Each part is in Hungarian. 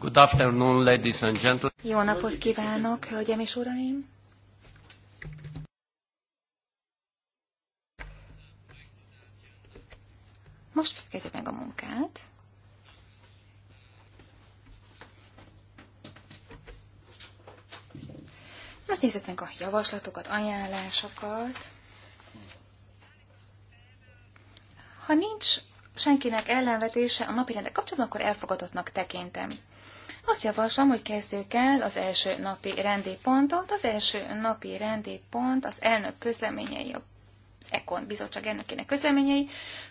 Good afternoon, ladies and gentlemen. Jó napot kívánok, hölgyem és uraim! Most kezdjük meg a munkát. Most nézzük meg a javaslatokat, ajánlásokat. Ha nincs senkinek ellenvetése a napirendek kapcsolatban, akkor elfogadottnak tekintem. Azt javaslom, hogy kezdjük el az első napi rendi pontot. Az első napi rendi pont az elnök közleményei, az EKON bizottság elnökének közleményei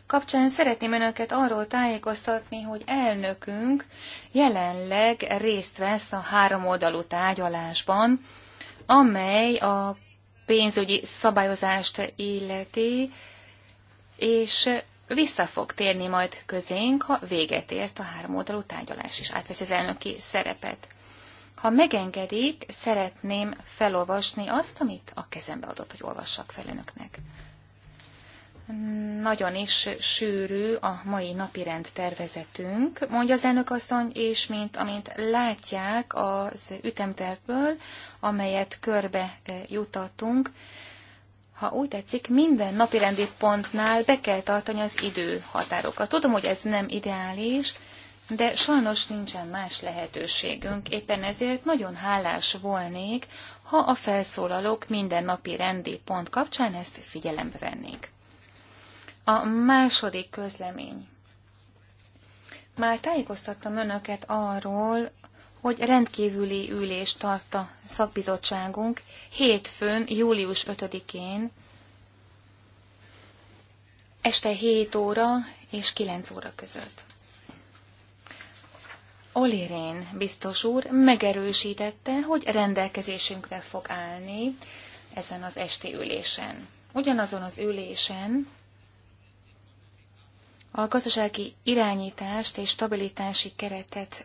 kapcsán szeretném önöket arról tájékoztatni, hogy elnökünk jelenleg részt vesz a háromoldalú tárgyalásban, amely a pénzügyi szabályozást illeti, és vissza fog térni majd közénk, ha véget ért a három oldalú tárgyalás, és átveszi az elnöki szerepet. Ha megengedik, szeretném felolvasni azt, amit a kezembe adott, hogy olvassak fel önöknek. Nagyon is sűrű a mai napirend tervezetünk, mondja az elnök asszony, és mint amint látják az ütemtervből, amelyet körbe eh, jutatunk, ha úgy tetszik, minden napirendi pontnál be kell tartani az időhatárokat. Tudom, hogy ez nem ideális, de sajnos nincsen más lehetőségünk, éppen ezért nagyon hálás volnék, ha a felszólalók minden napi rendi pont kapcsán ezt figyelembe vennék. A második közlemény. Már tájékoztattam önöket arról, hogy rendkívüli ülést tart a szakbizottságunk hétfőn, július 5-én, este 7 óra és 9 óra között. Olirén biztos úr megerősítette, hogy rendelkezésünkre fog állni ezen az esti ülésen. Ugyanazon az ülésen a gazdasági irányítást és stabilitási keretet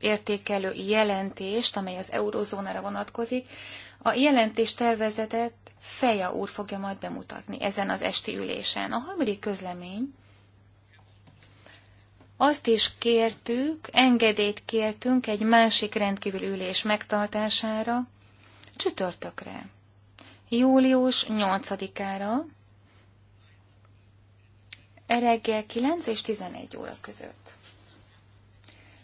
értékelő jelentést, amely az eurozónára vonatkozik. A jelentés tervezetet Feja úr fogja majd bemutatni ezen az esti ülésen. A harmadik közlemény. Azt is kértük, engedélyt kértünk egy másik rendkívül ülés megtartására, csütörtökre, július 8-ára, reggel 9 és 11 óra között.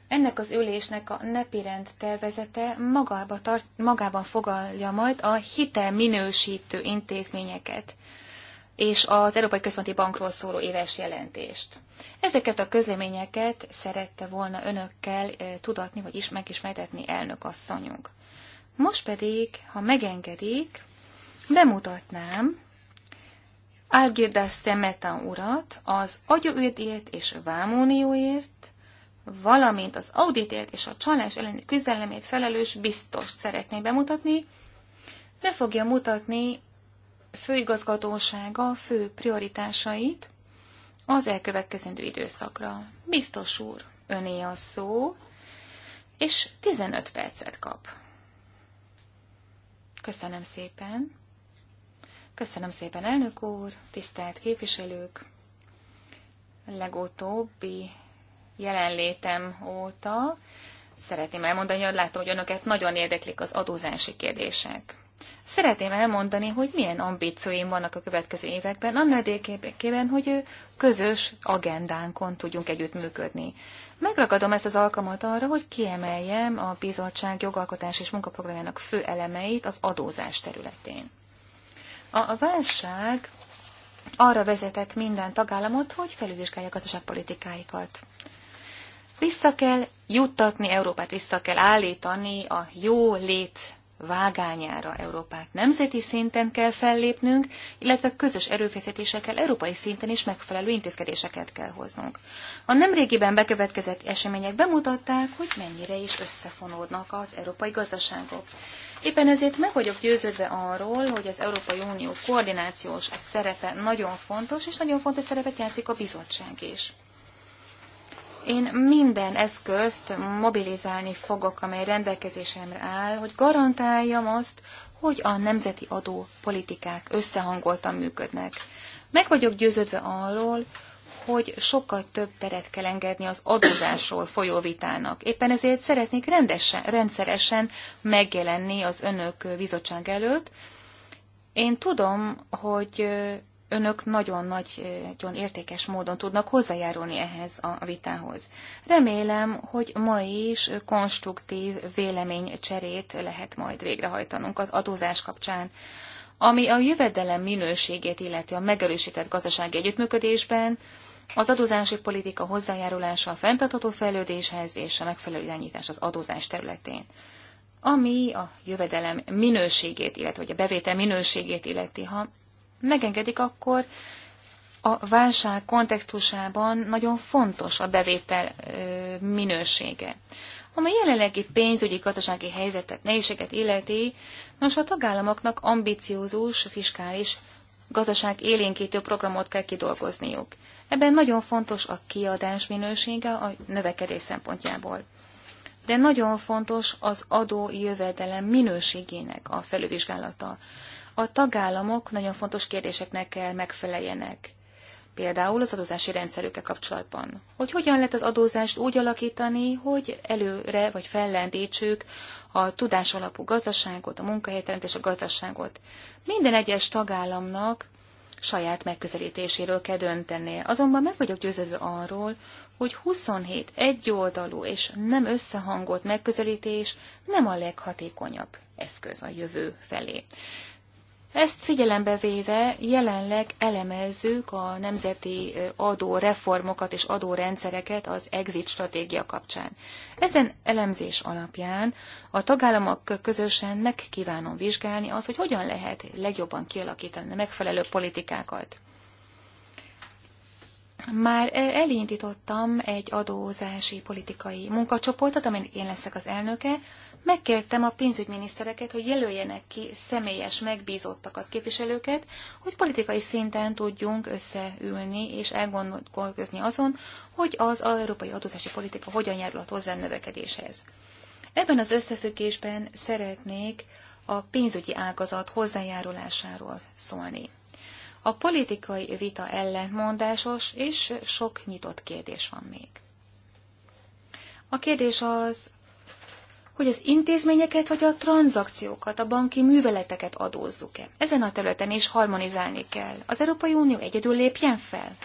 Ennek az ülésnek a nepirend tervezete magába tart, magában fogalja majd a hitelminősítő intézményeket és az Európai Központi Bankról szóló éves jelentést. Ezeket a közleményeket szerette volna önökkel tudatni, vagy is megismertetni elnök asszonyunk. Most pedig, ha megengedik, bemutatnám Algirdas Szemetan urat az agyóért és vámónióért, valamint az auditért és a csalás elleni küzdelemért felelős biztos szeretné bemutatni, be fogja mutatni főigazgatósága fő prioritásait az elkövetkezendő időszakra. Biztos úr, öné a szó, és 15 percet kap. Köszönöm szépen. Köszönöm szépen, elnök úr, tisztelt képviselők. Legutóbbi jelenlétem óta szeretném elmondani, hogy látom, hogy önöket nagyon érdeklik az adózási kérdések. Szeretném elmondani, hogy milyen ambícióim vannak a következő években, annál érdekében, hogy közös agendánkon tudjunk együttműködni. Megragadom ezt az alkalmat arra, hogy kiemeljem a bizottság jogalkotás és munkaprogramjának fő elemeit az adózás területén. A válság arra vezetett minden tagállamot, hogy felülvizsgálja gazdaságpolitikáikat. Vissza kell juttatni Európát, vissza kell állítani a jó lét vágányára Európát. Nemzeti szinten kell fellépnünk, illetve közös erőfeszítésekkel európai szinten is megfelelő intézkedéseket kell hoznunk. A nemrégiben bekövetkezett események bemutatták, hogy mennyire is összefonódnak az európai gazdaságok. Éppen ezért meg vagyok győződve arról, hogy az Európai Unió koordinációs szerepe nagyon fontos, és nagyon fontos szerepet játszik a bizottság is. Én minden eszközt mobilizálni fogok, amely rendelkezésemre áll, hogy garantáljam azt, hogy a nemzeti adópolitikák összehangoltan működnek. Meg vagyok győződve arról, hogy sokkal több teret kell engedni az adózásról folyó vitának. Éppen ezért szeretnék rendesen, rendszeresen megjelenni az önök bizottság előtt. Én tudom, hogy önök nagyon nagy, nagyon értékes módon tudnak hozzájárulni ehhez a vitához. Remélem, hogy ma is konstruktív véleménycserét lehet majd végrehajtanunk az adózás kapcsán, ami a jövedelem minőségét illeti a megerősített gazdasági együttműködésben, az adózási politika hozzájárulása a fenntartható fejlődéshez és a megfelelő irányítás az adózás területén ami a jövedelem minőségét, illetve hogy a bevétel minőségét illeti. Ha megengedik, akkor a válság kontextusában nagyon fontos a bevétel minősége. Ami jelenlegi pénzügyi gazdasági helyzetet, nehézséget illeti, most a tagállamoknak ambiciózus, fiskális, gazdaság élénkítő programot kell kidolgozniuk. Ebben nagyon fontos a kiadás minősége a növekedés szempontjából. De nagyon fontos az adó jövedelem minőségének a felülvizsgálata a tagállamok nagyon fontos kérdéseknek kell megfeleljenek. Például az adózási rendszerükkel kapcsolatban. Hogy hogyan lehet az adózást úgy alakítani, hogy előre vagy fellendítsük a tudás alapú gazdaságot, a munkahelyteremtés a gazdaságot. Minden egyes tagállamnak saját megközelítéséről kell döntenie. Azonban meg vagyok győződve arról, hogy 27 egyoldalú és nem összehangolt megközelítés nem a leghatékonyabb eszköz a jövő felé. Ezt figyelembe véve jelenleg elemezzük a nemzeti adóreformokat és adórendszereket az exit stratégia kapcsán. Ezen elemzés alapján a tagállamok közösen meg kívánom vizsgálni az, hogy hogyan lehet legjobban kialakítani a megfelelő politikákat. Már e, elindítottam egy adózási politikai munkacsoportot, amin én leszek az elnöke, Megkértem a pénzügyminisztereket, hogy jelöljenek ki személyes megbízottakat, képviselőket, hogy politikai szinten tudjunk összeülni és elgondolkozni azon, hogy az európai adózási politika hogyan járulhat hozzá a növekedéshez. Ebben az összefüggésben szeretnék a pénzügyi ágazat hozzájárulásáról szólni. A politikai vita ellentmondásos, és sok nyitott kérdés van még. A kérdés az, hogy az intézményeket vagy a tranzakciókat, a banki műveleteket adózzuk-e. Ezen a területen is harmonizálni kell. Az Európai Unió egyedül lépjen fel.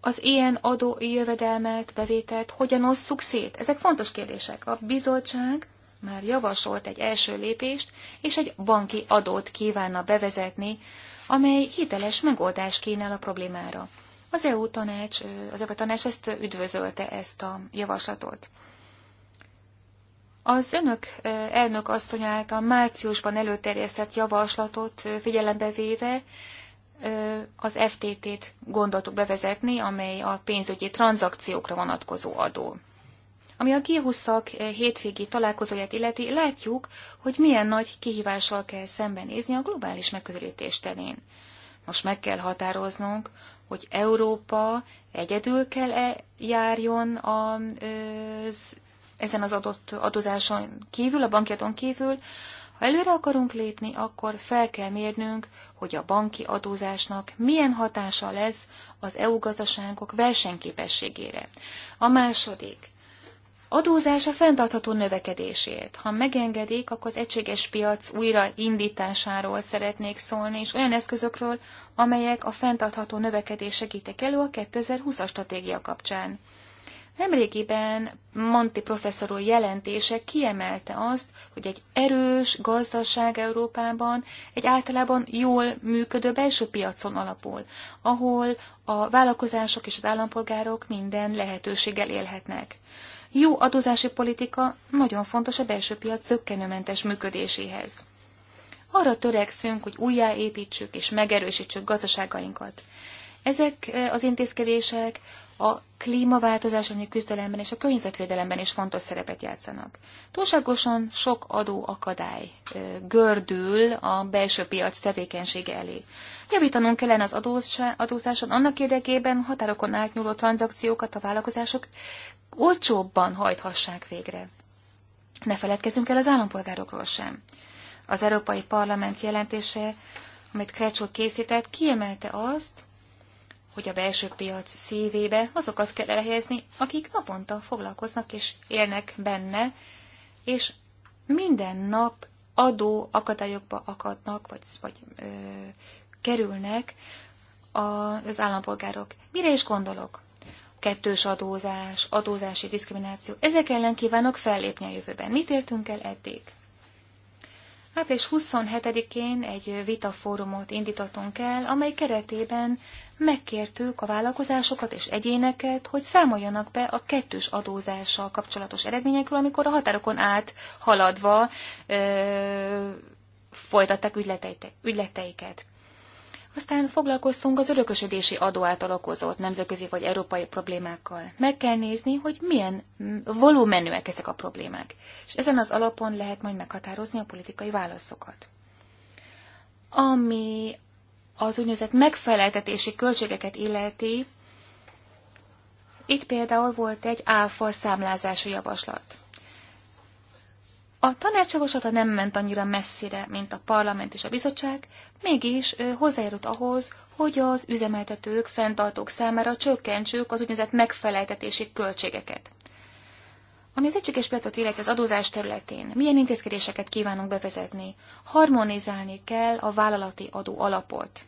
Az ilyen adó jövedelmet, bevételt hogyan osszuk szét? Ezek fontos kérdések. A bizottság már javasolt egy első lépést, és egy banki adót kívánna bevezetni, amely hiteles megoldást kínál a problémára. Az EU tanács, az EU tanács ezt üdvözölte ezt a javaslatot. Az önök elnök asszony által márciusban előterjesztett javaslatot figyelembe véve az FTT-t gondoltuk bevezetni, amely a pénzügyi tranzakciókra vonatkozó adó. Ami a G20-ak hétvégi találkozóját illeti, látjuk, hogy milyen nagy kihívással kell szembenézni a globális megközelítés terén. Most meg kell határoznunk, hogy Európa egyedül kell -e járjon az ezen az adott adózáson kívül, a banki kívül, ha előre akarunk lépni, akkor fel kell mérnünk, hogy a banki adózásnak milyen hatása lesz az EU gazdaságok versenyképességére. A második. Adózás a fenntartható növekedését. Ha megengedik, akkor az egységes piac újraindításáról szeretnék szólni, és olyan eszközökről, amelyek a fenntartható növekedés segítek elő a 2020-as stratégia kapcsán. Nemrégiben Monti professzor úr jelentése kiemelte azt, hogy egy erős gazdaság Európában egy általában jól működő belső piacon alapul, ahol a vállalkozások és az állampolgárok minden lehetőséggel élhetnek. Jó adózási politika nagyon fontos a belső piac zöggenőmentes működéséhez. Arra törekszünk, hogy újjáépítsük és megerősítsük gazdaságainkat. Ezek eh, az intézkedések a klímaváltozás elleni küzdelemben és a környezetvédelemben is fontos szerepet játszanak. Túlságosan sok adó akadály gördül a belső piac tevékenysége elé. Javítanunk kellene az adózáson annak érdekében határokon átnyúló tranzakciókat a vállalkozások olcsóbban hajthassák végre. Ne feledkezzünk el az állampolgárokról sem. Az Európai Parlament jelentése, amit Krecsó készített, kiemelte azt, hogy a belső piac szívébe azokat kell elhelyezni, akik naponta foglalkoznak és élnek benne, és minden nap adó akadályokba akadnak, vagy, vagy ö, kerülnek az állampolgárok. Mire is gondolok? Kettős adózás, adózási diszkrimináció. Ezek ellen kívánok fellépni a jövőben. Mit értünk el eddig? Április 27-én egy vitafórumot indítottunk el, amely keretében megkértük a vállalkozásokat és egyéneket, hogy számoljanak be a kettős adózással kapcsolatos eredményekről, amikor a határokon át haladva ö, folytatták ügyleteiket. Aztán foglalkoztunk az örökösödési adó által okozott nemzetközi vagy európai problémákkal. Meg kell nézni, hogy milyen volumenűek ezek a problémák, és ezen az alapon lehet majd meghatározni a politikai válaszokat. Ami az úgynevezett megfeleltetési költségeket illeti, itt például volt egy áfa számlázási javaslat. A tanács nem ment annyira messzire, mint a parlament és a bizottság, mégis hozzájárult ahhoz, hogy az üzemeltetők, fenntartók számára csökkentsük az úgynevezett megfeleltetési költségeket. Ami az egységes piacot illeti az adózás területén, milyen intézkedéseket kívánunk bevezetni? Harmonizálni kell a vállalati adó alapot.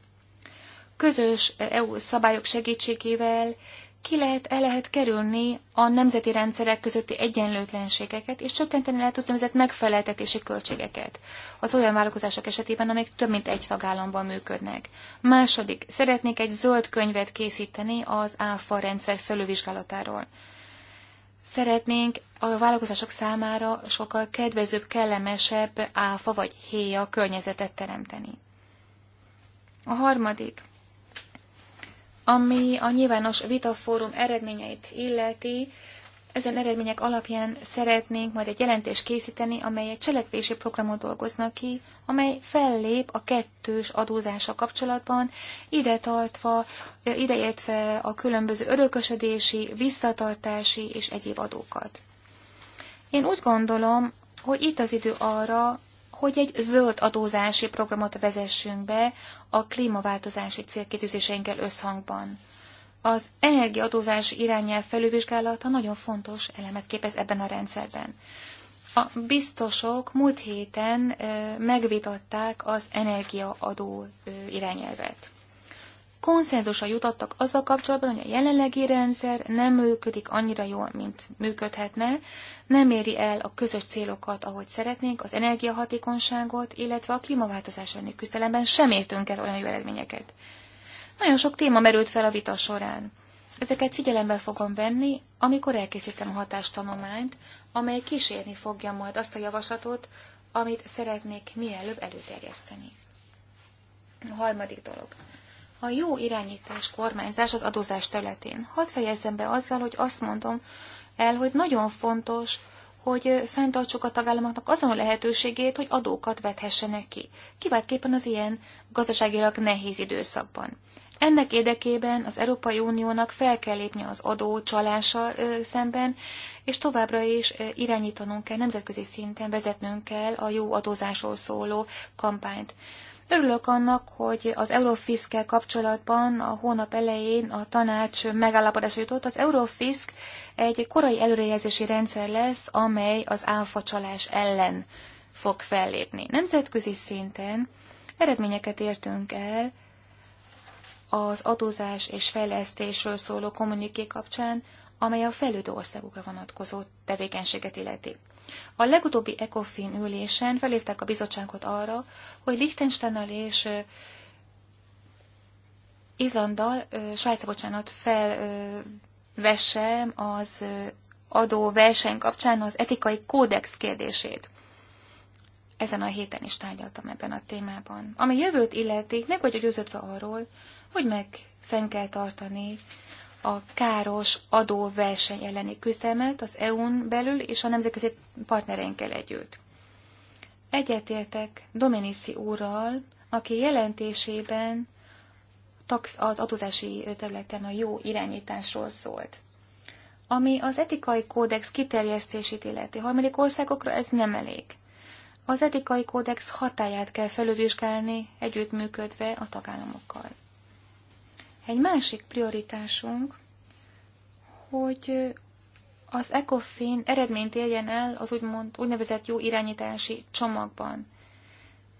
Közös eh, EU szabályok segítségével ki lehet, el lehet kerülni a nemzeti rendszerek közötti egyenlőtlenségeket, és csökkenteni lehet az nemzet megfeleltetési költségeket az olyan vállalkozások esetében, amik több mint egy tagállamban működnek. Második, szeretnék egy zöld könyvet készíteni az ÁFA rendszer felülvizsgálatáról. Szeretnénk a vállalkozások számára sokkal kedvezőbb, kellemesebb áfa vagy héja környezetet teremteni. A harmadik, ami a nyilvános vitafórum eredményeit illeti, ezen eredmények alapján szeretnénk majd egy jelentést készíteni, amely egy cselekvési programot dolgoznak ki, amely fellép a kettős adózása kapcsolatban, ide tartva, ideértve a különböző örökösödési, visszatartási és egyéb adókat. Én úgy gondolom, hogy itt az idő arra, hogy egy zöld adózási programot vezessünk be a klímaváltozási célkitűzéseinkkel összhangban. Az energiaadózás irányelv felülvizsgálata nagyon fontos elemet képez ebben a rendszerben. A biztosok múlt héten megvitatták az energiaadó irányelvet. Konszenzusra jutottak azzal kapcsolatban, hogy a jelenlegi rendszer nem működik annyira jól, mint működhetne, nem éri el a közös célokat, ahogy szeretnénk, az energiahatékonyságot, illetve a klímaváltozás elleni küzdelemben sem értünk el olyan jó eredményeket. Nagyon sok téma merült fel a vita során. Ezeket figyelembe fogom venni, amikor elkészítem a hatástanományt, amely kísérni fogja majd azt a javaslatot, amit szeretnék mielőbb előterjeszteni. A harmadik dolog. A jó irányítás, kormányzás az adózás területén. Hadd fejezzem be azzal, hogy azt mondom el, hogy nagyon fontos, hogy fenntartsuk a tagállamoknak azon a lehetőségét, hogy adókat vethessenek ki, kiváltképpen az ilyen gazdaságilag nehéz időszakban. Ennek érdekében az Európai Uniónak fel kell lépni az adó csalással szemben, és továbbra is irányítanunk kell, nemzetközi szinten vezetnünk kell a jó adózásról szóló kampányt. Örülök annak, hogy az Eurofiszkel kapcsolatban a hónap elején a tanács megállapodás jutott. Az Eurofisk egy korai előrejelzési rendszer lesz, amely az csalás ellen fog fellépni. Nemzetközi szinten eredményeket értünk el, az adózás és fejlesztésről szóló kommuniké kapcsán, amely a fejlődő országokra vonatkozó tevékenységet illeti. A legutóbbi ECOFIN ülésen felhívták a bizottságot arra, hogy Liechtensteinnal és Izlanddal, Svájca, bocsánat, felvesse az adó verseny kapcsán az etikai kódex kérdését. Ezen a héten is tárgyaltam ebben a témában. Ami jövőt illeti, meg vagyok győződve arról, hogy meg fenn kell tartani a káros adóverseny elleni küzdelmet az EU-n belül és a nemzetközi partnereinkkel együtt. Egyetértek Dominici úrral, aki jelentésében az adózási területen a jó irányításról szólt. Ami az etikai kódex kiterjesztését illeti harmadik országokra, ez nem elég. Az etikai kódex hatáját kell felülvizsgálni, együttműködve a tagállamokkal. Egy másik prioritásunk, hogy az ECOFIN eredményt érjen el az úgymond, úgynevezett jó irányítási csomagban.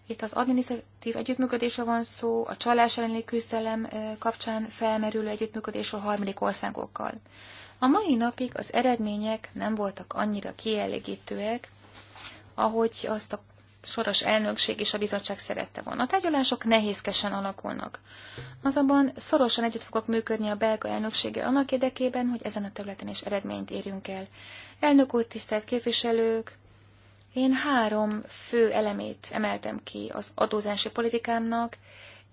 Itt az adminisztratív együttműködésre van szó, a csalás elleni küzdelem kapcsán felmerülő a harmadik országokkal. A mai napig az eredmények nem voltak annyira kielégítőek, ahogy azt a soros elnökség és a bizottság szerette volna. A tárgyalások nehézkesen alakulnak. Azonban szorosan együtt fogok működni a belga elnökséggel annak érdekében, hogy ezen a területen is eredményt érjünk el. Elnök úr, tisztelt képviselők, én három fő elemét emeltem ki az adózási politikámnak,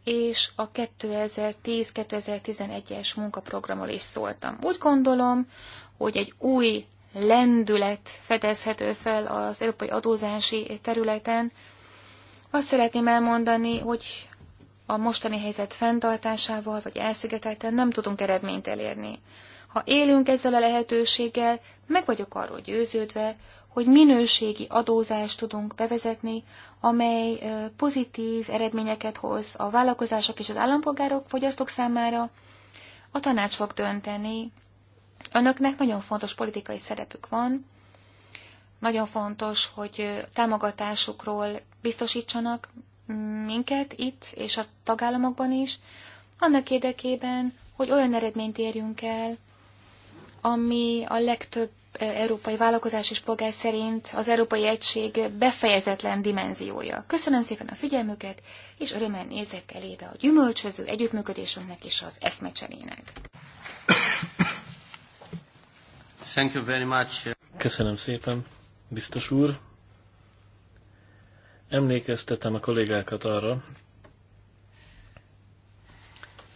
és a 2010-2011-es munkaprogramról is szóltam. Úgy gondolom, hogy egy új lendület fedezhető fel az európai adózási területen. Azt szeretném elmondani, hogy a mostani helyzet fenntartásával vagy elszigetelten nem tudunk eredményt elérni. Ha élünk ezzel a lehetőséggel, meg vagyok arról győződve, hogy minőségi adózást tudunk bevezetni, amely pozitív eredményeket hoz a vállalkozások és az állampolgárok, fogyasztók számára. A tanács fog dönteni Önöknek nagyon fontos politikai szerepük van, nagyon fontos, hogy támogatásukról biztosítsanak minket itt és a tagállamokban is, annak érdekében, hogy olyan eredményt érjünk el, ami a legtöbb e, európai vállalkozás és polgár szerint az Európai Egység befejezetlen dimenziója. Köszönöm szépen a figyelmüket, és örömmel nézek elébe a gyümölcsöző együttműködésünknek és az eszmecserének. Thank you very much. Köszönöm szépen, biztos úr. Emlékeztetem a kollégákat arra,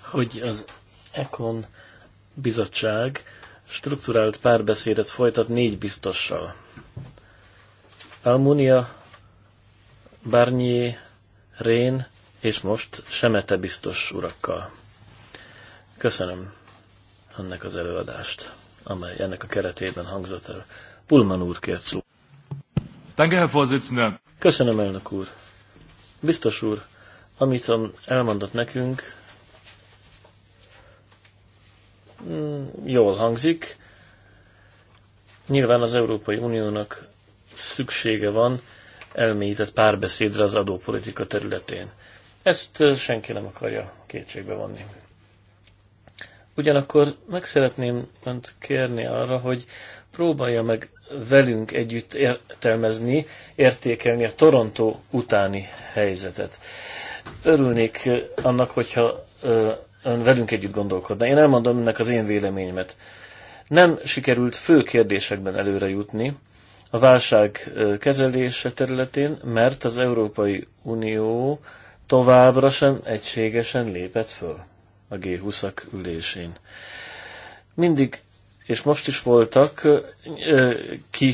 hogy az Econ bizottság strukturált párbeszédet folytat négy biztossal. Almunia, Barnier, Rén és most Semete biztos urakkal. Köszönöm annak az előadást amely ennek a keretében hangzott el. Pulman úr kért szó. Köszönöm, elnök úr. Biztos úr, amit elmondott nekünk, mm, jól hangzik. Nyilván az Európai Uniónak szüksége van elmélyített párbeszédre az adópolitika területén. Ezt senki nem akarja kétségbe vonni. Ugyanakkor meg szeretném önt kérni arra, hogy próbálja meg velünk együtt értelmezni, értékelni a Torontó utáni helyzetet. Örülnék annak, hogyha ön velünk együtt gondolkodna. Én elmondom önnek az én véleményemet. Nem sikerült fő kérdésekben előre jutni a válság kezelése területén, mert az Európai Unió továbbra sem egységesen lépett föl a G20-ak ülésén. Mindig, és most is voltak ki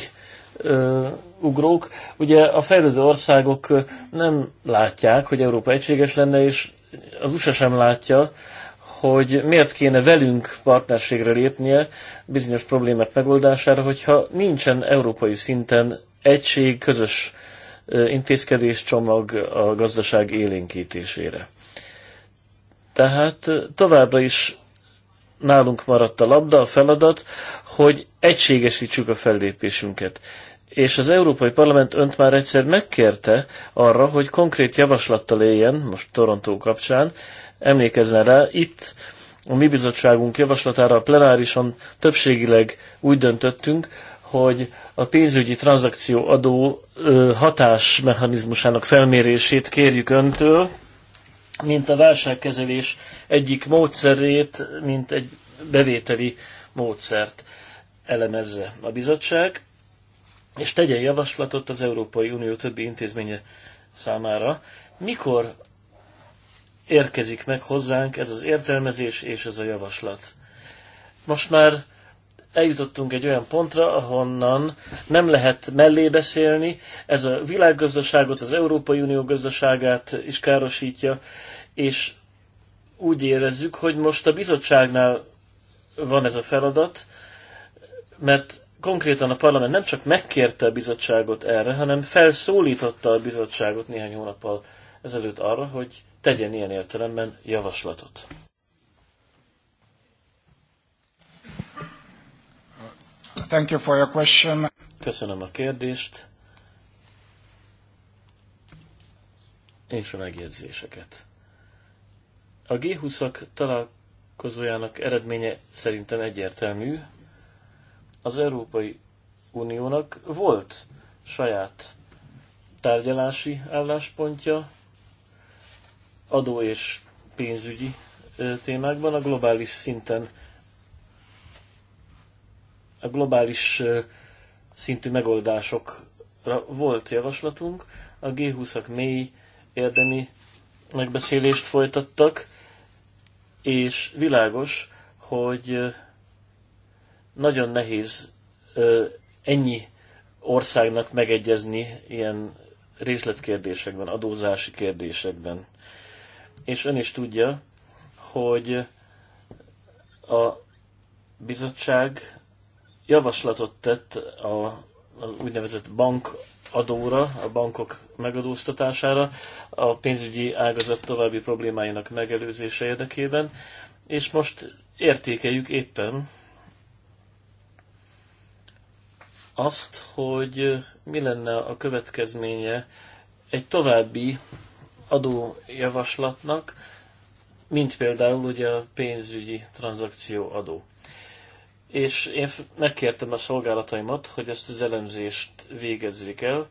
ugrók. Ugye a fejlődő országok nem látják, hogy Európa egységes lenne, és az USA sem látja, hogy miért kéne velünk partnerségre lépnie bizonyos problémák megoldására, hogyha nincsen európai szinten egység, közös intézkedéscsomag a gazdaság élénkítésére. Tehát továbbra is nálunk maradt a labda, a feladat, hogy egységesítsük a fellépésünket. És az Európai Parlament önt már egyszer megkérte arra, hogy konkrét javaslattal éljen, most Torontó kapcsán, emlékezzen rá, itt a mi bizottságunk javaslatára a plenárison többségileg úgy döntöttünk, hogy a pénzügyi tranzakció adó hatásmechanizmusának felmérését kérjük öntől, mint a válságkezelés egyik módszerét, mint egy bevételi módszert elemezze a bizottság, és tegyen javaslatot az Európai Unió többi intézménye számára, mikor érkezik meg hozzánk ez az értelmezés és ez a javaslat. Most már eljutottunk egy olyan pontra, ahonnan nem lehet mellé beszélni, ez a világgazdaságot, az Európai Unió gazdaságát is károsítja, és úgy érezzük, hogy most a bizottságnál van ez a feladat, mert konkrétan a parlament nem csak megkérte a bizottságot erre, hanem felszólította a bizottságot néhány hónappal ezelőtt arra, hogy tegyen ilyen értelemben javaslatot. Thank you for your question. Köszönöm a kérdést és a megjegyzéseket. A G20-ak találkozójának eredménye szerintem egyértelmű. Az Európai Uniónak volt saját tárgyalási álláspontja adó és pénzügyi témákban, a globális szinten a globális szintű megoldásokra volt javaslatunk, a G20-ak mély érdemi megbeszélést folytattak, és világos, hogy nagyon nehéz ennyi országnak megegyezni ilyen részletkérdésekben, adózási kérdésekben. És ön is tudja, hogy a bizottság javaslatot tett a, az úgynevezett bankadóra, a bankok megadóztatására, a pénzügyi ágazat további problémáinak megelőzése érdekében, és most értékeljük éppen azt, hogy mi lenne a következménye egy további adójavaslatnak, mint például ugye a pénzügyi tranzakció adó és én megkértem a szolgálataimat, hogy ezt az elemzést végezzék el,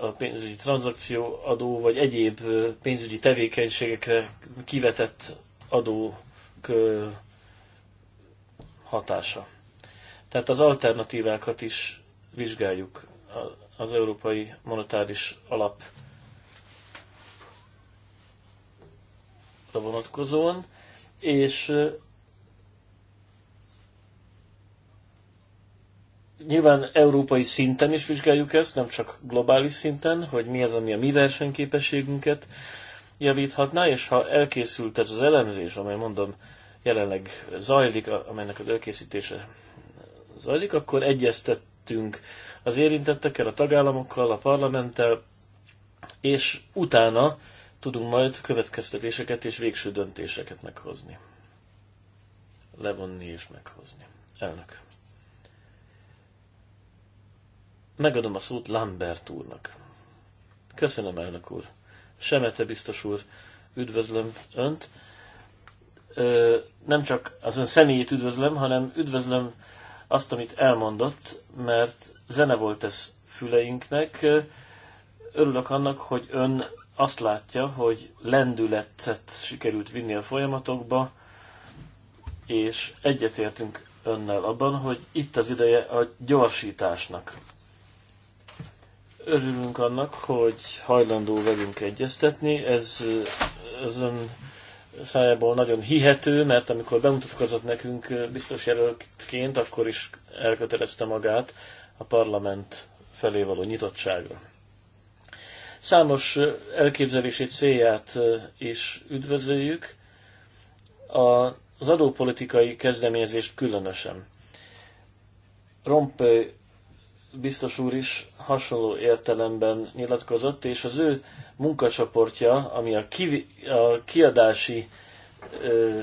a pénzügyi tranzakció adó, vagy egyéb pénzügyi tevékenységekre kivetett adók hatása. Tehát az alternatívákat is vizsgáljuk az Európai Monetáris Alap vonatkozóan, és nyilván európai szinten is vizsgáljuk ezt, nem csak globális szinten, hogy mi az, ami a mi versenyképességünket javíthatná, és ha elkészült ez az elemzés, amely mondom jelenleg zajlik, amelynek az elkészítése zajlik, akkor egyeztettünk az érintettekkel, a tagállamokkal, a parlamenttel, és utána tudunk majd következtetéseket és végső döntéseket meghozni. Levonni és meghozni. Elnök. Megadom a szót Lambert úrnak. Köszönöm, elnök úr. Semete biztos úr, üdvözlöm önt. Ö, nem csak az ön személyét üdvözlöm, hanem üdvözlöm azt, amit elmondott, mert zene volt ez füleinknek. Örülök annak, hogy ön azt látja, hogy lendületet sikerült vinni a folyamatokba, és egyetértünk önnel abban, hogy itt az ideje a gyorsításnak örülünk annak, hogy hajlandó velünk egyeztetni. Ez az ön szájából nagyon hihető, mert amikor bemutatkozott nekünk biztos jelöltként, akkor is elkötelezte magát a parlament felé való nyitottságra. Számos elképzelését, célját is üdvözöljük, az adópolitikai kezdeményezést különösen. Rompöly biztos úr is hasonló értelemben nyilatkozott, és az ő munkacsoportja, ami a, ki, a kiadási ö,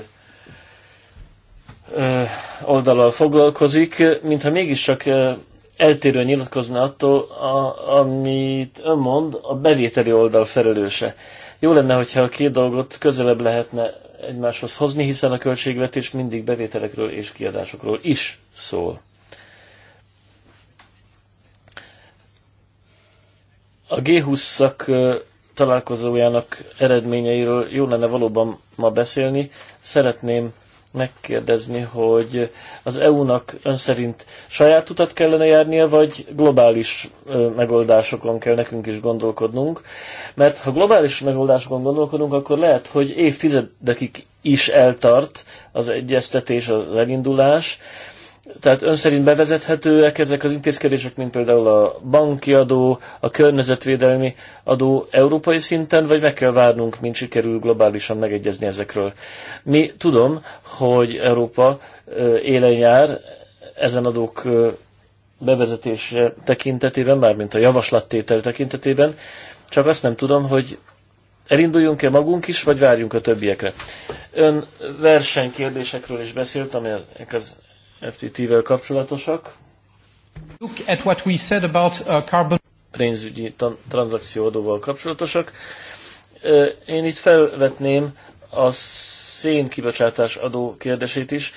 ö, oldalal foglalkozik, mintha mégiscsak ö, eltérő nyilatkozna attól, a, amit ön mond, a bevételi oldal felelőse. Jó lenne, hogyha a két dolgot közelebb lehetne egymáshoz hozni, hiszen a költségvetés mindig bevételekről és kiadásokról is szól. A G20-szak találkozójának eredményeiről jó lenne valóban ma beszélni. Szeretném megkérdezni, hogy az EU-nak ön szerint saját utat kellene járnia, vagy globális megoldásokon kell nekünk is gondolkodnunk? Mert ha globális megoldásokon gondolkodunk, akkor lehet, hogy évtizedekig is eltart az egyeztetés, az elindulás, tehát ön szerint bevezethetőek ezek az intézkedések, mint például a banki adó, a környezetvédelmi adó európai szinten, vagy meg kell várnunk, mint sikerül globálisan megegyezni ezekről? Mi tudom, hogy Európa élen jár ezen adók bevezetés tekintetében, mármint a javaslattétel tekintetében, csak azt nem tudom, hogy elinduljunk-e magunk is, vagy várjunk a többiekre. Ön versenykérdésekről is beszélt, amelyek az FTT-vel kapcsolatosak. Look at what we said about uh, carbon pénzügyi tranzakcióadóval kapcsolatosak. Én itt felvetném a szénkibocsátás adó kérdését is.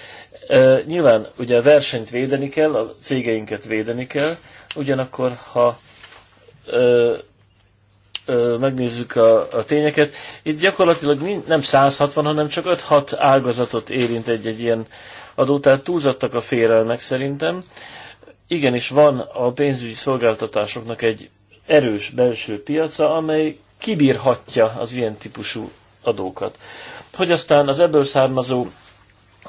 Nyilván ugye a versenyt védeni kell, a cégeinket védeni kell, ugyanakkor ha megnézzük a, a tényeket, itt gyakorlatilag nem 160, hanem csak 5-6 ágazatot érint egy-egy ilyen adótán túlzottak a félelmek szerintem. Igenis van a pénzügyi szolgáltatásoknak egy erős belső piaca, amely kibírhatja az ilyen típusú adókat. Hogy aztán az ebből származó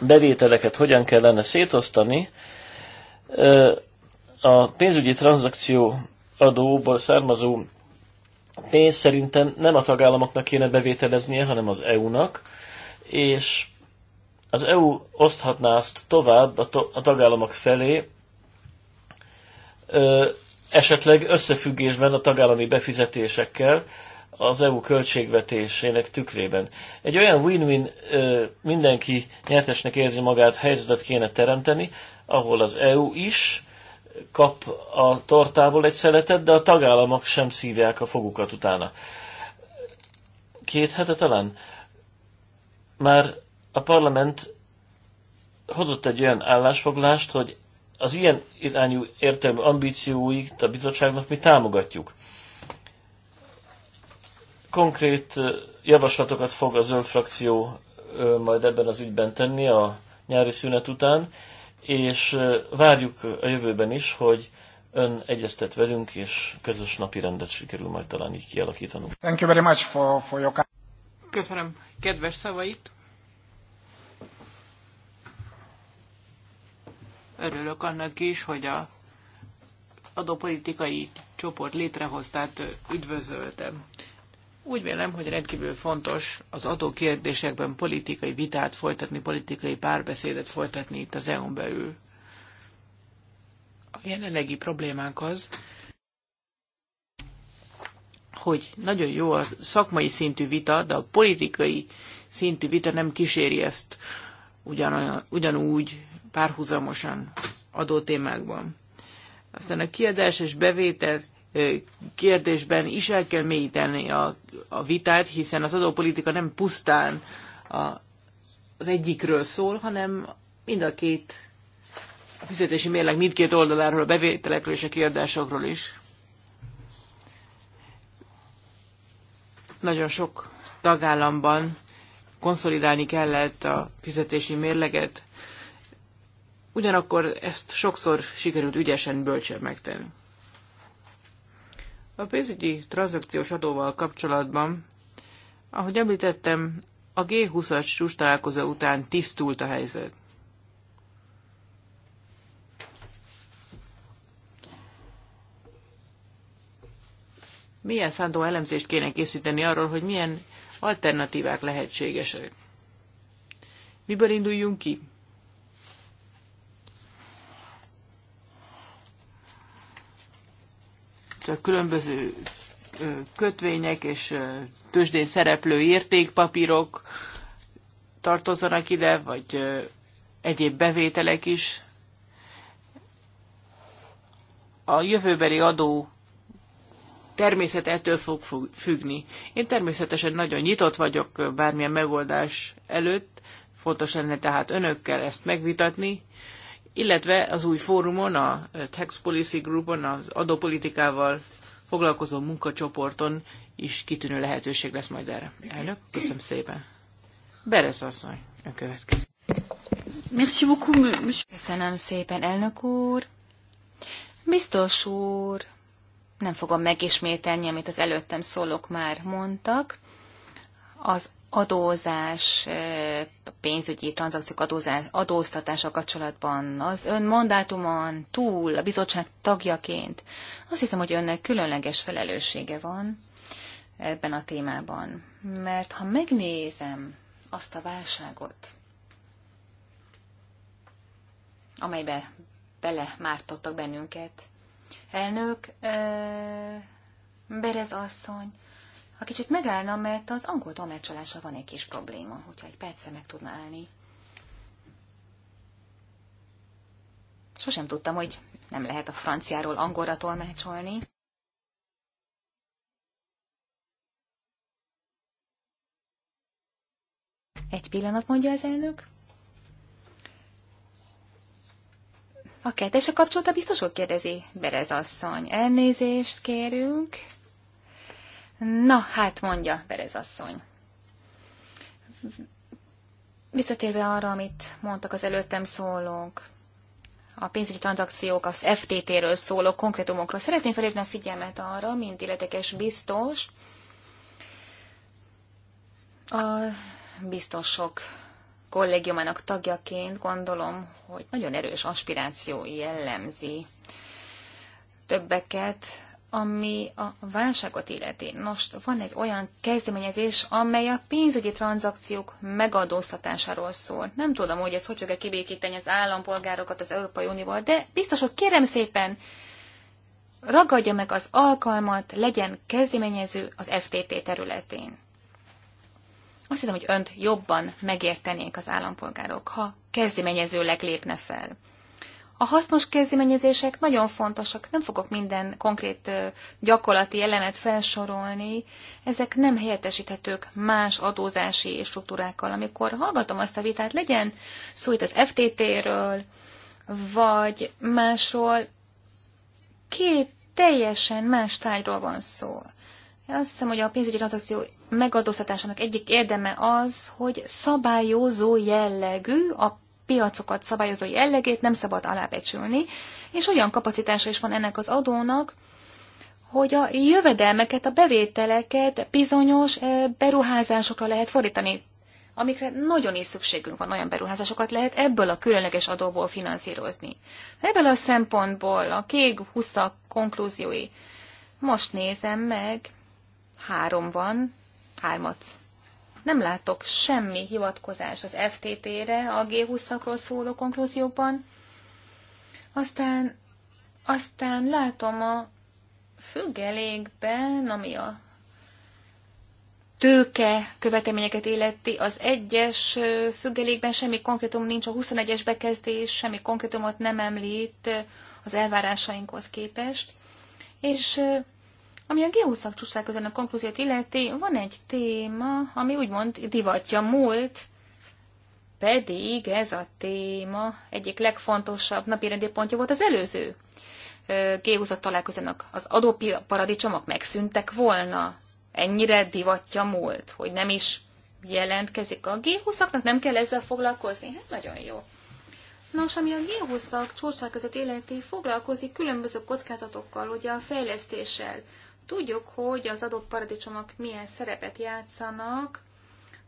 bevételeket hogyan kellene szétosztani, a pénzügyi tranzakció adóból származó pénz szerintem nem a tagállamoknak kéne bevételeznie, hanem az EU-nak, és az EU oszthatná azt tovább a, to- a tagállamok felé, ö, esetleg összefüggésben a tagállami befizetésekkel, az EU költségvetésének tükrében. Egy olyan win-win mindenki nyertesnek érzi magát helyzetet kéne teremteni, ahol az EU is kap a tortából egy szeletet, de a tagállamok sem szívják a fogukat utána. Két hete talán már a parlament hozott egy olyan állásfoglást, hogy az ilyen irányú értelmű ambícióit a bizottságnak mi támogatjuk. Konkrét javaslatokat fog a zöld frakció majd ebben az ügyben tenni a nyári szünet után, és várjuk a jövőben is, hogy ön egyeztet velünk, és közös napi rendet sikerül majd talán így kialakítanunk. Thank you very much for, for your... Köszönöm kedves szavait! Örülök annak is, hogy a adópolitikai csoport létrehoztát üdvözöltem. Úgy vélem, hogy rendkívül fontos az adókérdésekben politikai vitát folytatni, politikai párbeszédet folytatni itt az EU-n belül. A jelenlegi problémánk az, hogy nagyon jó a szakmai szintű vita, de a politikai szintű vita nem kíséri ezt ugyanúgy párhuzamosan adó témákban. Aztán a kiadás és bevétel kérdésben is el kell mélyíteni a, a vitát, hiszen az adópolitika nem pusztán a, az egyikről szól, hanem mind a két a fizetési mérleg mindkét oldaláról, a bevételekről és a kiadásokról is. Nagyon sok tagállamban konszolidálni kellett a fizetési mérleget, ugyanakkor ezt sokszor sikerült ügyesen, bölcsen megtenni. A pénzügyi tranzakciós adóval kapcsolatban, ahogy említettem, a G20-as csúcs találkozó után tisztult a helyzet. Milyen szándó elemzést kéne készíteni arról, hogy milyen alternatívák lehetségesek? Miből induljunk ki? csak különböző kötvények és tőzsdén szereplő értékpapírok tartozanak ide, vagy egyéb bevételek is. A jövőbeli adó természet ettől fog függni. Én természetesen nagyon nyitott vagyok bármilyen megoldás előtt, fontos lenne tehát önökkel ezt megvitatni, illetve az új fórumon, a Tax Policy Groupon, az adópolitikával foglalkozó munkacsoporton is kitűnő lehetőség lesz majd erre. Elnök, köszönöm szépen. Beres asszony, a következő. Merci beaucoup, monsieur. Köszönöm szépen, elnök úr. Biztos úr, nem fogom megismételni, amit az előttem szólók már mondtak. Az adózás, pénzügyi tranzakciók adózás, adóztatása kapcsolatban, az ön mandátumon túl, a bizottság tagjaként. Azt hiszem, hogy önnek különleges felelőssége van ebben a témában. Mert ha megnézem azt a válságot, amelybe belemártottak bennünket, elnök, Berez asszony, ha kicsit megállna, mert az angol tolmácsolása van egy kis probléma, hogyha egy percre meg tudna állni. Sosem tudtam, hogy nem lehet a franciáról angolra tolmácsolni. Egy pillanat, mondja az elnök. A kettese kapcsolata biztosok hogy kérdezi Berez asszony. Elnézést kérünk. Na, hát mondja Berez asszony. Visszatérve arra, amit mondtak az előttem szólók, a pénzügyi tranzakciók, az FTT-ről szóló konkrétumokról. Szeretném felépni a figyelmet arra, mint illetékes biztos, a biztosok kollégiumának tagjaként gondolom, hogy nagyon erős aspiráció jellemzi többeket, ami a válságot illeti. Most van egy olyan kezdeményezés, amely a pénzügyi tranzakciók megadóztatásáról szól. Nem tudom, hogy ez hogy fogja kibékíteni az állampolgárokat az Európai Unióval, de biztos, hogy kérem szépen, ragadja meg az alkalmat, legyen kezdeményező az FTT területén. Azt hiszem, hogy önt jobban megértenék az állampolgárok, ha kezdeményezőleg lépne fel. A hasznos kezdeményezések nagyon fontosak, nem fogok minden konkrét gyakorlati elemet felsorolni, ezek nem helyettesíthetők más adózási struktúrákkal. Amikor hallgatom azt a vitát, legyen szó itt az FTT-ről, vagy másról, két teljesen más tájról van szó. Én azt hiszem, hogy a pénzügyi tranzakció megadóztatásának egyik érdeme az, hogy szabályozó jellegű a piacokat szabályozó jellegét nem szabad alábecsülni, és olyan kapacitása is van ennek az adónak, hogy a jövedelmeket, a bevételeket bizonyos eh, beruházásokra lehet fordítani, amikre nagyon is szükségünk van, olyan beruházásokat lehet ebből a különleges adóból finanszírozni. Ebből a szempontból a kék 20 konklúziói. Most nézem meg, három van, hármat nem látok semmi hivatkozás az FTT-re, a G20-szakról szóló konklúzióban. Aztán, aztán látom a függelékben, ami a tőke követelményeket illeti, az egyes függelékben semmi konkrétum nincs, a 21-es bekezdés semmi konkrétumot nem említ az elvárásainkhoz képest, és ami a g közön a konklúziót illeti, van egy téma, ami úgymond divatja múlt, pedig ez a téma egyik legfontosabb napirendi pontja volt az előző Géhúzat találkozónak. Az adóparadicsomok megszűntek volna. Ennyire divatja múlt, hogy nem is jelentkezik a géhúzaknak, nem kell ezzel foglalkozni. Hát nagyon jó. Nos, ami a g 20 csúcsák között életi foglalkozik különböző kockázatokkal, ugye a fejlesztéssel, Tudjuk, hogy az adott paradicsomok milyen szerepet játszanak,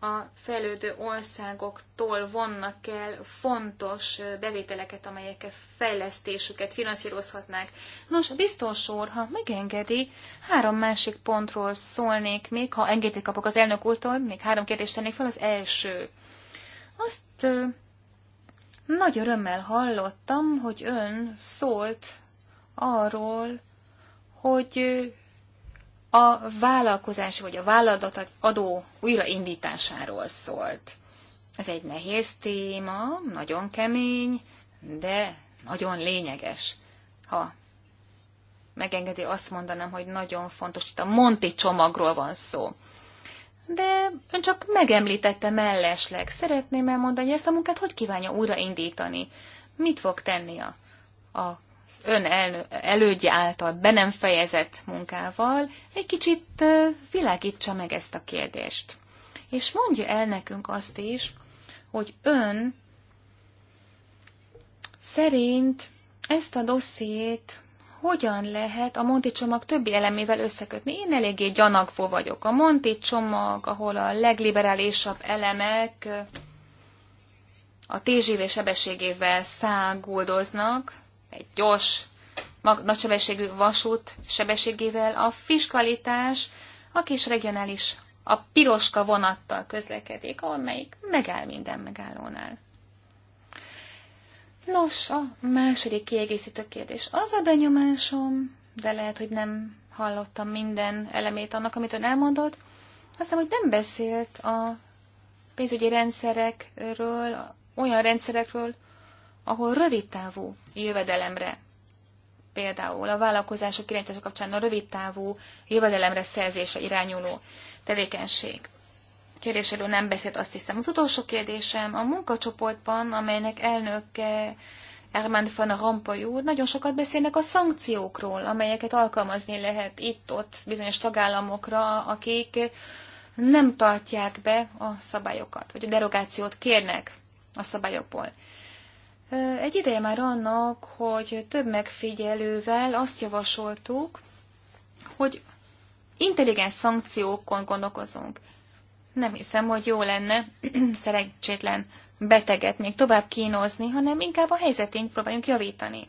a fejlődő országoktól vonnak el fontos bevételeket, amelyek fejlesztésüket finanszírozhatnák. Nos, biztos úr, ha megengedi, három másik pontról szólnék még, ha engedélyt kapok az elnök úrtól, még három kérdést tennék fel. Az első. Azt nagy örömmel hallottam, hogy ön szólt arról, hogy a vállalkozás vagy a vállalat adó újraindításáról szólt. Ez egy nehéz téma, nagyon kemény, de nagyon lényeges. Ha megengedi, azt mondanám, hogy nagyon fontos, itt a Monti csomagról van szó. De ön csak megemlítette mellesleg. Szeretném elmondani, hogy ezt a munkát hogy kívánja újraindítani? Mit fog tenni a, a ön elődje által be nem fejezett munkával, egy kicsit világítsa meg ezt a kérdést. És mondja el nekünk azt is, hogy ön szerint ezt a dossziét hogyan lehet a Monti csomag többi elemével összekötni. Én eléggé gyanakvó vagyok. A Monti csomag, ahol a legliberálisabb elemek a TGV sebességével száguldoznak, egy gyors, nagysebességű vasút sebességével, a fiskalitás a kis regionális, a piroska vonattal közlekedik, amelyik megáll minden megállónál. Nos, a második kiegészítő kérdés. Az a benyomásom, de lehet, hogy nem hallottam minden elemét annak, amit ön elmondott, aztán, hogy nem beszélt a pénzügyi rendszerekről, olyan rendszerekről, ahol rövid távú jövedelemre, például a vállalkozások irányítása kapcsán a rövid távú jövedelemre szerzése irányuló tevékenység. Kérdéséről nem beszélt, azt hiszem. Az utolsó kérdésem, a munkacsoportban, amelynek elnöke Armand van Rompuy úr, nagyon sokat beszélnek a szankciókról, amelyeket alkalmazni lehet itt-ott bizonyos tagállamokra, akik nem tartják be a szabályokat, vagy a derogációt kérnek a szabályokból. Egy ideje már annak, hogy több megfigyelővel azt javasoltuk, hogy intelligens szankciókon gondolkozunk. Nem hiszem, hogy jó lenne szerencsétlen beteget még tovább kínozni, hanem inkább a helyzetén próbáljunk javítani.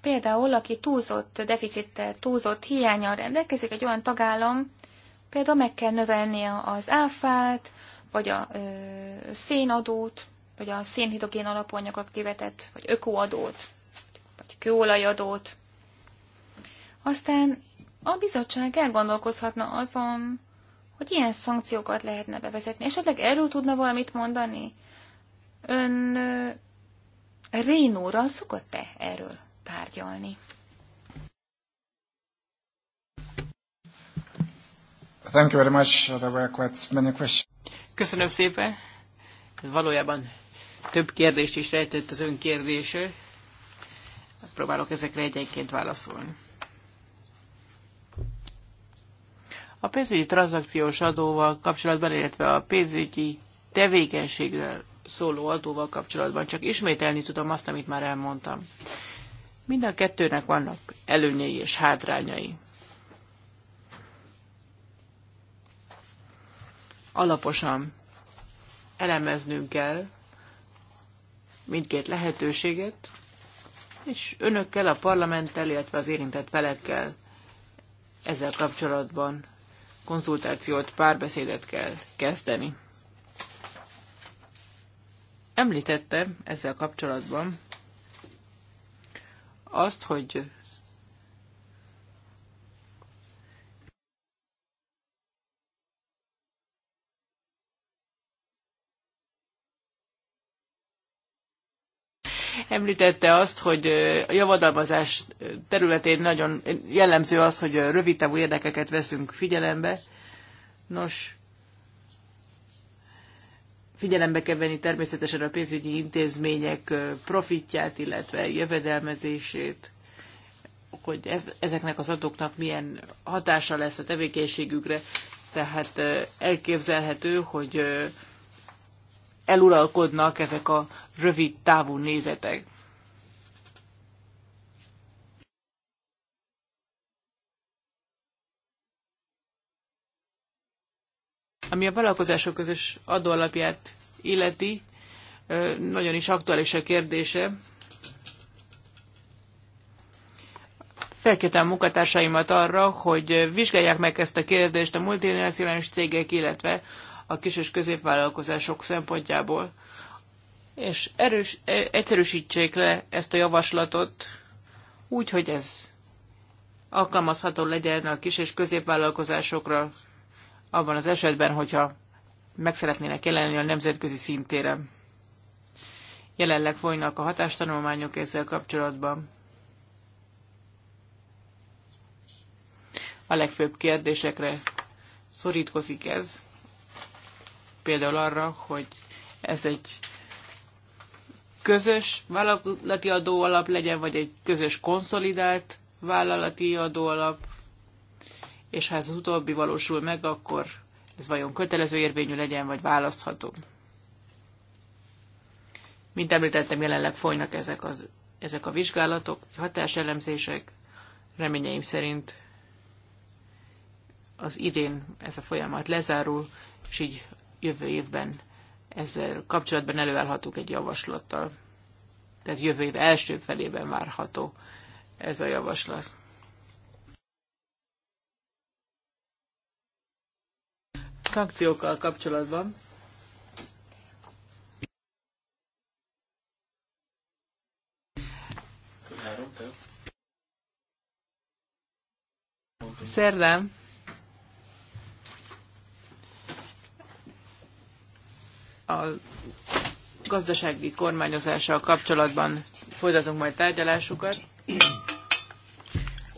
Például, aki túlzott deficittel, túlzott hiányal rendelkezik egy olyan tagállam, például meg kell növelnie az áfát, vagy a ö, szénadót, vagy a szénhidrogén alapanyagra kivetett, vagy ökoadót, vagy kőolajadót. Aztán a bizottság elgondolkozhatna azon, hogy ilyen szankciókat lehetne bevezetni. Esetleg erről tudna valamit mondani? Ön Rénóra szokott-e erről tárgyalni? Thank you very much. There were quite many questions. Köszönöm szépen. Ez valójában több kérdést is rejtett az ön kérdése. Próbálok ezekre egyenként válaszolni. A pénzügyi tranzakciós adóval kapcsolatban, illetve a pénzügyi tevékenységről szóló adóval kapcsolatban csak ismételni tudom azt, amit már elmondtam. Mind a kettőnek vannak előnyei és hátrányai. Alaposan elemeznünk kell mindkét lehetőséget, és önökkel, a parlamenttel, illetve az érintett felekkel ezzel kapcsolatban konzultációt, párbeszédet kell kezdeni. Említette ezzel kapcsolatban azt, hogy Említette azt, hogy a javadalmazás területén nagyon jellemző az, hogy rövid távú érdekeket veszünk figyelembe. Nos, figyelembe kell venni természetesen a pénzügyi intézmények profitját, illetve jövedelmezését, hogy ez, ezeknek az adóknak milyen hatása lesz a tevékenységükre. Tehát elképzelhető, hogy eluralkodnak ezek a rövid távú nézetek. Ami a vállalkozások közös adóalapját illeti, nagyon is aktuális a kérdése. Felkértem munkatársaimat arra, hogy vizsgálják meg ezt a kérdést a multinacionális cégek, illetve a kis- és középvállalkozások szempontjából, és erős, e, egyszerűsítsék le ezt a javaslatot úgy, hogy ez alkalmazható legyen a kis- és középvállalkozásokra, abban az esetben, hogyha meg szeretnének jelenni a nemzetközi szintére. Jelenleg folynak a hatástanulmányok ezzel kapcsolatban. A legfőbb kérdésekre szorítkozik ez például arra, hogy ez egy közös vállalati adóalap legyen, vagy egy közös konszolidált vállalati adóalap, és ha ez az utóbbi valósul meg, akkor ez vajon kötelező érvényű legyen, vagy választható. Mint említettem, jelenleg folynak ezek, az, ezek a vizsgálatok, hatáselemzések, reményeim szerint az idén ez a folyamat lezárul, és így jövő évben ezzel kapcsolatban előállhatunk egy javaslattal. Tehát jövő év első felében várható ez a javaslat. Szankciókkal kapcsolatban Szerdán a gazdasági kormányozással kapcsolatban folytatunk majd tárgyalásokat.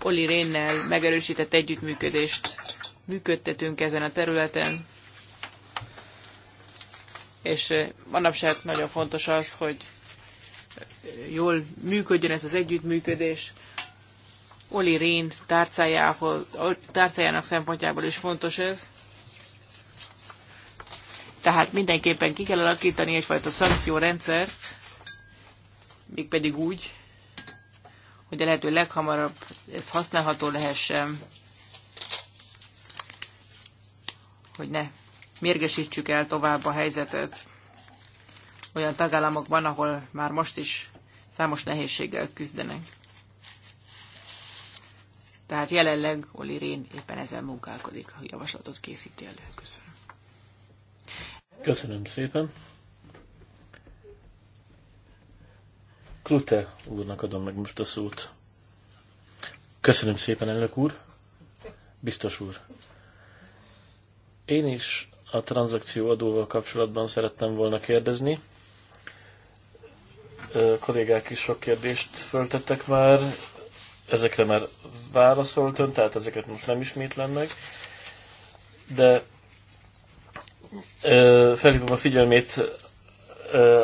Oli Rénnel megerősített együttműködést működtetünk ezen a területen, és eh, manapság nagyon fontos az, hogy eh, jól működjön ez az együttműködés. Oli Rén tárcájának szempontjából is fontos ez. Tehát mindenképpen ki kell alakítani egyfajta szankciórendszert, mégpedig úgy, hogy a lehető leghamarabb ez használható lehessen, hogy ne mérgesítsük el tovább a helyzetet olyan tagállamokban, ahol már most is számos nehézséggel küzdenek. Tehát jelenleg Oli Rén éppen ezen munkálkodik, a javaslatot készíti elő. Köszönöm. Köszönöm szépen. Klute úrnak adom meg most a szót. Köszönöm szépen, elnök úr. Biztos úr. Én is a tranzakció adóval kapcsolatban szerettem volna kérdezni. A kollégák is sok kérdést föltettek már, ezekre már válaszolt ön, tehát ezeket most nem ismétlen meg. De felhívom a figyelmét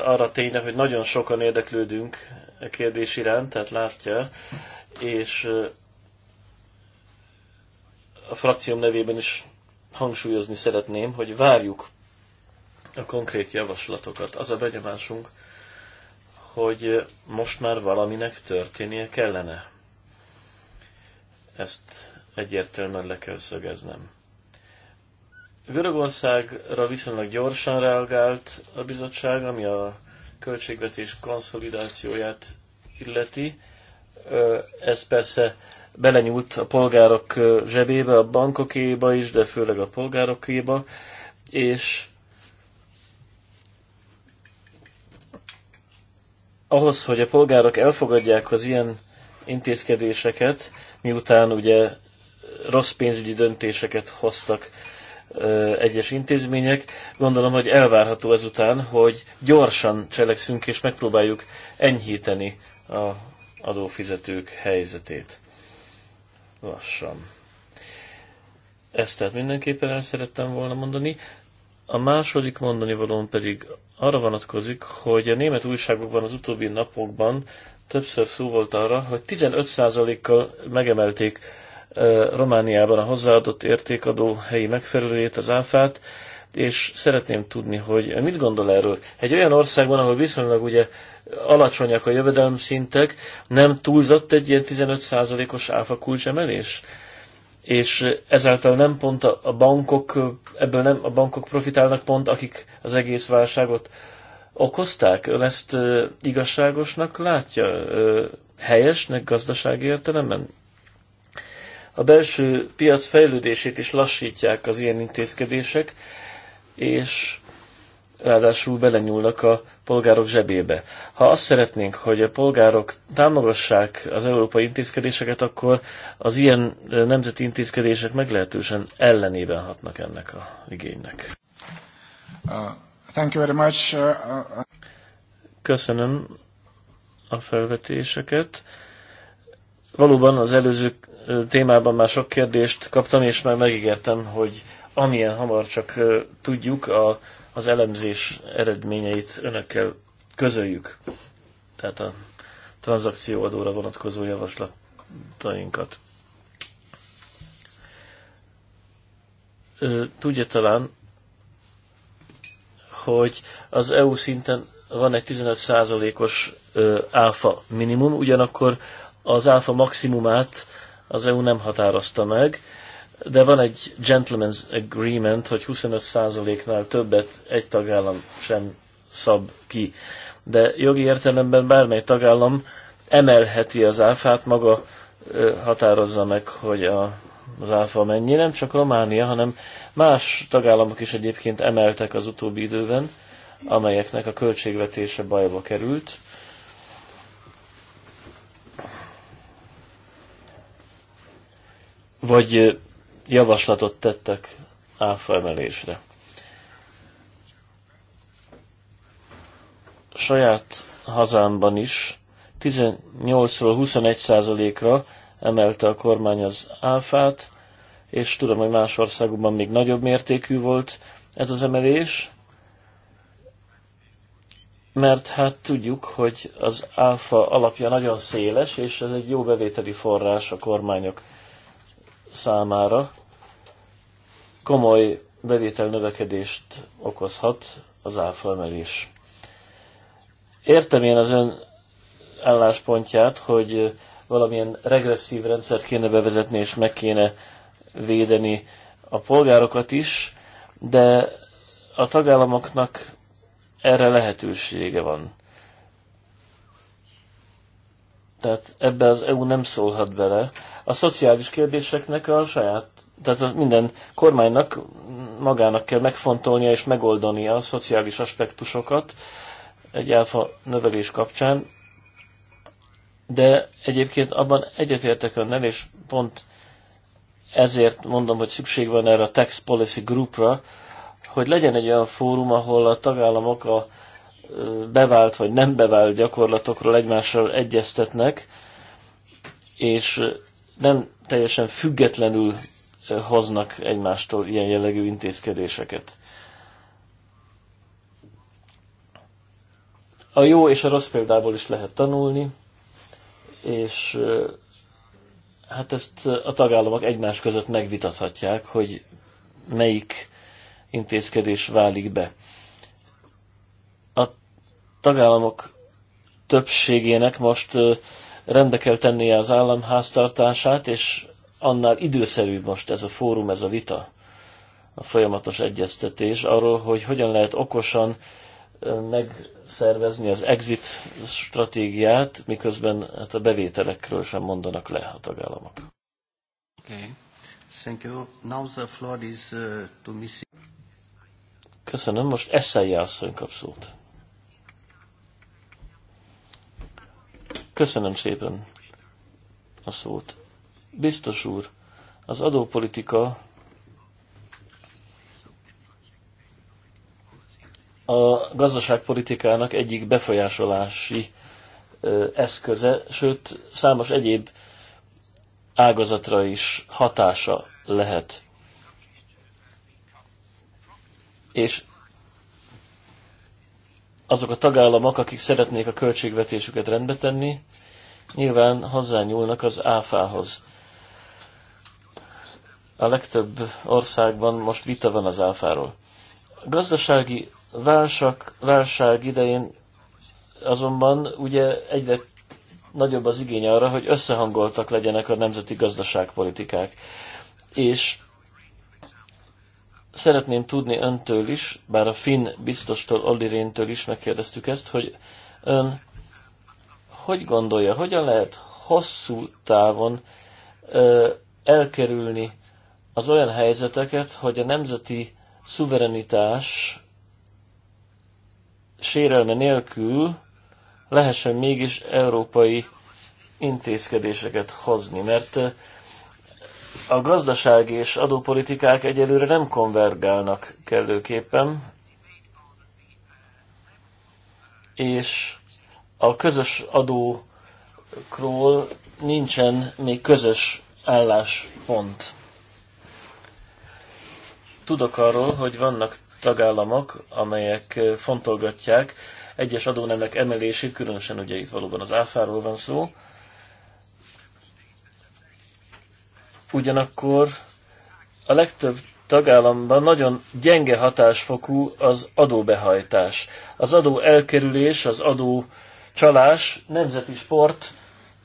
arra tényleg, hogy nagyon sokan érdeklődünk a e kérdés iránt, tehát látja, és a frakcióm nevében is hangsúlyozni szeretném, hogy várjuk a konkrét javaslatokat. Az a benyomásunk, hogy most már valaminek történnie kellene. Ezt egyértelműen le kell szögeznem. Görögországra viszonylag gyorsan reagált a bizottság, ami a költségvetés konszolidációját illeti. Ez persze belenyúlt a polgárok zsebébe, a bankokéba is, de főleg a polgárokéba, és ahhoz, hogy a polgárok elfogadják az ilyen intézkedéseket, miután ugye rossz pénzügyi döntéseket hoztak egyes intézmények. Gondolom, hogy elvárható ezután, hogy gyorsan cselekszünk és megpróbáljuk enyhíteni a adófizetők helyzetét. Lassan. Ezt tehát mindenképpen el szerettem volna mondani. A második mondani valón pedig arra vonatkozik, hogy a német újságokban az utóbbi napokban többször szó volt arra, hogy 15%-kal megemelték Romániában a hozzáadott értékadó helyi megfelelőjét, az áfát, és szeretném tudni, hogy mit gondol erről. Egy olyan országban, ahol viszonylag ugye alacsonyak a jövedelemszintek, nem túlzott egy ilyen 15%-os áfa kulcsemelés? És ezáltal nem pont a bankok, ebből nem a bankok profitálnak pont, akik az egész válságot okozták? Ön ezt igazságosnak látja? Helyesnek gazdasági értelemben? a belső piac fejlődését is lassítják az ilyen intézkedések, és ráadásul belenyúlnak a polgárok zsebébe. Ha azt szeretnénk, hogy a polgárok támogassák az európai intézkedéseket, akkor az ilyen nemzeti intézkedések meglehetősen ellenében hatnak ennek a igénynek. Uh, thank you very much. Uh, uh... uh. Köszönöm a felvetéseket. Valóban az előző témában már sok kérdést kaptam, és már megígértem, hogy amilyen hamar csak tudjuk, a, az elemzés eredményeit önökkel közöljük. Tehát a tranzakcióadóra vonatkozó javaslatainkat. Tudja talán, hogy az EU szinten van egy 15%-os áfa minimum, ugyanakkor az alfa maximumát az EU nem határozta meg, de van egy gentleman's agreement, hogy 25%-nál többet egy tagállam sem szab ki. De jogi értelemben bármely tagállam emelheti az áfát, maga határozza meg, hogy a, az áfa mennyi. Nem csak Románia, hanem más tagállamok is egyébként emeltek az utóbbi időben, amelyeknek a költségvetése bajba került vagy javaslatot tettek áfa emelésre. Saját hazámban is 18-ról 21 százalékra emelte a kormány az áfát, és tudom, hogy más országokban még nagyobb mértékű volt ez az emelés, mert hát tudjuk, hogy az áfa alapja nagyon széles, és ez egy jó bevételi forrás a kormányok számára komoly bevétel növekedést okozhat az áfa emelés. Értem én az ön álláspontját, hogy valamilyen regresszív rendszert kéne bevezetni, és meg kéne védeni a polgárokat is, de a tagállamoknak erre lehetősége van. Tehát ebbe az EU nem szólhat bele, a szociális kérdéseknek a saját, tehát a minden kormánynak magának kell megfontolnia és megoldania a szociális aspektusokat egy áfa növelés kapcsán, de egyébként abban egyetértek önnel, és pont ezért mondom, hogy szükség van erre a Tax Policy Groupra, hogy legyen egy olyan fórum, ahol a tagállamok a bevált vagy nem bevált gyakorlatokról egymással egyeztetnek, és nem teljesen függetlenül hoznak egymástól ilyen jellegű intézkedéseket. A jó és a rossz példából is lehet tanulni, és hát ezt a tagállamok egymás között megvitathatják, hogy melyik intézkedés válik be. A tagállamok többségének most rendbe kell tennie az állam háztartását, és annál időszerűbb most ez a fórum, ez a vita, a folyamatos egyeztetés arról, hogy hogyan lehet okosan megszervezni az exit stratégiát, miközben hát a bevételekről sem mondanak le a tagállamok. Okay. Thank you. Now the floor is uh, to Köszönöm, most Eszelje asszony kap szót. Köszönöm szépen a szót. Biztos úr, az adópolitika a gazdaságpolitikának egyik befolyásolási eszköze, sőt számos egyéb ágazatra is hatása lehet. És azok a tagállamok, akik szeretnék a költségvetésüket rendbe tenni, nyilván hozzányúlnak az áfához. A legtöbb országban most vita van az áfáról. A gazdasági válság, válság idején azonban ugye egyre nagyobb az igény arra, hogy összehangoltak legyenek a nemzeti gazdaságpolitikák. És szeretném tudni öntől is, bár a Finn biztostól, réntől is megkérdeztük ezt, hogy ön hogy gondolja, hogyan lehet hosszú távon ö, elkerülni az olyan helyzeteket, hogy a nemzeti szuverenitás sérelme nélkül lehessen mégis európai intézkedéseket hozni, mert a gazdaság és adópolitikák egyelőre nem konvergálnak kellőképpen, és a közös adókról nincsen még közös álláspont. Tudok arról, hogy vannak tagállamok, amelyek fontolgatják egyes adónemek emelését, különösen ugye itt valóban az áfáról van szó, Ugyanakkor a legtöbb tagállamban nagyon gyenge hatásfokú az adóbehajtás. Az adó elkerülés, az adó csalás nemzeti sport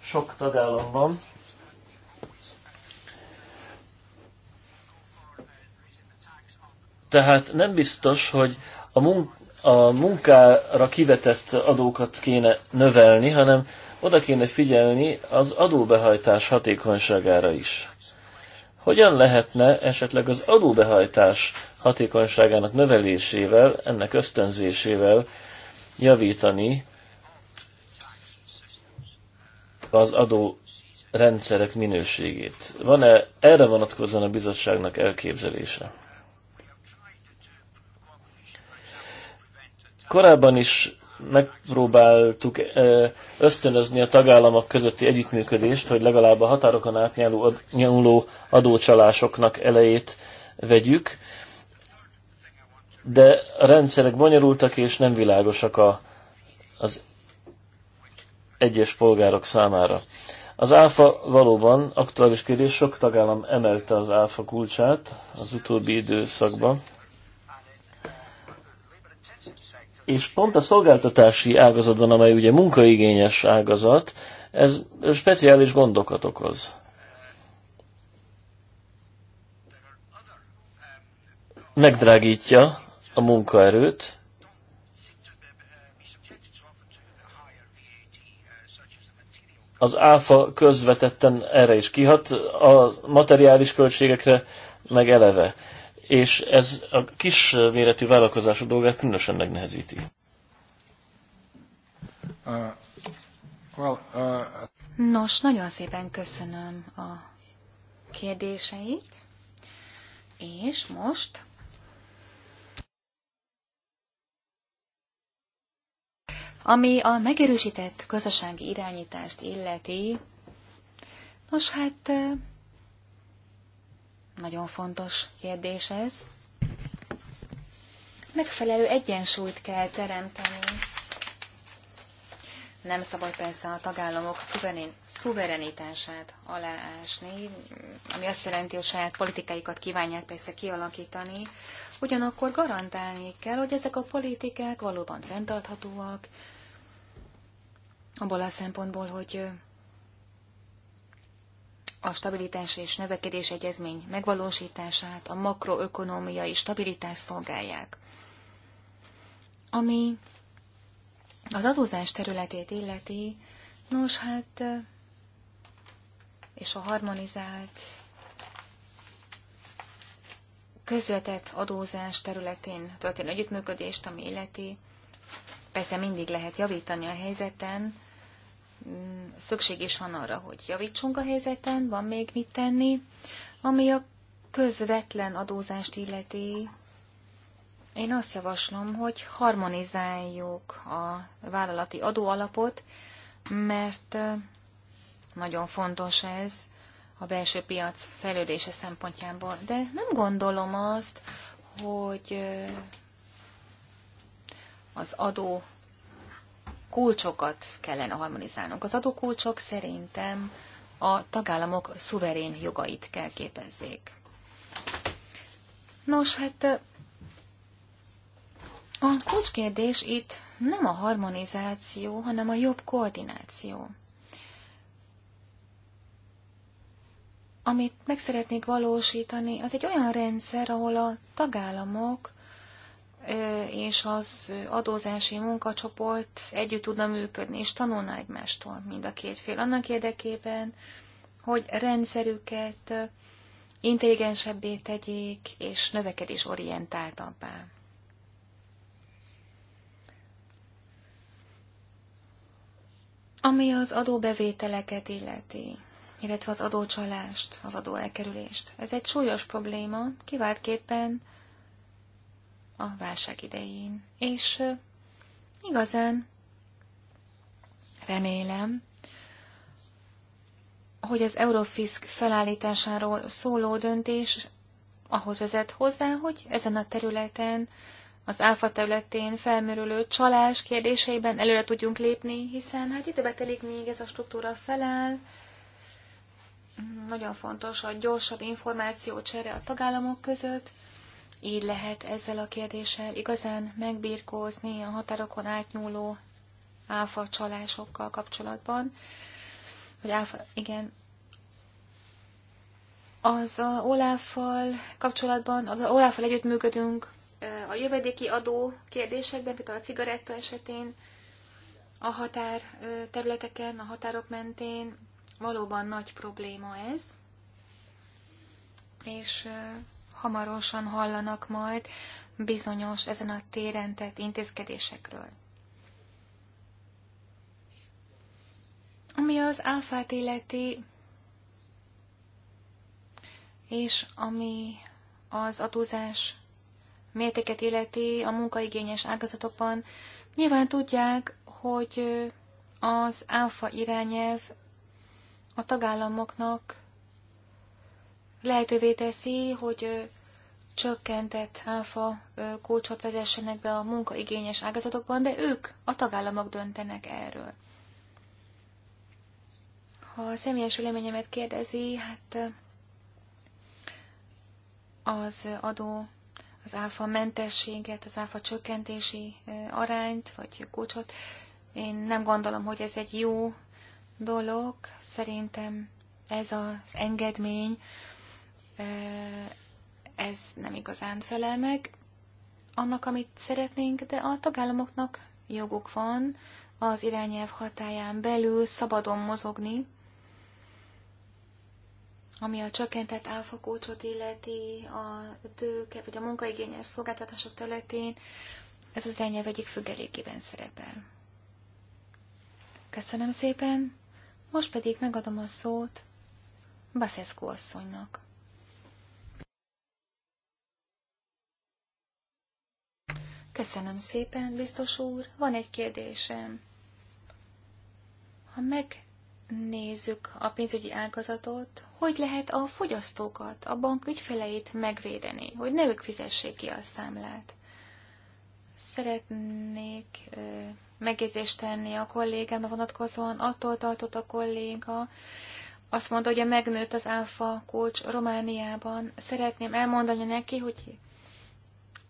sok tagállamban. Tehát nem biztos, hogy a, munk a munkára kivetett adókat kéne növelni, hanem oda kéne figyelni az adóbehajtás hatékonyságára is. Hogyan lehetne esetleg az adóbehajtás hatékonyságának növelésével, ennek ösztönzésével javítani az adó rendszerek minőségét. Van-e erre vonatkozóan a bizottságnak elképzelése? Korábban is megpróbáltuk ösztönözni a tagállamok közötti együttműködést, hogy legalább a határokon átnyúló adócsalásoknak elejét vegyük, de a rendszerek bonyolultak és nem világosak a, az egyes polgárok számára. Az áfa valóban aktuális kérdés, sok tagállam emelte az áfa kulcsát az utóbbi időszakban, És pont a szolgáltatási ágazatban, amely ugye munkaigényes ágazat, ez speciális gondokat okoz. Megdrágítja a munkaerőt, az áfa közvetetten erre is kihat, a materiális költségekre meg eleve és ez a kis méretű vállalkozások dolgát különösen megnehezíti. Uh, well, uh... Nos, nagyon szépen köszönöm a kérdéseit, és most Ami a megerősített gazdasági irányítást illeti, nos hát uh, nagyon fontos kérdés ez. Megfelelő egyensúlyt kell teremteni. Nem szabad persze a tagállamok szuverenitását aláásni, ami azt jelenti, hogy saját politikáikat kívánják persze kialakítani, ugyanakkor garantálni kell, hogy ezek a politikák valóban fenntarthatóak, abból a szempontból, hogy a stabilitás és növekedés egyezmény megvalósítását, a makroökonomiai stabilitás szolgálják. Ami az adózás területét illeti, nos hát, és a harmonizált közvetett adózás területén történő együttműködést, ami illeti, persze mindig lehet javítani a helyzeten, szükség is van arra, hogy javítsunk a helyzeten, van még mit tenni, ami a közvetlen adózást illeti. Én azt javaslom, hogy harmonizáljuk a vállalati adóalapot, mert nagyon fontos ez a belső piac fejlődése szempontjából. De nem gondolom azt, hogy az adó kulcsokat kellene harmonizálnunk. Az adókulcsok szerintem a tagállamok szuverén jogait kell képezzék. Nos, hát a kulcskérdés itt nem a harmonizáció, hanem a jobb koordináció. Amit meg szeretnék valósítani, az egy olyan rendszer, ahol a tagállamok és az adózási munkacsoport együtt tudna működni, és tanulna egymástól mind a két fél. Annak érdekében, hogy rendszerüket intelligensebbé tegyék, és növekedés orientáltabbá. Ami az adóbevételeket illeti, illetve az adócsalást, az adóelkerülést. Ez egy súlyos probléma, kiváltképpen a válság idején. És igazán remélem, hogy az Eurofisk felállításáról szóló döntés ahhoz vezet hozzá, hogy ezen a területen, az áfa területén felmerülő csalás kérdéseiben előre tudjunk lépni, hiszen hát időbe telik még ez a struktúra feláll. Nagyon fontos a gyorsabb információcsere a tagállamok között. Így lehet ezzel a kérdéssel igazán megbirkózni a határokon átnyúló áfa csalásokkal kapcsolatban, hogy áfa, igen, az a kapcsolatban, az együtt együttműködünk a jövedéki adó kérdésekben, például a cigaretta esetén, a határ területeken, a határok mentén valóban nagy probléma ez, és hamarosan hallanak majd bizonyos ezen a téren tett intézkedésekről. Ami az áfát illeti, és ami az adózás mértéket illeti a munkaigényes ágazatokban, nyilván tudják, hogy az áfa irányelv a tagállamoknak lehetővé teszi, hogy csökkentett áfa kulcsot vezessenek be a munkaigényes ágazatokban, de ők, a tagállamok döntenek erről. Ha a személyes véleményemet kérdezi, hát az adó, az áfa mentességet, az áfa csökkentési arányt, vagy kulcsot, én nem gondolom, hogy ez egy jó dolog. Szerintem ez az engedmény, ez nem igazán felel meg annak, amit szeretnénk, de a tagállamoknak joguk van az irányelv hatáján belül szabadon mozogni, ami a csökkentett áfakulcsot illeti, a tőke vagy a munkaigényes szolgáltatások területén, ez az irányelv egyik függelékében szerepel. Köszönöm szépen, most pedig megadom a szót Baszeszkó asszonynak. Köszönöm szépen, biztos úr. Van egy kérdésem. Ha megnézzük a pénzügyi ágazatot, hogy lehet a fogyasztókat, a bank ügyfeleit megvédeni, hogy ne ők fizessék ki a számlát? Szeretnék megjegyzést tenni a kollégámra vonatkozóan. Attól tartott a kolléga, azt mondta, hogy a megnőtt az áfa kulcs Romániában. Szeretném elmondani neki, hogy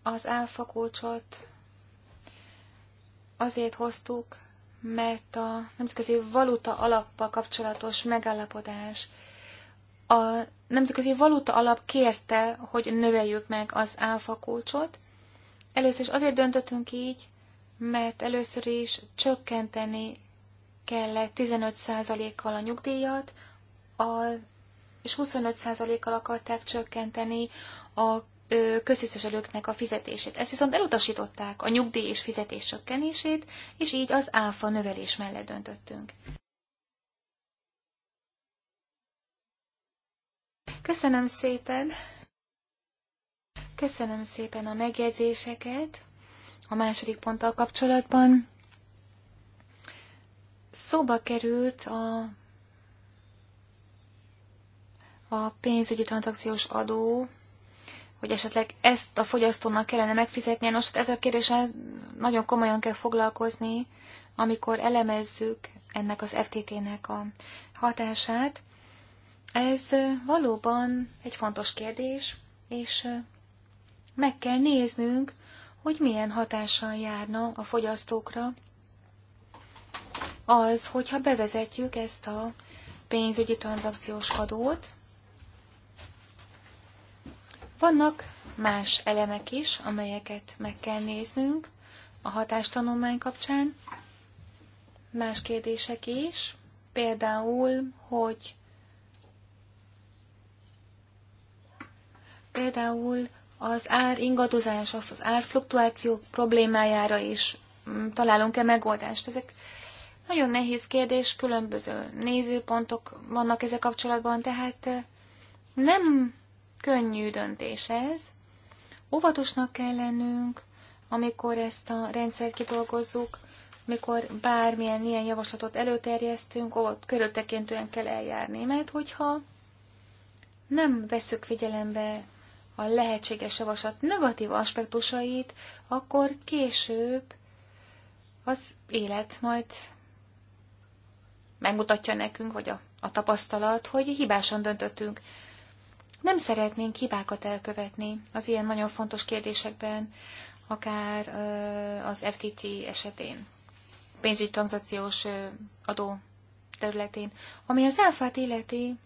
az elfakulcsot azért hoztuk, mert a nemzetközi valuta alappal kapcsolatos megállapodás a nemzetközi valuta alap kérte, hogy növeljük meg az álfakulcsot. Először is azért döntöttünk így, mert először is csökkenteni kellett 15%-kal a nyugdíjat, a, és 25%-kal akarták csökkenteni a köztisztviselőknek a fizetését. Ezt viszont elutasították, a nyugdíj és fizetés csökkenését, és így az áfa növelés mellett döntöttünk. Köszönöm szépen! Köszönöm szépen a megjegyzéseket a második ponttal kapcsolatban. Szóba került a, a pénzügyi tranzakciós adó hogy esetleg ezt a fogyasztónak kellene megfizetnie. Nos, hát ez a kérdéssel nagyon komolyan kell foglalkozni, amikor elemezzük ennek az FTT-nek a hatását. Ez valóban egy fontos kérdés, és meg kell néznünk, hogy milyen hatással járna a fogyasztókra az, hogyha bevezetjük ezt a pénzügyi tranzakciós adót, vannak más elemek is, amelyeket meg kell néznünk a hatástanulmány kapcsán. Más kérdések is, például, hogy például az ár ingadozás, az árfluktuáció problémájára is mm, találunk-e megoldást. Ezek nagyon nehéz kérdés, különböző nézőpontok vannak ezek kapcsolatban, tehát eh, nem Könnyű döntés ez. Óvatosnak kell lennünk, amikor ezt a rendszert kidolgozzuk, mikor bármilyen ilyen javaslatot előterjesztünk, ott körültekintően kell eljárni, mert hogyha nem veszük figyelembe a lehetséges javaslat negatív aspektusait, akkor később az élet majd megmutatja nekünk, vagy a, a tapasztalat, hogy hibásan döntöttünk. Nem szeretnénk hibákat elkövetni az ilyen nagyon fontos kérdésekben, akár az FTT esetén, pénzügyi tranzakciós adó területén. Ami az áfát illeti,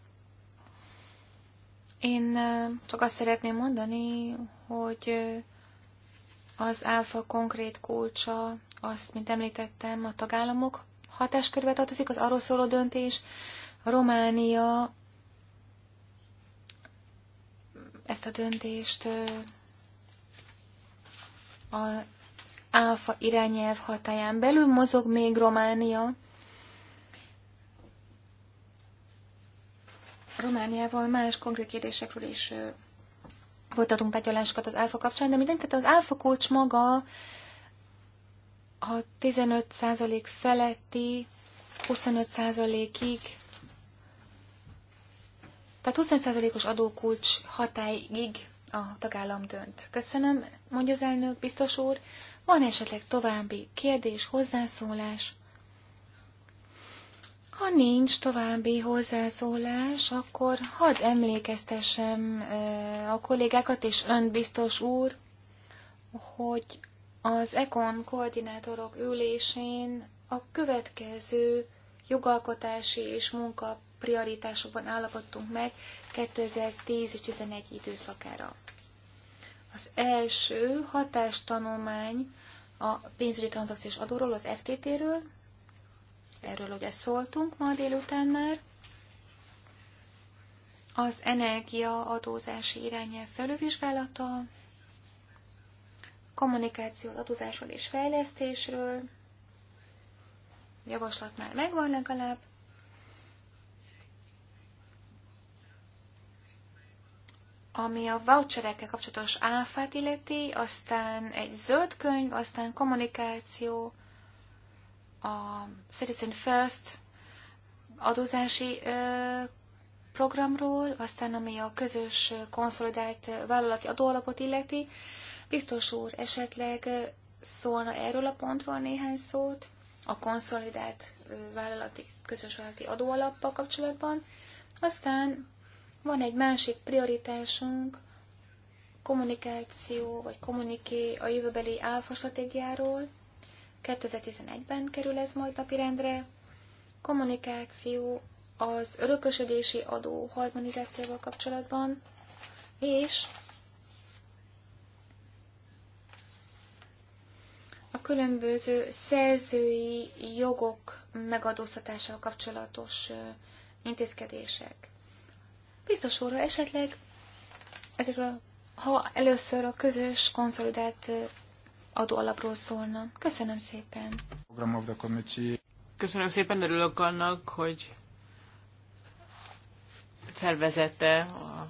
én csak azt szeretném mondani, hogy az áfa konkrét kulcsa, azt, mint említettem, a tagállamok hatáskörbe tartozik, az arról szóló döntés. Románia ezt a döntést az ÁFA irányelv hatáján belül mozog még Románia. Romániával más konkrét kérdésekről is voltatunk tárgyalásokat az ÁFA kapcsán, de mindenki, az ÁFA kulcs maga a 15% feletti 25%-ig tehát 25%-os adókulcs hatályig a tagállam dönt. Köszönöm, mondja az elnök, biztos úr. Van esetleg további kérdés, hozzászólás? Ha nincs további hozzászólás, akkor hadd emlékeztessem a kollégákat és ön biztos úr, hogy az ECON koordinátorok ülésén a következő jogalkotási és munka prioritásokban állapodtunk meg 2010 és 11 időszakára. Az első hatástanulmány a pénzügyi tranzakciós adóról, az FTT-ről, erről ugye szóltunk ma délután már, az energia adózási irányelv felülvizsgálata, kommunikáció adózásról és fejlesztésről, javaslat már megvan legalább, ami a voucherekkel kapcsolatos áfát illeti, aztán egy zöld könyv, aztán kommunikáció, a Citizen First adózási programról, aztán ami a közös konszolidált vállalati adóalapot illeti. Biztos úr esetleg szólna erről a pontról néhány szót, a konszolidált vállalati, közös vállalati adóalappal kapcsolatban. Aztán van egy másik prioritásunk, kommunikáció vagy kommuniké a jövőbeli álfa stratégiáról. 2011-ben kerül ez majd napirendre. Kommunikáció az örökösödési adó harmonizációval kapcsolatban, és a különböző szerzői jogok megadóztatásával kapcsolatos intézkedések. Biztos óra esetleg ezekről, ha először a közös konszolidált adóalapról szólna. Köszönöm szépen. Köszönöm szépen, örülök annak, hogy felvezette a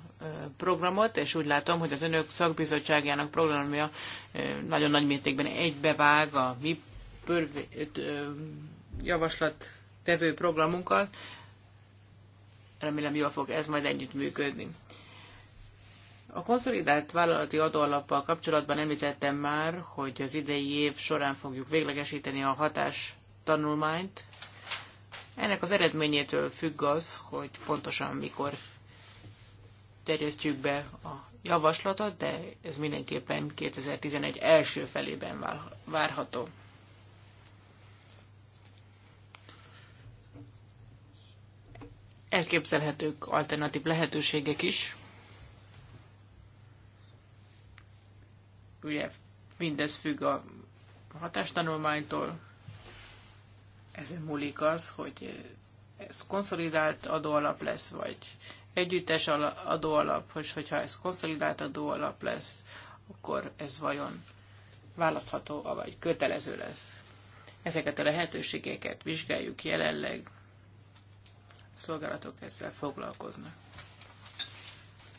programot, és úgy látom, hogy az önök szakbizottságának programja nagyon nagy mértékben egybevág a mi javaslat tevő programunkkal remélem jól fog ez majd működni. A konszolidált vállalati adóalappal kapcsolatban említettem már, hogy az idei év során fogjuk véglegesíteni a hatás tanulmányt. Ennek az eredményétől függ az, hogy pontosan mikor terjesztjük be a javaslatot, de ez mindenképpen 2011 első felében várható. elképzelhetők alternatív lehetőségek is. Ugye mindez függ a hatástanulmánytól. Ezen múlik az, hogy ez konszolidált adóalap lesz, vagy együttes adóalap, és hogyha ez konszolidált adóalap lesz, akkor ez vajon választható, vagy kötelező lesz. Ezeket a lehetőségeket vizsgáljuk jelenleg, szolgálatok ezzel foglalkoznak.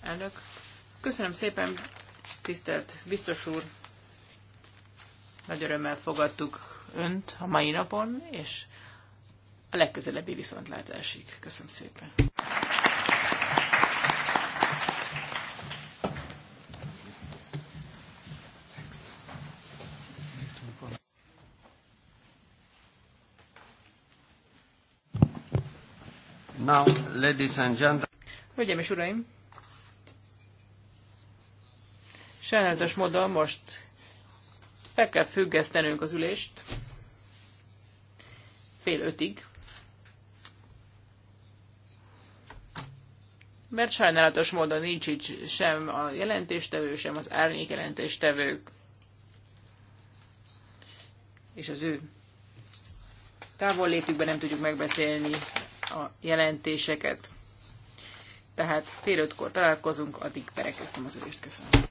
Elnök, köszönöm szépen, tisztelt biztos úr, nagy örömmel fogadtuk önt a mai napon, és a legközelebbi viszontlátásig. Köszönöm szépen. Now, ladies and gentlemen. Hölgyeim és uraim! Sajnálatos módon most fel kell függesztenünk az ülést fél ötig, mert sajnálatos módon nincs itt sem a jelentéstevő, sem az árnyék jelentéstevők, és az ő létükben nem tudjuk megbeszélni a jelentéseket. Tehát fél ötkor találkozunk, addig berekeztem az ülést. Köszönöm.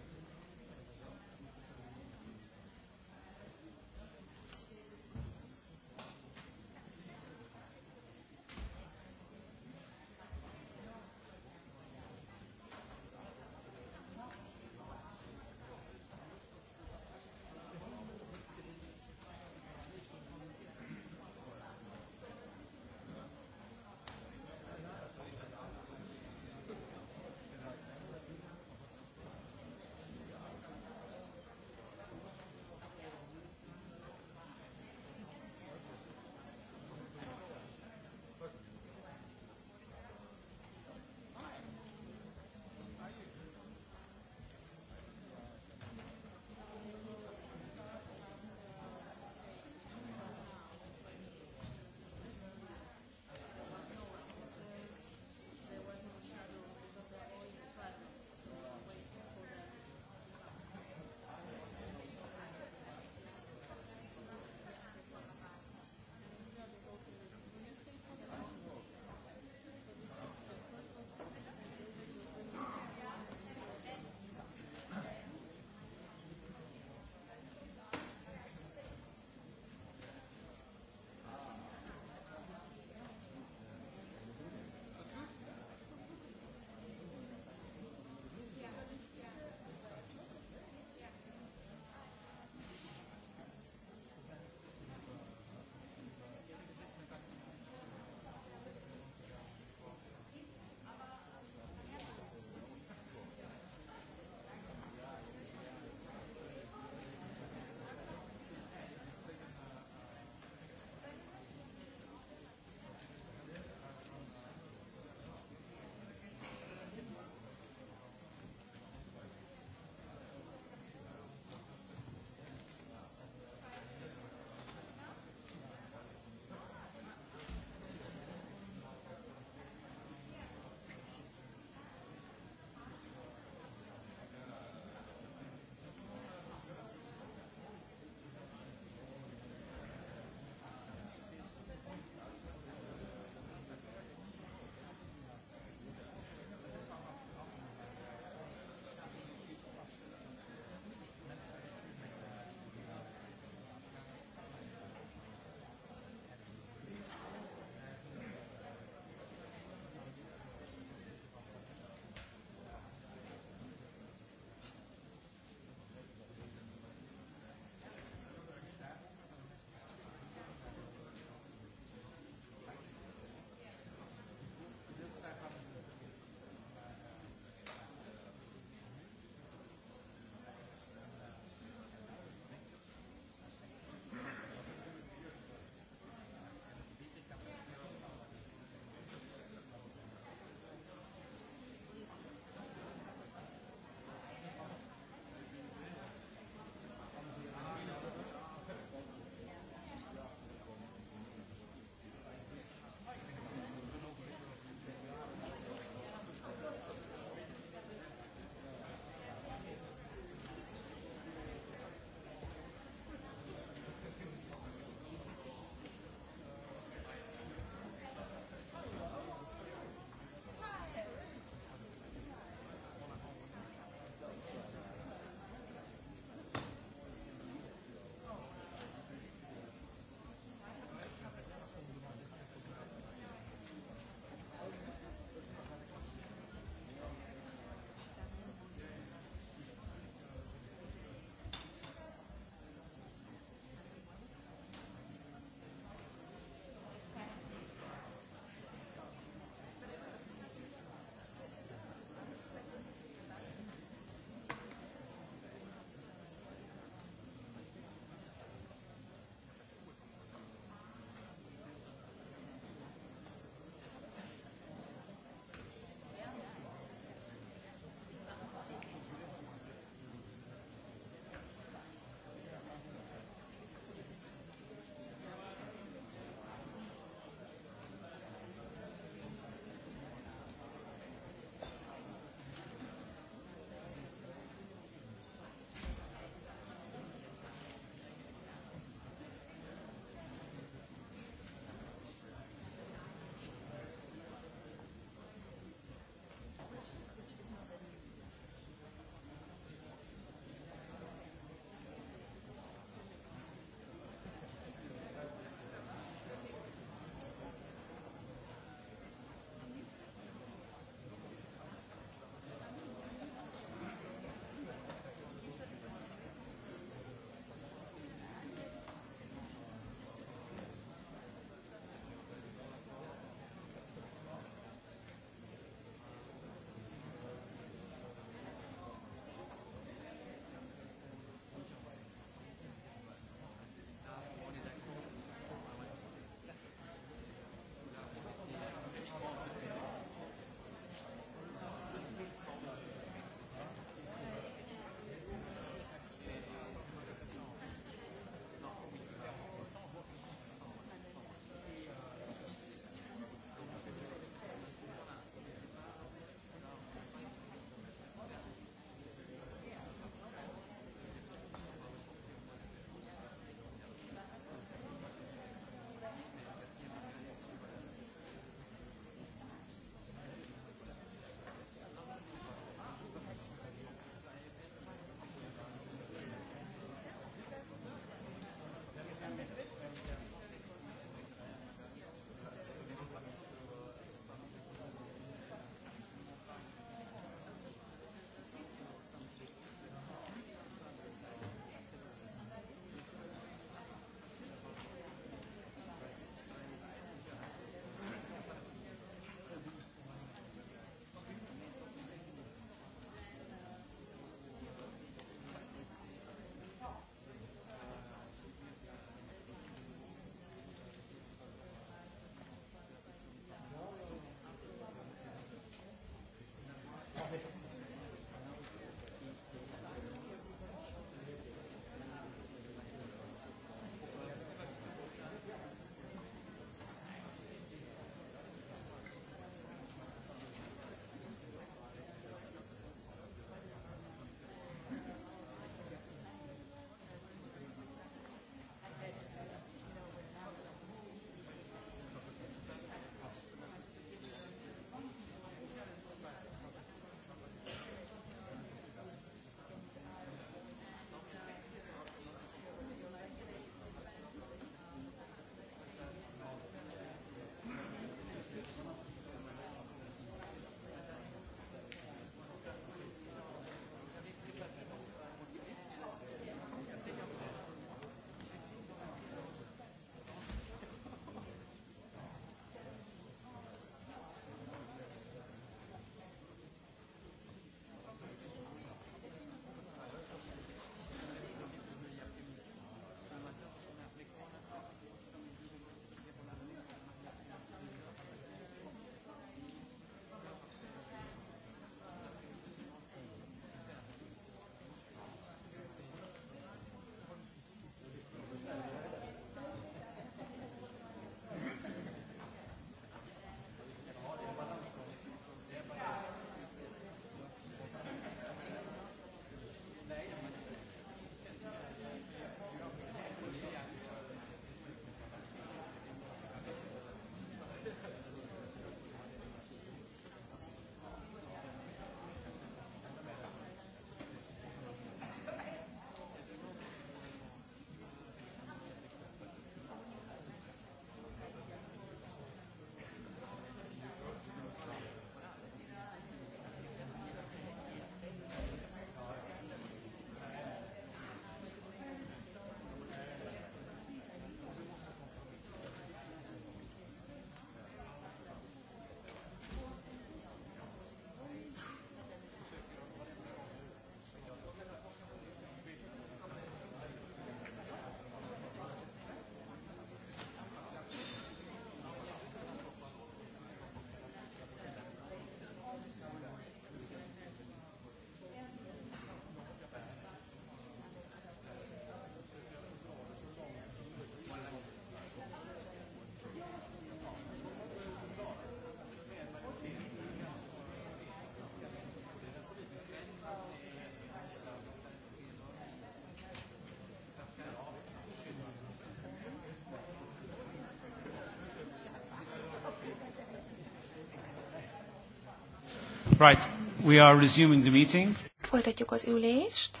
Right, we are resuming the meeting. Folytatjuk az ülést.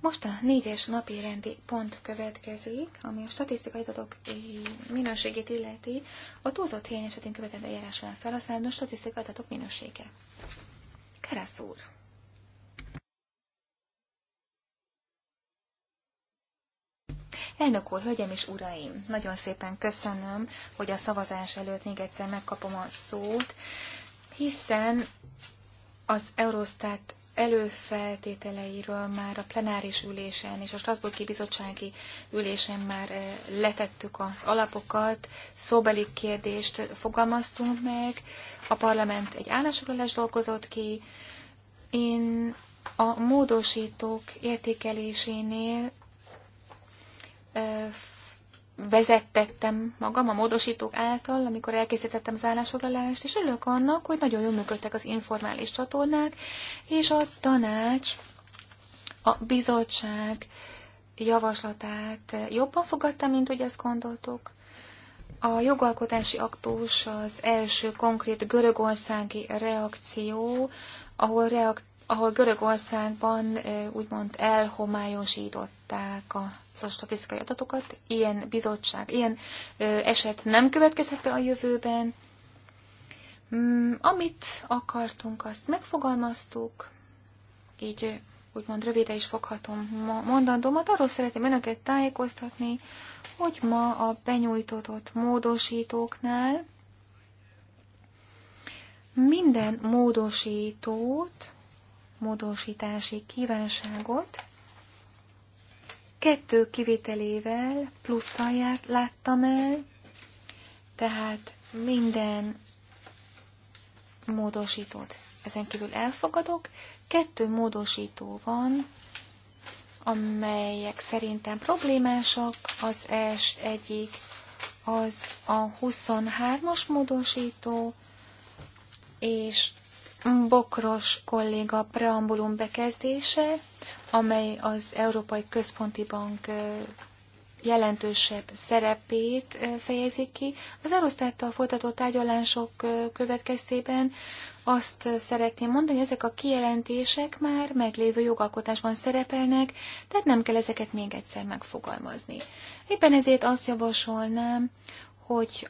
Most a négyes napi rendi pont következik, ami a statisztikai adatok minőségét illeti, a túlzott hiány esetén követendő eljárás felhasználó statisztikai adatok minősége. Kerasz úr! Elnök úr, hölgyem és uraim, nagyon szépen köszönöm, hogy a szavazás előtt még egyszer megkapom a szót, hiszen az Eurostat előfeltételeiről már a plenáris ülésen és a Strasburgi Bizottsági ülésen már eh, letettük az alapokat, szóbeli kérdést fogalmaztunk meg, a parlament egy állásfoglalás dolgozott ki. Én a módosítók értékelésénél vezettettem magam a módosítók által, amikor elkészítettem az állásfoglalást, és örülök annak, hogy nagyon jól működtek az informális csatornák, és a tanács, a bizottság javaslatát jobban fogadta, mint hogy ezt gondoltuk. A jogalkotási aktus az első konkrét görögországi reakció, ahol reak- ahol Görögországban úgymond elhomályosították a statisztikai adatokat, ilyen bizottság, ilyen eset nem következhet be a jövőben. Mm, amit akartunk, azt megfogalmaztuk, így úgymond rövide is foghatom mondandómat. Arról szeretném önöket tájékoztatni, hogy ma a benyújtott módosítóknál minden módosítót módosítási kívánságot. Kettő kivételével plusszal járt, láttam el, tehát minden módosítót ezen kívül elfogadok. Kettő módosító van, amelyek szerintem problémásak. Az es egyik az a 23-as módosító, és Bokros kolléga preambulum bekezdése, amely az Európai Központi Bank jelentősebb szerepét fejezi ki. Az Erosztáttal folytatott tárgyalások következtében azt szeretném mondani, hogy ezek a kijelentések már meglévő jogalkotásban szerepelnek, tehát nem kell ezeket még egyszer megfogalmazni. Éppen ezért azt javasolnám, hogy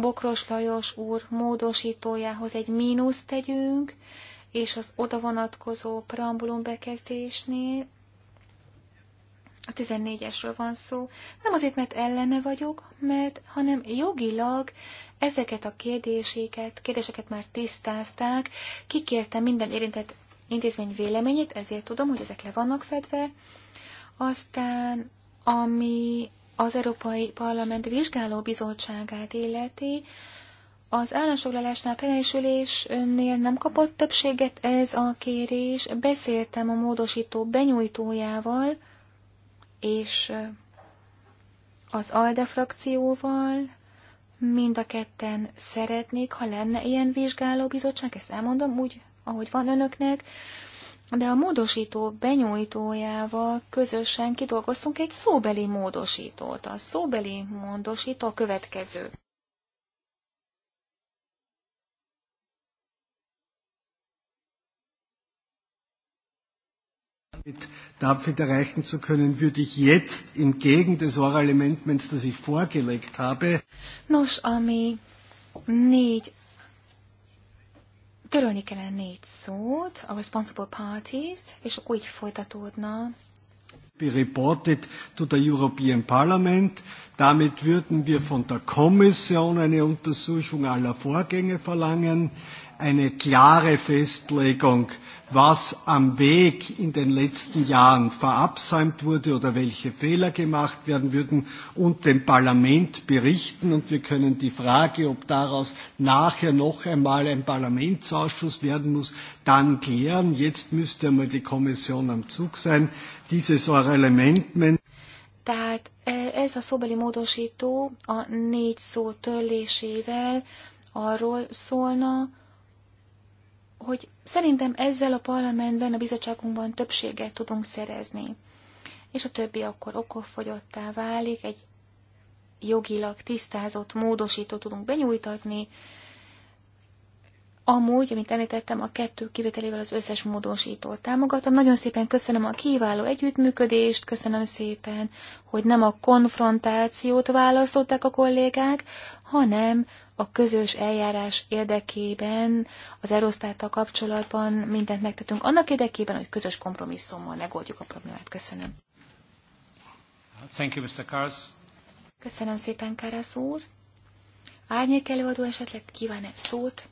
Bokros Lajos úr módosítójához egy mínusz tegyünk, és az oda vonatkozó preambulum bekezdésnél a 14-esről van szó, nem azért, mert ellene vagyok, mert, hanem jogilag ezeket a kérdéseket, kérdéseket már tisztázták, kikértem minden érintett intézmény véleményét, ezért tudom, hogy ezek le vannak fedve. Aztán, ami az Európai Parlament Vizsgáló Bizottságát illeti, az állásfoglalásnál önnél nem kapott többséget ez a kérés. Beszéltem a módosító benyújtójával, és az ALDE frakcióval, mind a ketten szeretnék, ha lenne ilyen vizsgálóbizottság, ezt elmondom úgy, ahogy van önöknek, de a módosító benyújtójával közösen kidolgoztunk egy szóbeli módosítót. A szóbeli módosító a következő. mit DAPFIT erreichen zu können, würde ich jetzt entgegen des Oral Amendments, das ich vorgelegt habe. Nos, ami négy törölni kellene négy szót, a responsible parties, és akkor így folytatódna. Be reported to the European Parliament. Damit würden wir von der Kommission eine Untersuchung aller Vorgänge verlangen eine klare Festlegung, was am Weg in den letzten Jahren verabsäumt wurde oder welche Fehler gemacht werden würden und dem Parlament berichten. Und wir können die Frage, ob daraus nachher noch einmal ein Parlamentsausschuss werden muss, dann klären. Jetzt müsste einmal die Kommission am Zug sein. Dieses Oral Amendment tehát e, ez a szobeli módosító a négy szó törlésével arról szólna, hogy szerintem ezzel a parlamentben, a bizottságunkban többséget tudunk szerezni. És a többi akkor okofogyottá válik, egy jogilag tisztázott módosító tudunk benyújtatni. Amúgy, amit említettem, a kettő kivételével az összes módosítót támogatom. Nagyon szépen köszönöm a kiváló együttműködést, köszönöm szépen, hogy nem a konfrontációt választották a kollégák, hanem a közös eljárás érdekében, az erosztáltal kapcsolatban mindent megtettünk, annak érdekében, hogy közös kompromisszummal megoldjuk a problémát. Köszönöm. Thank you, Mr. Kars. Köszönöm szépen, Karasz úr. Árnyék előadó esetleg kíván egy szót?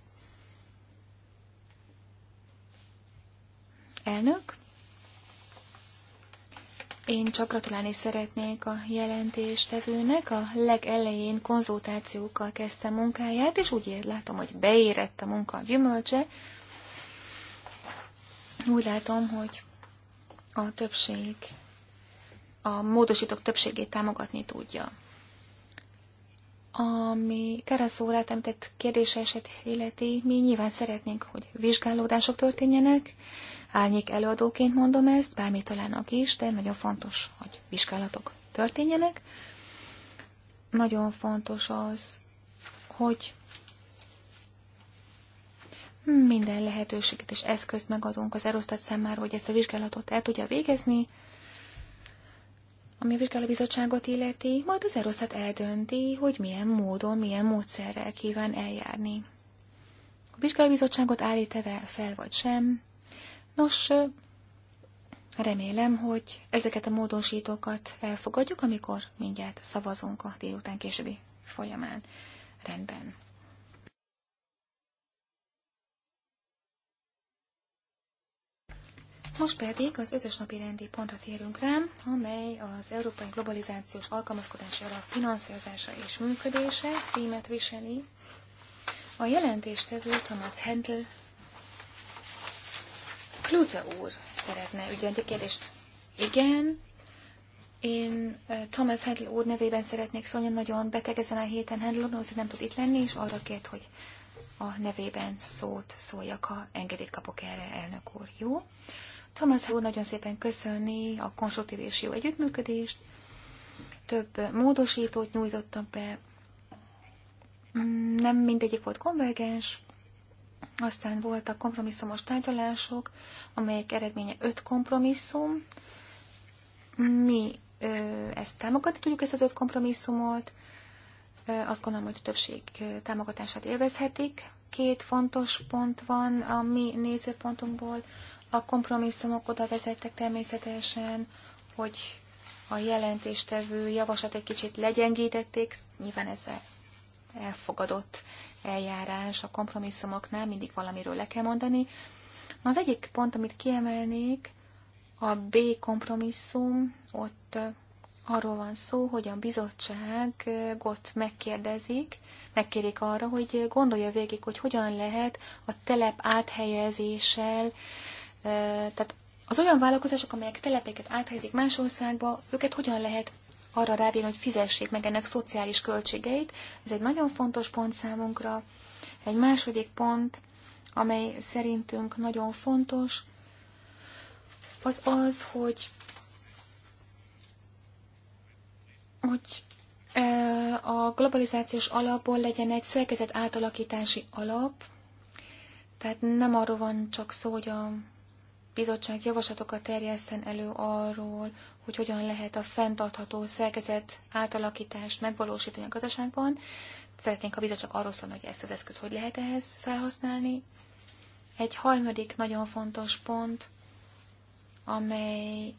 Elnök? Én csak gratulálni szeretnék a jelentéstevőnek. A legelején konzultációkkal kezdte munkáját, és úgy ér, látom, hogy beérett a munka a gyümölcse. Úgy látom, hogy a többség, a módosítók többségét támogatni tudja. Ami Karaszórát említett eset illeti, mi nyilván szeretnénk, hogy vizsgálódások történjenek. Árnyék előadóként mondom ezt, bármi találnak is, de nagyon fontos, hogy vizsgálatok történjenek. Nagyon fontos az, hogy minden lehetőséget és eszközt megadunk az Erosztat számára, hogy ezt a vizsgálatot el tudja végezni, ami a vizsgálóbizottságot illeti, majd az Eroszat eldönti, hogy milyen módon, milyen módszerrel kíván eljárni. A vizsgálóbizottságot állít-e fel vagy sem? Nos, remélem, hogy ezeket a módosítókat elfogadjuk, amikor mindjárt szavazunk a délután későbbi folyamán. Rendben. Most pedig az ötös napi rendi pontra térünk rá, amely az Európai Globalizációs Alkalmazkodási Alap finanszírozása és működése címet viseli. A jelentéstevő Thomas Hendl Klute úr szeretne ügyelni kérdést. Igen, én eh, Thomas Hendl úr nevében szeretnék szólni, nagyon beteg ezen a héten Hendl úr, nem tud itt lenni, és arra kért, hogy a nevében szót szóljak, ha engedélyt kapok erre, elnök úr. Jó? Thomas úr nagyon szépen köszönni a konstruktív és jó együttműködést. Több módosítót nyújtottak be, mm, nem mindegyik volt konvergens, aztán voltak kompromisszumos tárgyalások, amelyek eredménye öt kompromisszum. Mi ö, ezt támogatni tudjuk, ezt az öt kompromisszumot. Ö, azt gondolom, hogy a többség támogatását élvezhetik. Két fontos pont van a mi nézőpontunkból. A kompromisszumok oda vezettek természetesen, hogy a jelentéstevő javaslat egy kicsit legyengítették, nyilván ez elfogadott eljárás a kompromisszumoknál, mindig valamiről le kell mondani. Az egyik pont, amit kiemelnék, a B kompromisszum, ott arról van szó, hogy a bizottságot megkérdezik, megkérik arra, hogy gondolja végig, hogy hogyan lehet a telep áthelyezéssel tehát az olyan vállalkozások, amelyek telepeket áthelyezik más országba, őket hogyan lehet arra rábírni, hogy fizessék meg ennek szociális költségeit. Ez egy nagyon fontos pont számunkra. Egy második pont, amely szerintünk nagyon fontos, az az, hogy, hogy a globalizációs alapból legyen egy szerkezet átalakítási alap, tehát nem arról van csak szó, hogy a bizottság javaslatokat terjesszen elő arról, hogy hogyan lehet a fenntartható szerkezet átalakítást megvalósítani a gazdaságban. Szeretnénk, ha a bizottság arról szólni, hogy ezt az eszközt hogy lehet ehhez felhasználni. Egy harmadik nagyon fontos pont, amely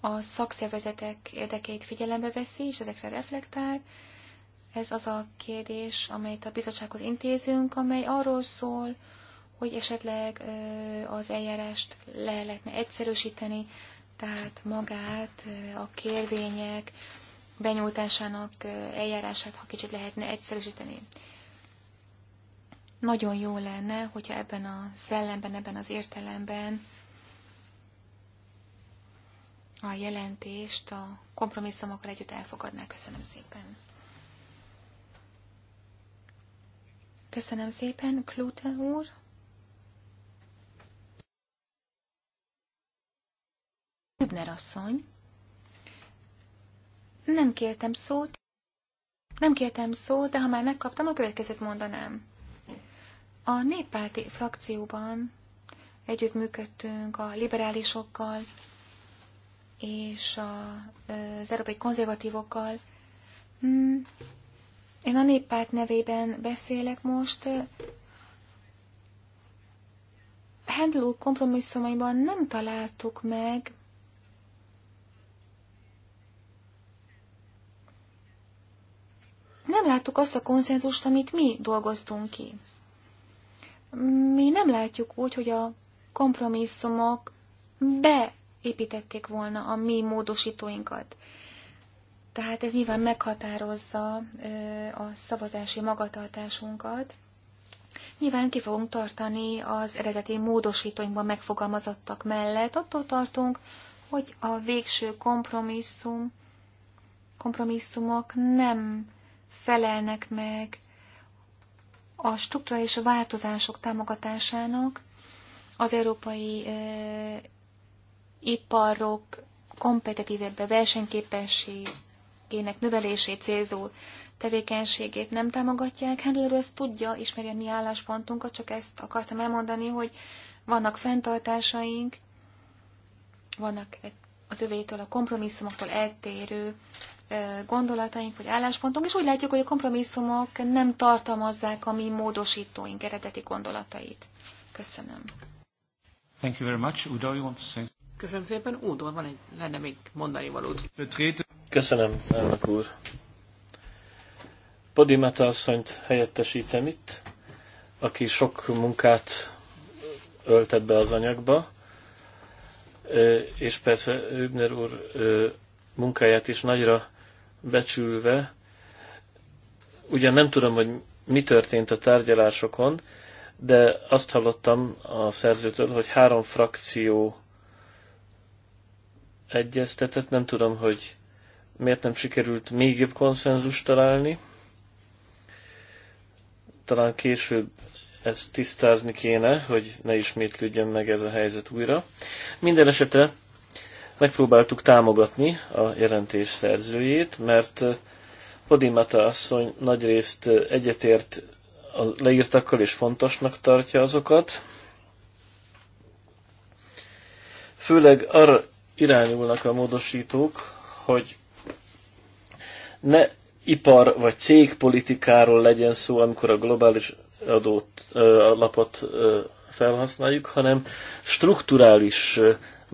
a szakszervezetek érdekeit figyelembe veszi, és ezekre reflektál. Ez az a kérdés, amelyet a bizottsághoz intézünk, amely arról szól, hogy esetleg az eljárást le lehetne egyszerűsíteni, tehát magát, a kérvények benyújtásának eljárását, ha kicsit lehetne egyszerűsíteni. Nagyon jó lenne, hogyha ebben a szellemben, ebben az értelemben a jelentést a kompromisszumokkal együtt elfogadnák. Köszönöm szépen. Köszönöm szépen, Klute úr. Hübner asszony. Nem kértem szót. Nem kértem szót, de ha már megkaptam, a következőt mondanám. A néppárti frakcióban együttműködtünk a liberálisokkal és az európai konzervatívokkal. Hmm, én a néppárt nevében beszélek most. Handel kompromisszumaiban nem találtuk meg nem láttuk azt a konszenzust, amit mi dolgoztunk ki. Mi nem látjuk úgy, hogy a kompromisszumok beépítették volna a mi módosítóinkat. Tehát ez nyilván meghatározza a szavazási magatartásunkat. Nyilván ki fogunk tartani az eredeti módosítóinkban megfogalmazottak mellett. Attól tartunk, hogy a végső kompromisszum, kompromisszumok nem felelnek meg a és a változások támogatásának, az európai e, iparok kompetitívebb versenyképességének növelését célzó tevékenységét nem támogatják. Handler hát ezt tudja, ismeri a mi álláspontunkat, csak ezt akartam elmondani, hogy vannak fenntartásaink, vannak az övétől a kompromisszumoktól eltérő gondolataink vagy álláspontunk, és úgy látjuk, hogy a kompromisszumok nem tartalmazzák a mi módosítóink eredeti gondolatait. Köszönöm. Thank you very much. Udo, you want to say... Köszönöm szépen. Udo, van egy, lenne még mondani valót. Köszönöm, elnök úr. Podimata asszonyt helyettesítem itt, aki sok munkát öltett be az anyagba, és persze Übner úr munkáját is nagyra becsülve, ugyan nem tudom, hogy mi történt a tárgyalásokon, de azt hallottam a szerzőtől, hogy három frakció egyeztetett, nem tudom, hogy miért nem sikerült még jobb konszenzus találni. Talán később ezt tisztázni kéne, hogy ne ismétlődjön meg ez a helyzet újra. Minden esetre megpróbáltuk támogatni a jelentés szerzőjét, mert Podimata eh, asszony nagyrészt eh, egyetért a leírtakkal és fontosnak tartja azokat. Főleg arra irányulnak a módosítók, hogy ne ipar vagy cégpolitikáról legyen szó, amikor a globális adót, eh, alapot felhasználjuk, hanem strukturális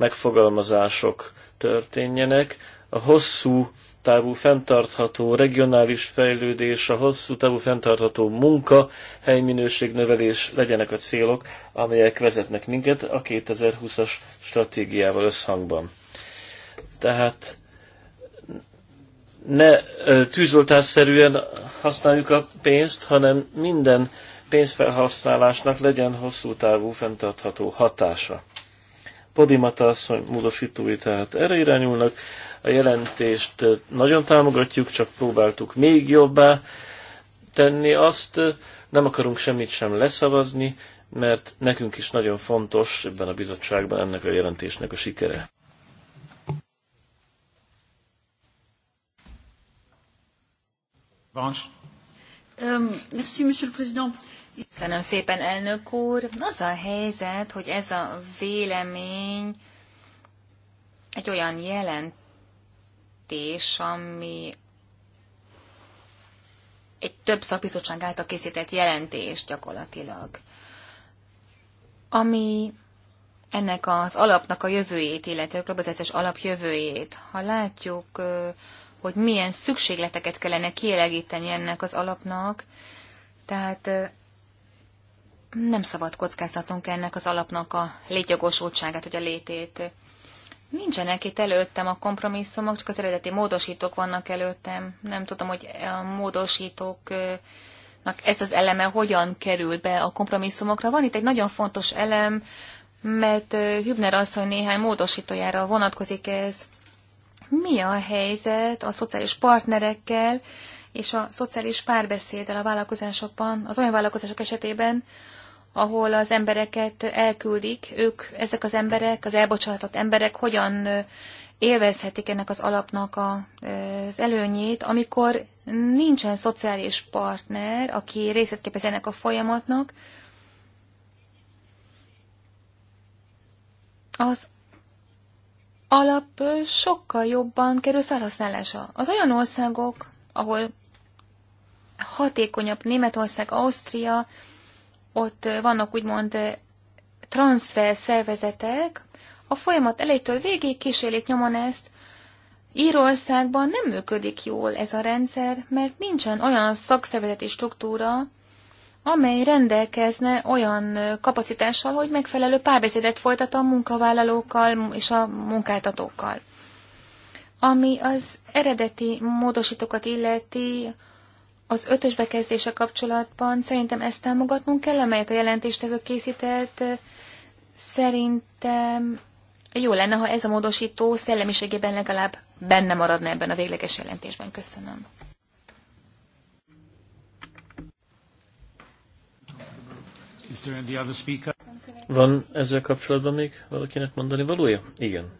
megfogalmazások történjenek. A hosszú távú fenntartható regionális fejlődés, a hosszú távú fenntartható munka, helyminőség növelés legyenek a célok, amelyek vezetnek minket a 2020-as stratégiával összhangban. Tehát ne tűzoltásszerűen használjuk a pénzt, hanem minden pénzfelhasználásnak legyen hosszú távú fenntartható hatása. Podimata asszony módosítói tehát erre irányulnak. A jelentést nagyon támogatjuk, csak próbáltuk még jobbá tenni azt. Nem akarunk semmit sem leszavazni, mert nekünk is nagyon fontos ebben a bizottságban ennek a jelentésnek a sikere. Um, merci, Monsieur le Président. Köszönöm szépen, elnök úr. Az a helyzet, hogy ez a vélemény egy olyan jelentés, ami egy több szakbizottság által készített jelentés gyakorlatilag, ami ennek az alapnak a jövőjét, illetve a globalizációs alapjövőjét. Ha látjuk, hogy milyen szükségleteket kellene kielegíteni ennek az alapnak, tehát nem szabad kockáztatnunk ennek az alapnak a létjogosultságát, hogy a létét. Nincsenek itt előttem a kompromisszumok, csak az eredeti módosítók vannak előttem. Nem tudom, hogy a módosítóknak ez az eleme hogyan kerül be a kompromisszumokra. Van itt egy nagyon fontos elem, mert Hübner asszony néhány módosítójára vonatkozik ez. Mi a helyzet a szociális partnerekkel és a szociális párbeszéddel a vállalkozásokban, az olyan vállalkozások esetében, ahol az embereket elküldik, ők, ezek az emberek, az elbocsátott emberek hogyan élvezhetik ennek az alapnak a, az előnyét, amikor nincsen szociális partner, aki részt képez ennek a folyamatnak, az alap sokkal jobban kerül felhasználása. Az olyan országok, ahol hatékonyabb Németország, Ausztria, ott vannak úgymond transfer szervezetek, a folyamat elejétől végig kísérlik nyomon ezt. Írországban nem működik jól ez a rendszer, mert nincsen olyan szakszervezeti struktúra, amely rendelkezne olyan kapacitással, hogy megfelelő párbeszédet folytat a munkavállalókkal és a munkáltatókkal. Ami az eredeti módosítókat illeti, az ötös bekezdése kapcsolatban szerintem ezt támogatnunk kell, amelyet a jelentéstevő készített. Szerintem jó lenne, ha ez a módosító szellemiségében legalább benne maradna ebben a végleges jelentésben. Köszönöm. Van ezzel kapcsolatban még valakinek mondani valója? Igen.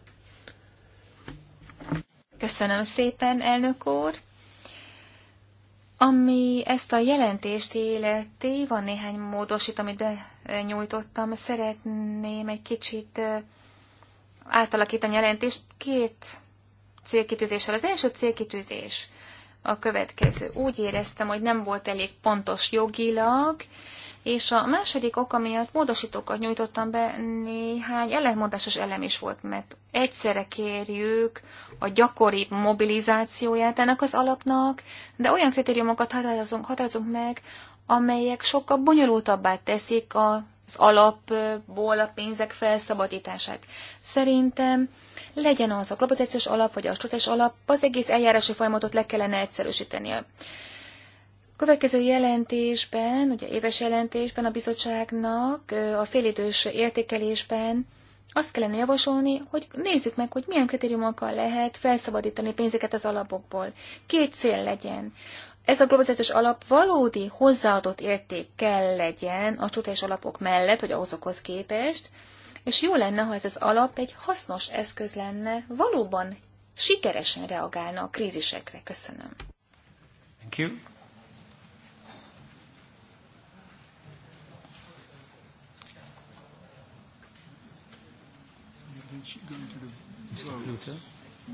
Köszönöm szépen, elnök úr. Ami ezt a jelentést életé, van néhány módosít, amit benyújtottam. Szeretném egy kicsit átalakítani a jelentést két célkitűzéssel. Az első célkitűzés a következő. Úgy éreztem, hogy nem volt elég pontos jogilag, és a második oka miatt módosítókat nyújtottam be, néhány ellentmondásos elem is volt, mert egyszerre kérjük a gyakori mobilizációját ennek az alapnak, de olyan kritériumokat határozunk, határozunk meg, amelyek sokkal bonyolultabbá teszik az alapból a pénzek felszabadítását. Szerintem legyen az a globalizációs alap, vagy a struktúrás alap, az egész eljárási folyamatot le kellene egyszerűsíteni következő jelentésben, ugye éves jelentésben a bizottságnak a félidős értékelésben azt kellene javasolni, hogy nézzük meg, hogy milyen kritériumokkal lehet felszabadítani pénzeket az alapokból. Két cél legyen. Ez a globalizációs alap valódi hozzáadott érték kell legyen a csutás alapok mellett, hogy ahhozokhoz képest, és jó lenne, ha ez az alap egy hasznos eszköz lenne, valóban sikeresen reagálna a krízisekre. Köszönöm. Thank you.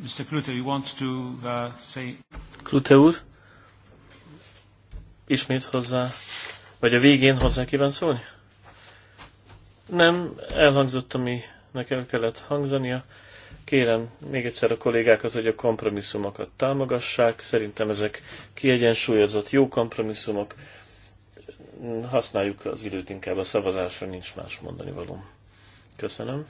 Mr. Klute, you want to uh, say... Klute úr, ismét hozzá, vagy a végén hozzá kíván szólni? Nem, elhangzott, ami nekem kellett hangzania. Kérem még egyszer a kollégákat, hogy a kompromisszumokat támogassák. Szerintem ezek kiegyensúlyozott jó kompromisszumok. Használjuk az időt inkább a szavazásra, nincs más mondani való. Köszönöm.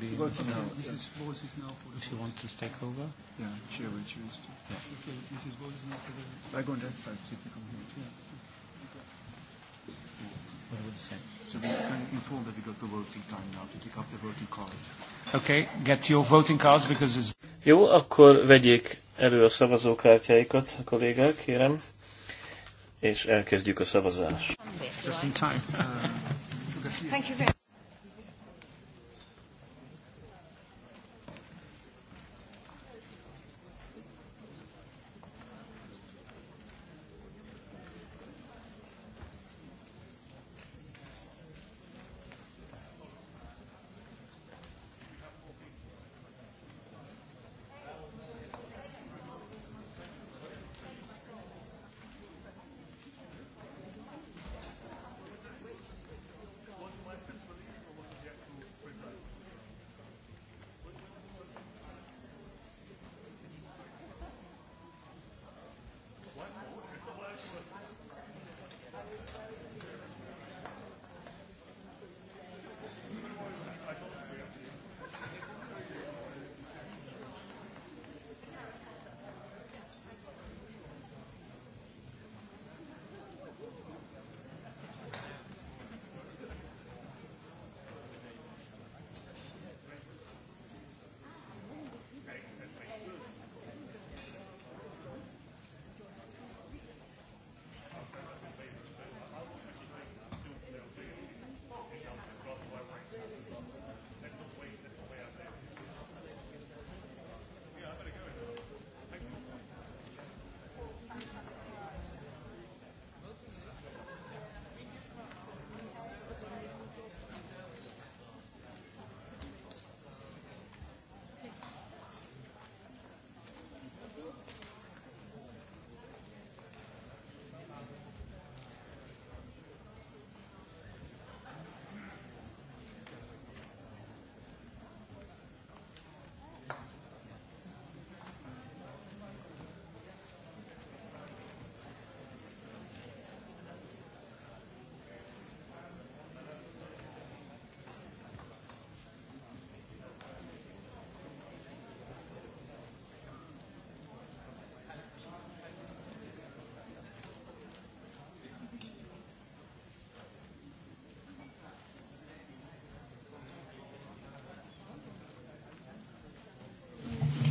be go to now. Mrs. Bose is now for the If She want to take over? Yeah, she will choose to. Yeah. Okay, Mrs. Bose is now for the... I I'm going to side, see if you come here. Yeah. What would you say? So we can inform that we got the voting time now to take up the voting card. Okay, get your voting cards because it's... Jó, akkor vegyék elő a szavazókártyáikat a kollégák, kérem, és elkezdjük a szavazást. Just in time. Uh, Thank you very much.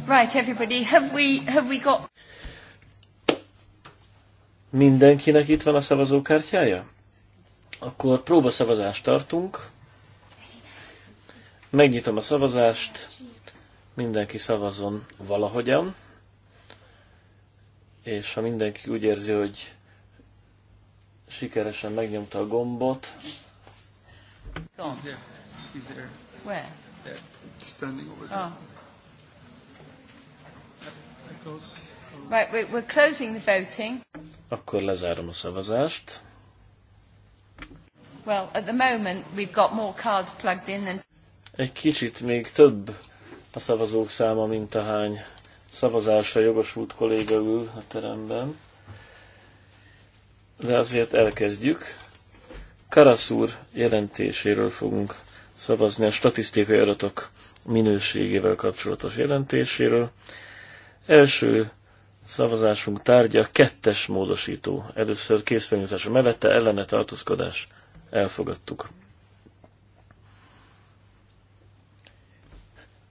Right, everybody, have we, have we got... Mindenkinek itt van a szavazókártyája? Akkor próbaszavazást tartunk. Megnyitom a szavazást. Mindenki szavazon valahogyan. És ha mindenki úgy érzi, hogy sikeresen megnyomta a gombot. Gone. He's there. He's there. Where? There. Standing over oh. there. Oh. Right, we're closing the voting. Akkor lezárom a szavazást. Well, at the moment we've got more cards plugged in than... Egy kicsit még több a szavazók száma, mint hány szavazásra jogosult kolléga ül a teremben. De azért elkezdjük. Karasúr jelentéséről fogunk szavazni a statisztikai adatok minőségével kapcsolatos jelentéséről. Első szavazásunk tárgya kettes módosító. Először készfejlőzása mellette ellene tartózkodás. Elfogadtuk.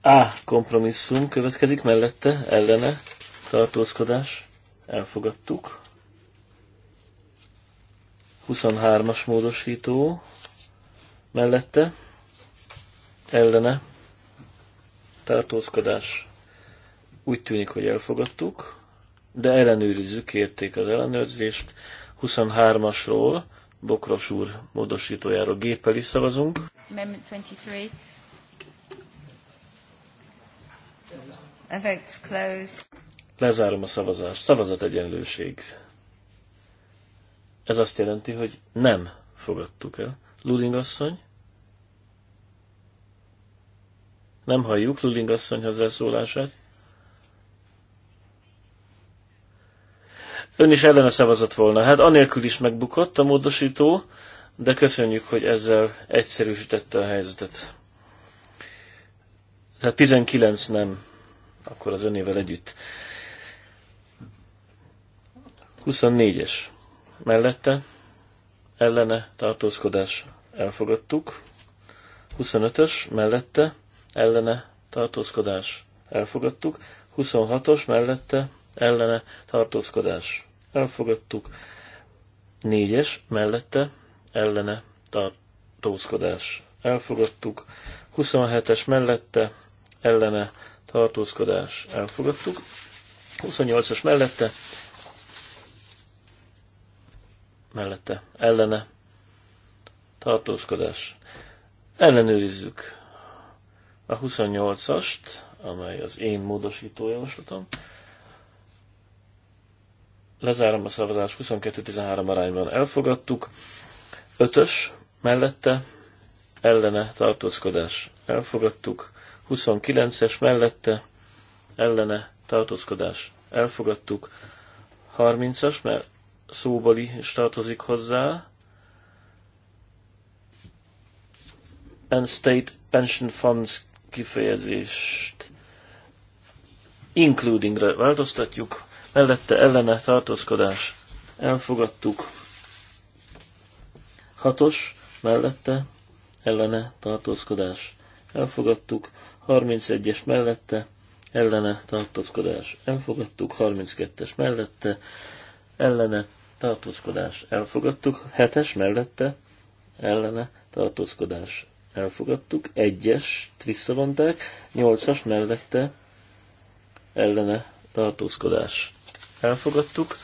A kompromisszum következik mellette, ellene tartózkodás. Elfogadtuk. 23-as módosító mellette, ellene tartózkodás úgy tűnik, hogy elfogadtuk, de ellenőrizzük, kérték az ellenőrzést. 23-asról, Bokros úr módosítójáról géppel is szavazunk. Amendment 23. A Lezárom a szavazást. Szavazat egyenlőség. Ez azt jelenti, hogy nem fogadtuk el. Luding asszony? Nem halljuk Luding asszony hozzászólását. Ön is ellene szavazott volna. Hát anélkül is megbukott a módosító, de köszönjük, hogy ezzel egyszerűsítette a helyzetet. Tehát 19 nem, akkor az önével együtt. 24-es. Mellette ellene tartózkodás elfogadtuk. 25-ös mellette ellene tartózkodás elfogadtuk. 26-os mellette ellene tartózkodás elfogadtuk, négyes mellette ellene tartózkodás elfogadtuk, 27-es mellette ellene tartózkodás elfogadtuk, 28-as mellette mellette ellene tartózkodás ellenőrizzük a 28-ast, amely az én módosító javaslatom. Lezárom a szavazás 22-13 arányban elfogadtuk. Ötös mellette ellene tartózkodás elfogadtuk. 29-es mellette ellene tartózkodás elfogadtuk. 30-as, mert szóbali is tartozik hozzá. And state pension funds kifejezést including-re változtatjuk mellette ellene tartózkodás elfogadtuk. Hatos mellette ellene tartózkodás elfogadtuk. 31-es mellette ellene tartózkodás elfogadtuk. 32-es mellette ellene tartózkodás elfogadtuk. 7-es mellette ellene tartózkodás elfogadtuk. 1 es visszavonták. 8-as mellette ellene tartózkodás elfogadtuk.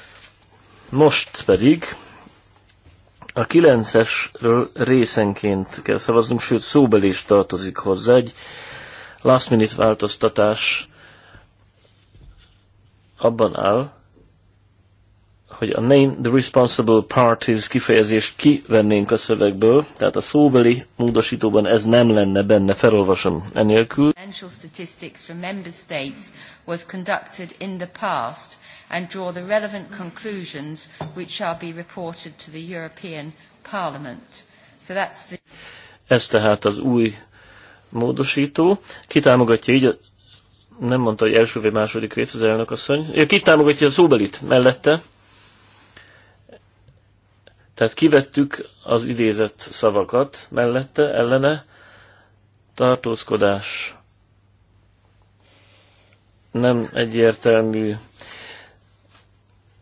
Most pedig a 9-esről részenként kell szavaznunk, sőt szóbeli is tartozik hozzá. Egy last minute változtatás abban áll, hogy a name the responsible parties kifejezést kivennénk a szövegből, tehát a szóbeli módosítóban ez nem lenne benne, felolvasom enélkül. statistics from member states was conducted in the past and draw the relevant conclusions which shall be reported to the European Parliament. So that's the... Ez tehát az új módosító. Kitámogatja így, nem mondta, hogy első vagy második rész az elnök asszony. Ja, kitámogatja a szóbelit mellette. Tehát kivettük az idézett szavakat mellette, ellene tartózkodás nem egyértelmű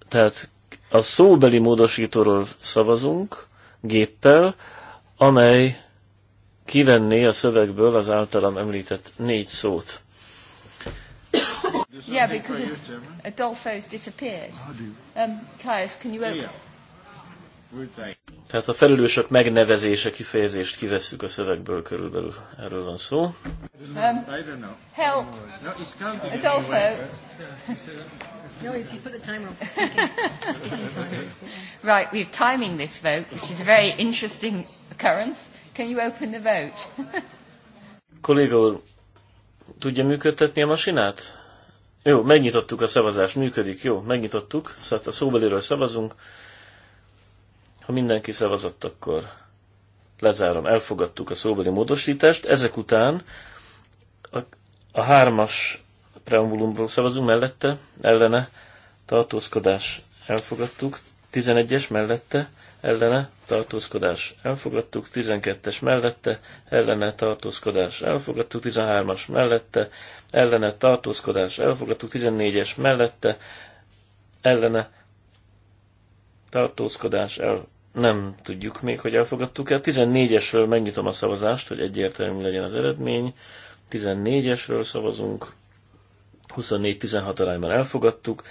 tehát a szóbeli módosítóról szavazunk géppel, amely kivenné a szövegből az általam említett négy szót. Yeah, because has disappeared. Ah, um, Kaius, can you open? Tehát a felelősök megnevezése kifejezést kivesszük a szövegből körülbelül. Erről van szó. Um, help! Adolfo! No, he's you put the timer on Right, we're timing this vote, which is a very interesting occurrence. Can you open the vote? Kolléga úr, tudja működtetni a masinát? Jó, megnyitottuk a szavazást, működik, jó, megnyitottuk, szóval a szóbeliről szavazunk. Ha mindenki szavazott, akkor lezárom, elfogadtuk a szóbeli módosítást. Ezek után a, a hármas preambulumról szavazunk mellette, ellene tartózkodás elfogadtuk, 11-es mellette, ellene tartózkodás elfogadtuk, 12-es mellette, ellene tartózkodás elfogadtuk, 13-as mellette, ellene tartózkodás elfogadtuk, 14-es mellette, ellene tartózkodás el... Nem tudjuk még, hogy elfogadtuk-e. 14-esről megnyitom a szavazást, hogy egyértelmű legyen az eredmény. 14-esről szavazunk. 24-16 arányban elfogadtuk,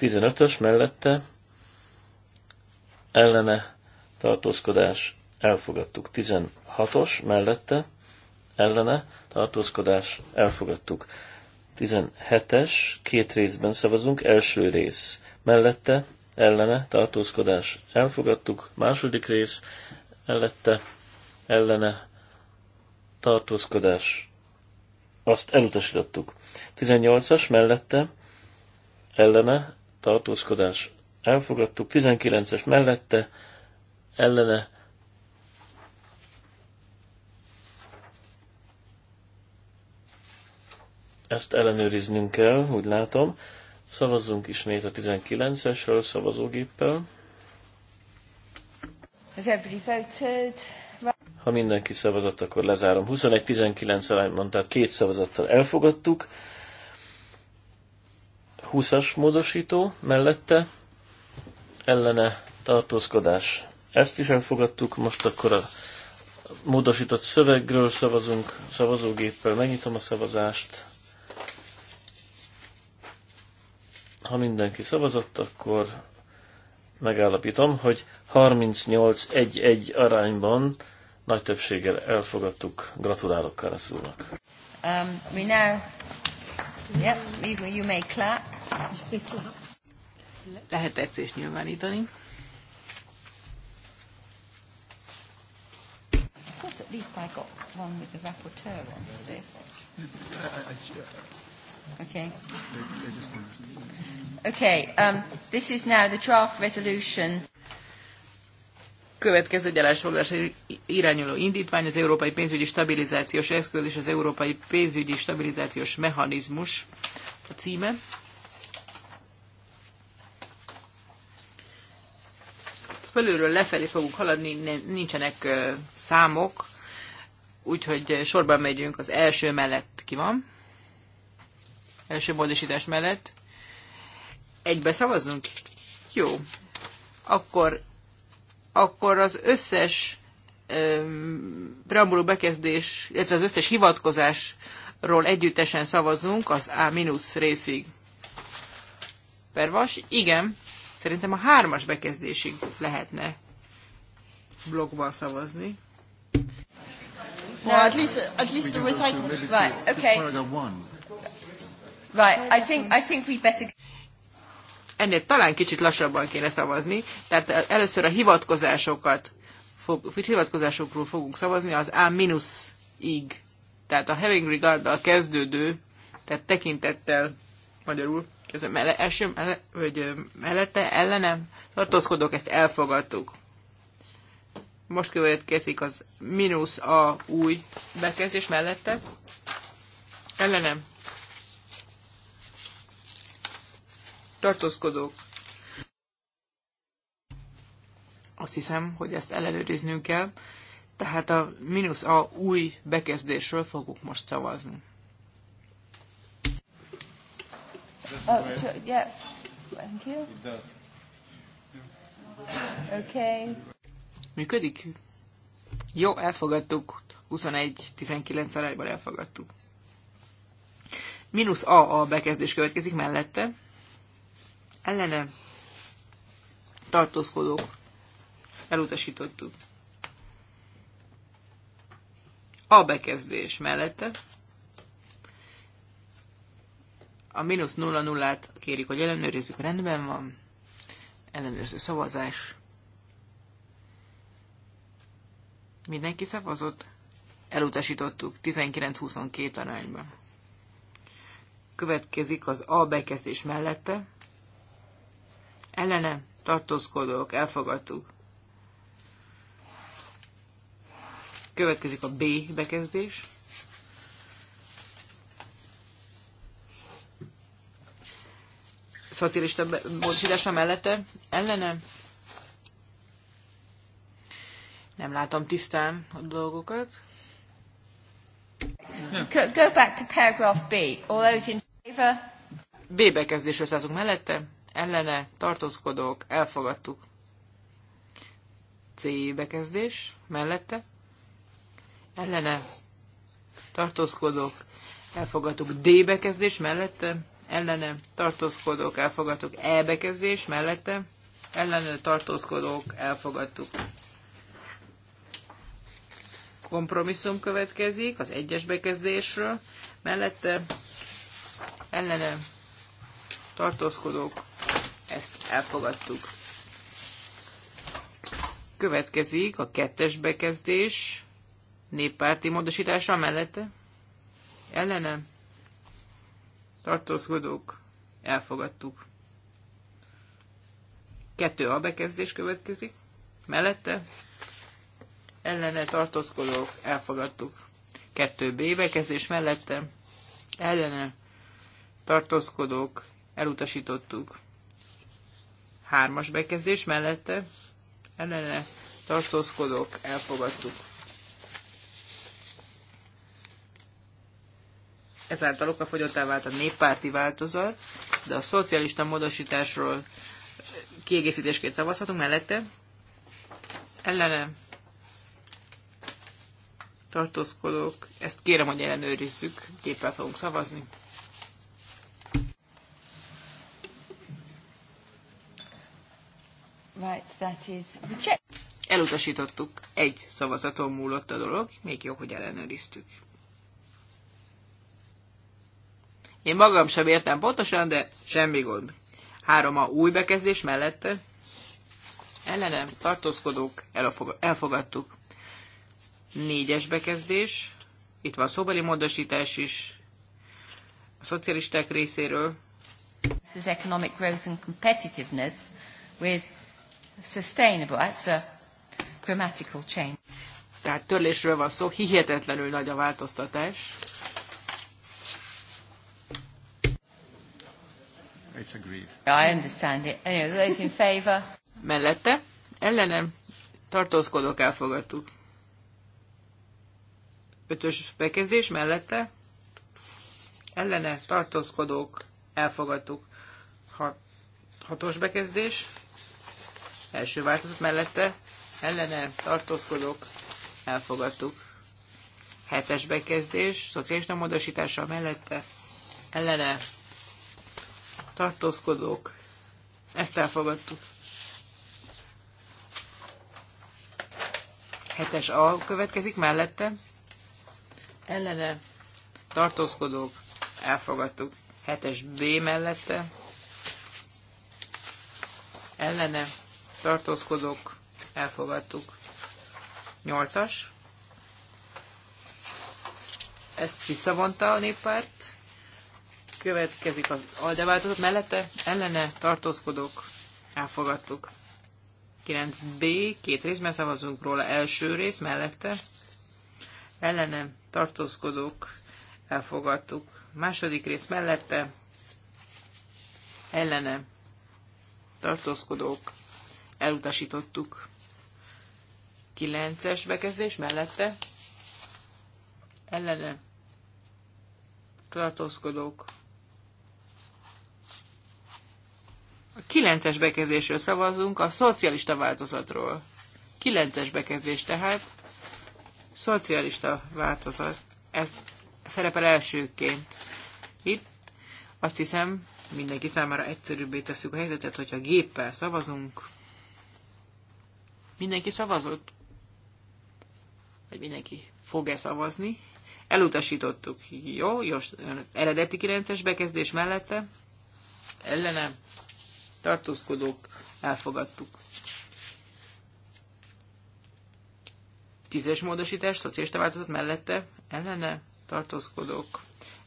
15-ös mellette ellene tartózkodás elfogadtuk, 16-os mellette ellene tartózkodás elfogadtuk. 17-es, két részben szavazunk, első rész mellette, ellene, tartózkodás elfogadtuk, második rész mellette, ellene, tartózkodás azt elutasítottuk. 18-as mellette ellene tartózkodás elfogadtuk, 19-es mellette ellene ezt ellenőriznünk kell, úgy látom. Szavazzunk ismét a 19-esről szavazógéppel. Has everybody voted? Ha mindenki szavazott, akkor lezárom. 21-19 arányban, tehát két szavazattal elfogadtuk. 20-as módosító mellette ellene tartózkodás. Ezt is elfogadtuk, most akkor a módosított szövegről szavazunk, szavazógéppel megnyitom a szavazást. Ha mindenki szavazott, akkor megállapítom, hogy 38-1-1 arányban nagy többséggel elfogadtuk. Gratulálok Karasz úrnak. Um, we now... Yep, yeah, you may clap. Lehet tetszést nyilvánítani. thought at least I got one with the rapporteur on this. Okay. Okay, um, this is now the draft resolution következő gyalásolásra irányuló indítvány az Európai Pénzügyi Stabilizációs Eszköz és az Európai Pénzügyi Stabilizációs Mechanizmus a címe. Fölülről lefelé fogunk haladni, nincsenek számok, úgyhogy sorban megyünk az első mellett ki van. Első módosítás mellett. Egybe szavazunk? Jó. Akkor akkor az összes preambuló bekezdés, illetve az összes hivatkozásról együttesen szavazzunk az A- részig. Pervas, igen, szerintem a hármas bekezdésig lehetne blogban szavazni. No, at least, at least the recital. Right, okay. Right, I think, I think we better ennél talán kicsit lassabban kéne szavazni, tehát először a hivatkozásokat fog, hivatkozásokról fogunk szavazni, az A minusz ig, tehát a having regard kezdődő, tehát tekintettel magyarul, ez mele, első, mele, vagy mellette, ellenem tartózkodók, ezt elfogadtuk. Most következik az mínusz a új bekezdés mellette. Ellenem tartózkodók. Azt hiszem, hogy ezt ellenőriznünk kell, tehát a mínusz a új bekezdésről fogunk most szavazni. Oh, yeah. Thank you. Okay. Működik? Jó, elfogadtuk. 21-19 arányban elfogadtuk. Minusz A a bekezdés következik mellette ellene tartózkodók elutasítottuk. A bekezdés mellette a mínusz nulla nullát kérik, hogy ellenőrizzük, rendben van. Ellenőrző szavazás. Mindenki szavazott? Elutasítottuk 19-22 arányban. Következik az A bekezdés mellette ellene tartózkodók, elfogadtuk. Következik a B bekezdés. Szocialista módosítása mellette ellene. Nem látom tisztán a dolgokat. Go back to paragraph B. All those in favor? B bekezdés összehozunk mellette ellene tartózkodók, elfogadtuk. C bekezdés, mellette, ellene tartózkodók, elfogadtuk. D bekezdés, mellette, ellene tartózkodók, elfogadtuk. E bekezdés, mellette, ellene tartózkodók, elfogadtuk. Kompromisszum következik az egyes bekezdésről, mellette ellene tartózkodók ezt elfogadtuk. Következik a kettes bekezdés néppárti módosítása mellette. Ellene tartózkodók elfogadtuk. Kettő a bekezdés következik. Mellette ellene tartózkodók elfogadtuk. Kettő B bekezdés mellette ellene tartózkodók elutasítottuk. Hármas bekezdés mellette ellene tartózkodók elfogadtuk. Ezáltal okafogyottá vált a néppárti változat, de a szocialista módosításról kiegészítésként szavazhatunk mellette. Ellene tartózkodók, ezt kérem, hogy ellenőrizzük, képpel fogunk szavazni. Right, that is reject. Elutasítottuk. Egy szavazaton múlott a dolog. Még jó, hogy ellenőriztük. Én magam sem értem pontosan, de semmi gond. Három a új bekezdés mellette. Ellenem tartózkodók, elfogadtuk. Négyes bekezdés. Itt van szóbeli módosítás is. A szocialisták részéről. This is economic growth and competitiveness with sustainable. That's a grammatical change. Tehát törlésről van szó, hihetetlenül nagy a változtatás. It's agreed. I understand it. Anyway, those in favor? Mellette, ellenem, tartózkodok, elfogadtuk. Ötös bekezdés mellette, ellene, tartózkodók elfogadtuk. Hat, hatos bekezdés első változat mellette ellene tartózkodók elfogadtuk. Hetes bekezdés, szociális nem módosítása mellette ellene tartózkodók, ezt elfogadtuk. Hetes A következik mellette, ellene tartózkodók, elfogadtuk. Hetes B mellette, ellene tartózkodók, elfogadtuk. 8-as. Ezt visszavonta a néppárt. Következik az aldeváltozat mellette, ellene tartózkodók, elfogadtuk. 9b, két részben szavazunk róla, első rész mellette, ellene tartózkodók, elfogadtuk. Második rész mellette, ellene tartózkodók, elutasítottuk. kilences bekezdés mellette ellene tartózkodók. A kilences bekezdésről szavazunk, a szocialista változatról. Kilences bekezdés tehát, szocialista változat. Ez szerepel elsőként. Itt azt hiszem, mindenki számára egyszerűbbé tesszük a helyzetet, hogyha géppel szavazunk, Mindenki szavazott? Vagy mindenki fog-e szavazni? Elutasítottuk. Jó, jó, eredeti 9-es bekezdés mellette. Ellene tartózkodók elfogadtuk. Tízes módosítás, szocialista változat mellette. Ellene tartózkodók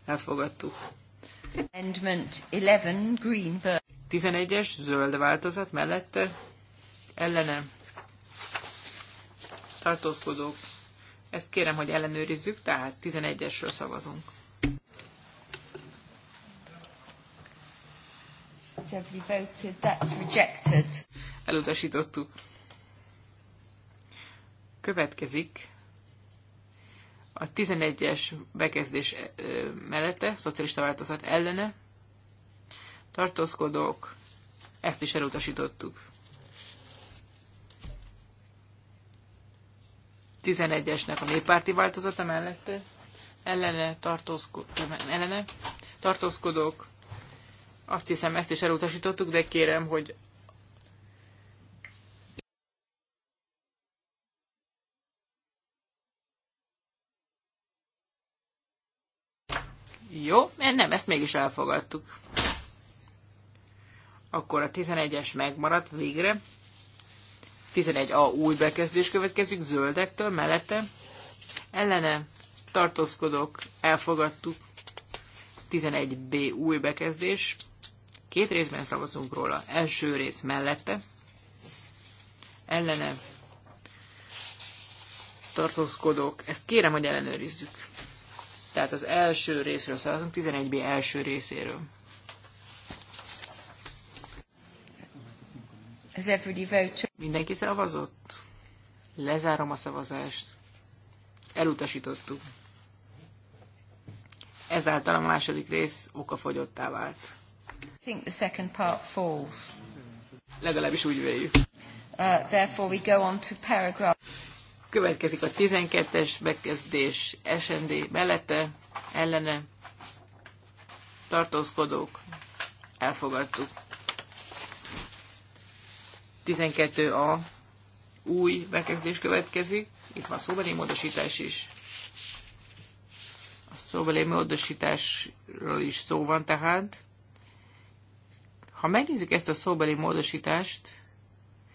elfogadtuk. Amendment green 11-es zöld változat mellette ellene tartózkodók. Ezt kérem, hogy ellenőrizzük, tehát 11-esről szavazunk. Elutasítottuk. Következik a 11-es bekezdés mellette, szocialista változat ellene, tartózkodók, ezt is elutasítottuk. 11-esnek a néppárti változata mellette ellene, tartózko, ellene tartózkodók. Azt hiszem, ezt is elutasítottuk, de kérem, hogy Jó, eh, nem, ezt mégis elfogadtuk. Akkor a 11-es megmaradt végre. 11a új bekezdés következik, zöldektől, mellette. Ellene tartózkodok, elfogadtuk. 11b új bekezdés. Két részben szavazunk róla. Első rész mellette. Ellene tartózkodok. Ezt kérem, hogy ellenőrizzük. Tehát az első részről szavazunk, 11b első részéről. Ez every voted? Mindenki szavazott? Lezárom a szavazást. Elutasítottuk. Ezáltal a második rész okafogyottá vált. I think the second part falls. Legalábbis úgy véljük. Uh, therefore we go on to paragraph. Következik a 12-es bekezdés SND mellette, ellene, tartózkodók, elfogadtuk. 12a új bekezdés következik, itt van szóbeli módosítás is. A szóbeli módosításról is szó van tehát. Ha megnézzük ezt a szóbeli módosítást,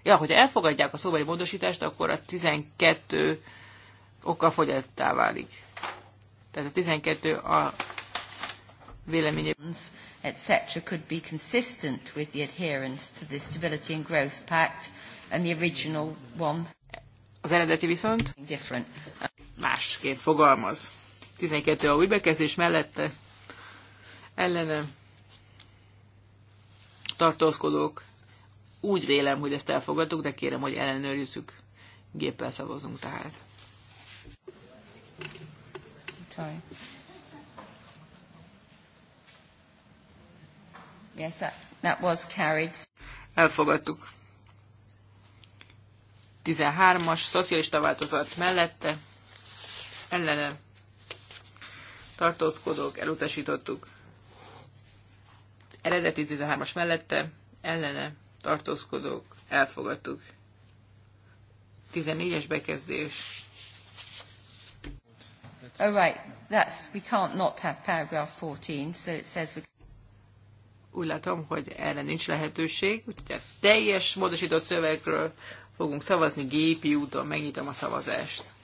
ja, hogyha elfogadják a szóbeli módosítást, akkor a 12 oka fogyattá válik. Tehát a 12 a véleményében. etc. could be consistent with the adherence to the Stability and Growth Pact and the original one. Az eredeti viszont different. másként fogalmaz. 12 a új bekezdés mellette ellene tartózkodók. Úgy vélem, hogy ezt elfogadtuk, de kérem, hogy ellenőrizzük. Géppel szavazunk tehát. Sorry. Yes, that, that was carried. Elfogadtuk. 13-as szocialista változat mellette ellene tartózkodók elutasítottuk. Eredeti 13-as mellette ellene tartózkodók elfogadtuk. 14-es bekezdés. All oh, right, that's we can't not have paragraph 14, so it says we úgy látom, hogy erre nincs lehetőség, úgyhogy a teljes módosított szövegről fogunk szavazni gépi úton, megnyitom a szavazást.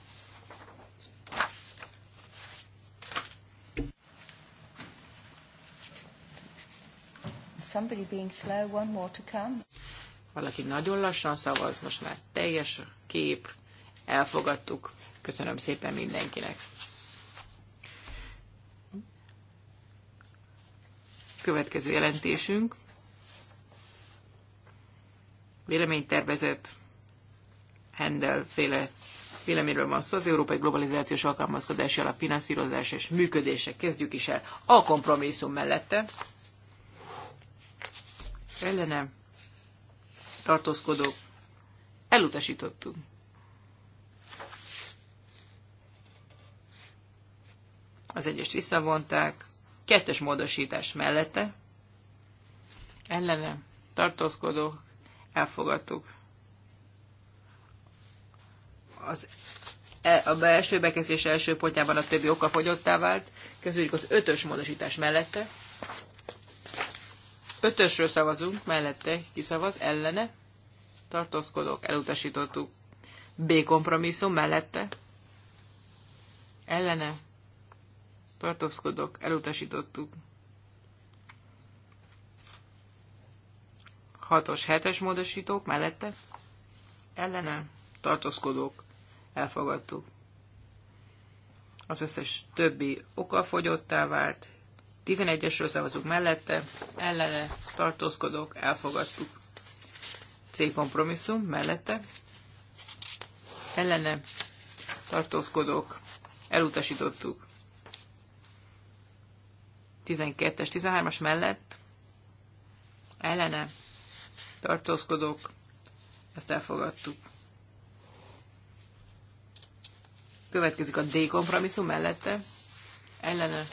Somebody being slow, one more to come. Valaki nagyon lassan szavaz, most már teljes kép, elfogadtuk. Köszönöm szépen mindenkinek. következő jelentésünk. Véleménytervezet Hendel féle véleményről van szó, az Európai Globalizációs Alkalmazkodási Alap finanszírozás és működése. Kezdjük is el a kompromisszum mellette. Ellene tartózkodók Elutasítottunk. Az egyest visszavonták, Kettes módosítás mellette. Ellene tartózkodók elfogadtuk. Az e, a belső bekezdés első pontjában a többi oka fogyottá vált. Kezdjük az ötös módosítás mellette. Ötösről szavazunk, mellette kiszavaz, ellene. tartózkodók, elutasítottuk. B kompromisszum mellette. Ellene tartózkodok, elutasítottuk. 6-os, 7-es módosítók mellette, ellene tartózkodók, elfogadtuk. Az összes többi oka fogyottá vált, 11-esről szavazunk mellette, ellene tartózkodók, elfogadtuk. C kompromisszum mellette, ellene tartózkodók, elutasítottuk. 12-es, 13-as mellett ellene tartózkodók, ezt elfogadtuk. Következik a D kompromisszum mellette, ellene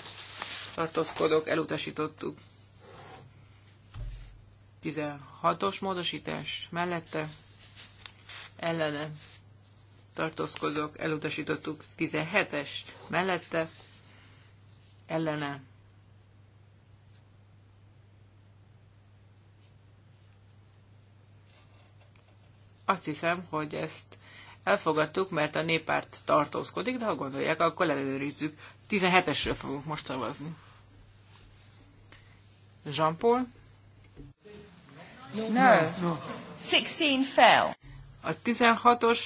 tartózkodók, elutasítottuk. 16-os módosítás mellette, ellene tartózkodók, elutasítottuk. 17-es mellette, ellene Azt hiszem, hogy ezt elfogadtuk, mert a néppárt tartózkodik, de ha gondolják, akkor ellenőrizzük. 17-esről fogunk most szavazni. Jean-Paul? No. no. 16 fell. A 16-os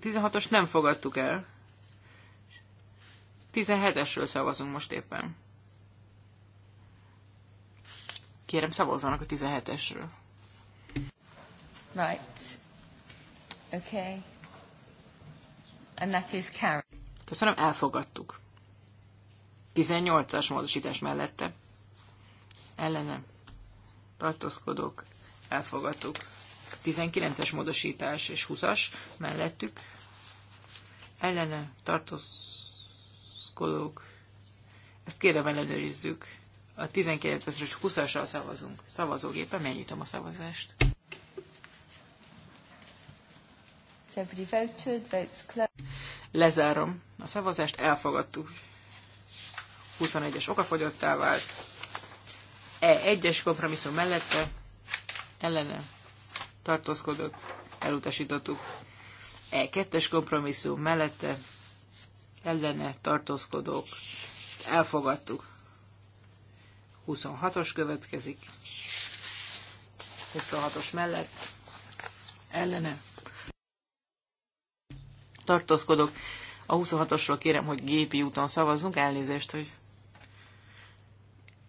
16 nem fogadtuk el. 17-esről szavazunk most éppen. Kérem, szavazzanak a 17-esről. Right. Okay. And that is carried. Köszönöm, elfogadtuk. 18-as módosítás mellette. Ellenem. Tartózkodók. Elfogadtuk. 19-es módosítás és 20-as mellettük. Ellene. Tartózkodók. Ezt kérem ellenőrizzük. A 19-es és 20-asra szavazunk. Szavazógépen megnyitom a szavazást. Lezárom. A szavazást elfogadtuk. 21-es okafogyottá vált. E1-es kompromisszum mellette ellene tartózkodott, elutasítottuk. E2-es kompromisszum mellette ellene tartózkodók, elfogadtuk. 26-os következik. 26-os mellett ellene tartózkodok. A 26-osról kérem, hogy gépi úton szavazzunk, elnézést, hogy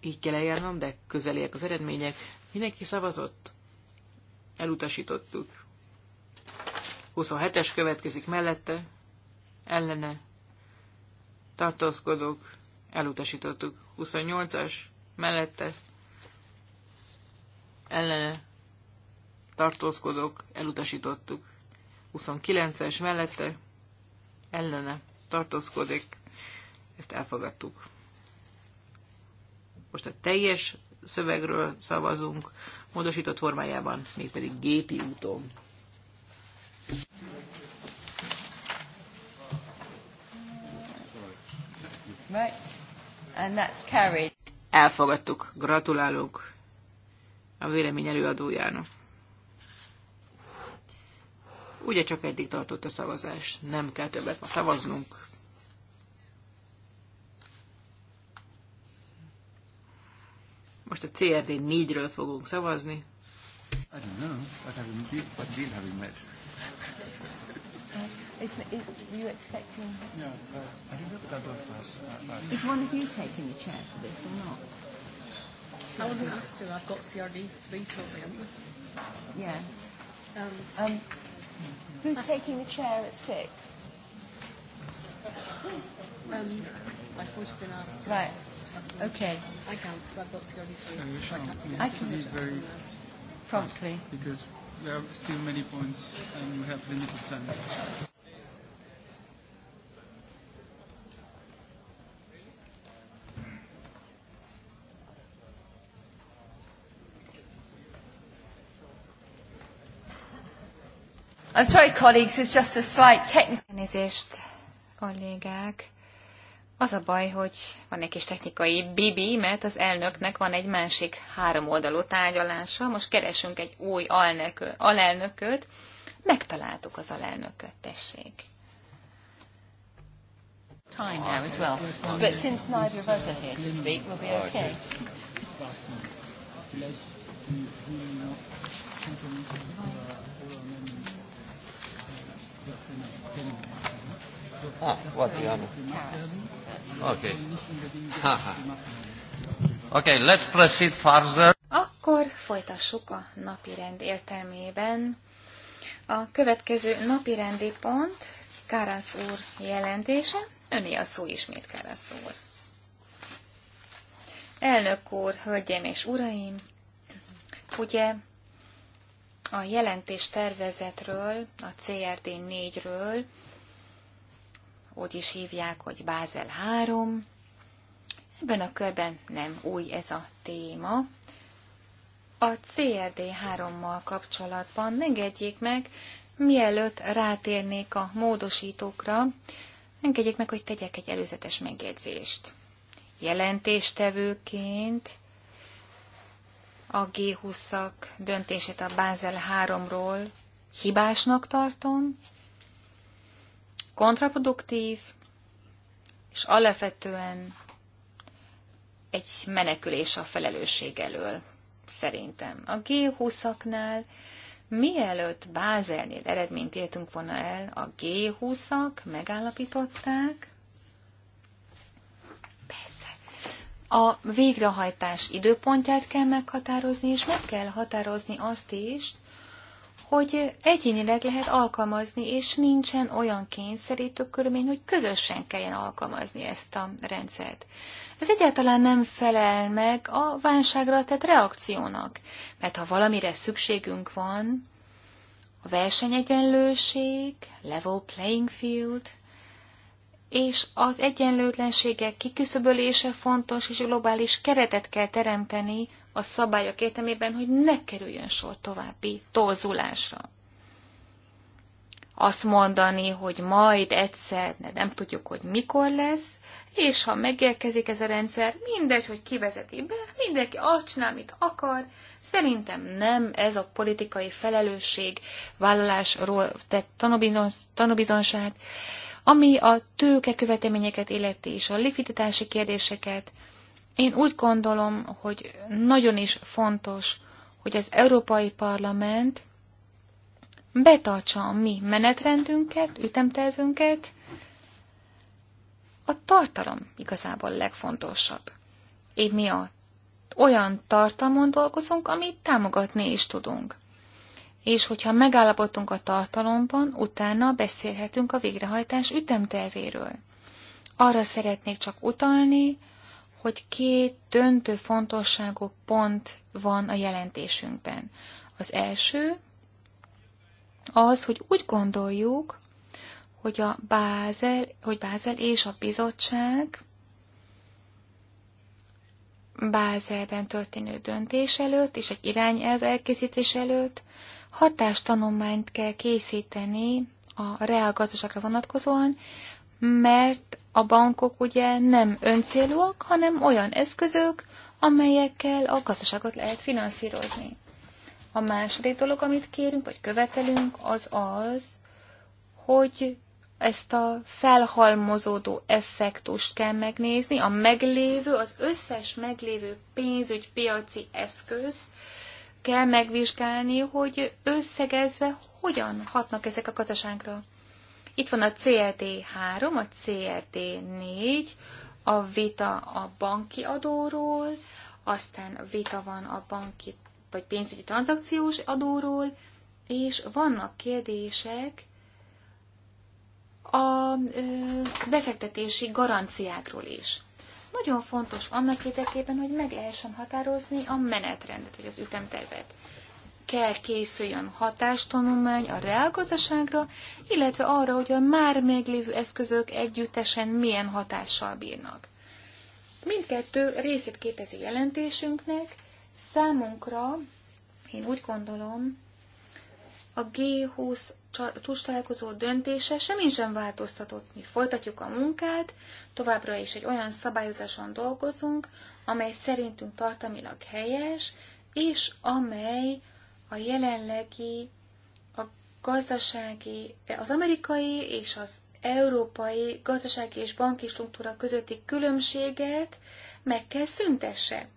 így kell eljárnom, de közeliek az eredmények. Mindenki szavazott? Elutasítottuk. 27-es következik mellette, ellene, Tartózkodok. elutasítottuk. 28-as, mellette, ellene, Tartózkodok. elutasítottuk. 29-es mellette, ellene tartózkodik, ezt elfogadtuk. Most a teljes szövegről szavazunk, módosított formájában, mégpedig gépi úton. Right. And that's carried. Elfogadtuk. Gratulálunk a vélemény előadójának. Ugye csak eddig tartott a szavazás, nem kell többet ma szavaznunk. Most a CRD 4-ről fogunk szavazni. I don't know. What, have we, what deal have we met? Uh, it's, it, you expecting? No, uh, I don't know what that was. Uh, uh, uh, Is one of you taking the chair for this or not? I wasn't asked to. I've got CRD three, so I'm. Yeah. Um, um, Who's taking the chair at six? Um, I've always been asked. Right. Okay. I can't. I've got to go No, you shan't. I can. Be very promptly. Because there are still many points and we have limited time. I'm oh, sorry, colleagues, it's just a slight technical... Nézést, kollégák. Az a baj, hogy van egy kis technikai bibi, mert az elnöknek van egy másik három oldalú tárgyalása. Most keresünk egy új alnökö, alelnököt. Megtaláltuk az alelnököt, tessék. Time now as well. But since neither of us are here to speak, we'll be oh, okay. Ah, what Okay. Okay, let's proceed further. Akkor folytassuk a napi rend értelmében. A következő napi rendi pont Kárász úr jelentése. Öné a szó ismét, Kárász úr. Elnök úr, hölgyeim és uraim, ugye a jelentés tervezetről, a CRD 4-ről úgy is hívják, hogy Bázel 3. Ebben a körben nem új ez a téma. A CRD 3-mal kapcsolatban engedjék meg, mielőtt rátérnék a módosítókra, engedjék meg, hogy tegyek egy előzetes megjegyzést. Jelentéstevőként a G20-ak döntését a Bázel 3-ról hibásnak tartom, kontraproduktív, és alapvetően egy menekülés a felelősség elől, szerintem. A G20-aknál mielőtt Bázelnél eredményt értünk volna el, a G20-ak megállapították, persze, a végrehajtás időpontját kell meghatározni, és meg kell határozni azt is, hogy egyénileg lehet alkalmazni, és nincsen olyan kényszerítő körülmény, hogy közösen kelljen alkalmazni ezt a rendszert. Ez egyáltalán nem felel meg a válságra tett reakciónak, mert ha valamire szükségünk van, a versenyegyenlőség, level playing field, és az egyenlőtlenségek kiküszöbölése fontos, és globális keretet kell teremteni a szabályok értelmében, hogy ne kerüljön sor további torzulásra. Azt mondani, hogy majd egyszer, de nem tudjuk, hogy mikor lesz, és ha megérkezik ez a rendszer, mindegy, hogy kivezeti be, mindenki azt csinál, amit akar. Szerintem nem ez a politikai felelősség vállalásról tett tanúbizonság, ami a tőke követelményeket illeti és a likviditási kérdéseket, én úgy gondolom, hogy nagyon is fontos, hogy az Európai Parlament betartsa a mi menetrendünket, ütemtervünket. A tartalom igazából legfontosabb. Én mi a olyan tartalmon dolgozunk, amit támogatni is tudunk. És hogyha megállapodtunk a tartalomban, utána beszélhetünk a végrehajtás ütemtervéről. Arra szeretnék csak utalni, hogy két döntő fontosságú pont van a jelentésünkben. Az első az, hogy úgy gondoljuk, hogy a Bázel, hogy Bázel és a bizottság Bázelben történő döntés előtt és egy irányelv elkészítés előtt hatástanományt kell készíteni a reálgazdaságra vonatkozóan, mert a bankok ugye nem öncélúak, hanem olyan eszközök, amelyekkel a gazdaságot lehet finanszírozni. A második dolog, amit kérünk, vagy követelünk, az az, hogy ezt a felhalmozódó effektust kell megnézni, a meglévő, az összes meglévő pénzügypiaci eszköz kell megvizsgálni, hogy összegezve hogyan hatnak ezek a gazdaságra. Itt van a CLD3, a CLD4, a vita a banki adóról, aztán vita van a banki vagy pénzügyi tranzakciós adóról, és vannak kérdések a befektetési garanciákról is. Nagyon fontos annak érdekében, hogy meg lehessen határozni a menetrendet, vagy az ütemtervet kell készüljön hatástanulmány a reálgazdaságra, illetve arra, hogy a már meglévő eszközök együttesen milyen hatással bírnak. Mindkettő részét képezi jelentésünknek, számunkra, én úgy gondolom, a G20 csúcstalálkozó döntése semmi sem változtatott. Mi folytatjuk a munkát, továbbra is egy olyan szabályozáson dolgozunk, amely szerintünk tartalmilag helyes, és amely a jelenlegi, a gazdasági, az amerikai és az európai gazdasági és banki struktúra közötti különbséget meg kell szüntesse.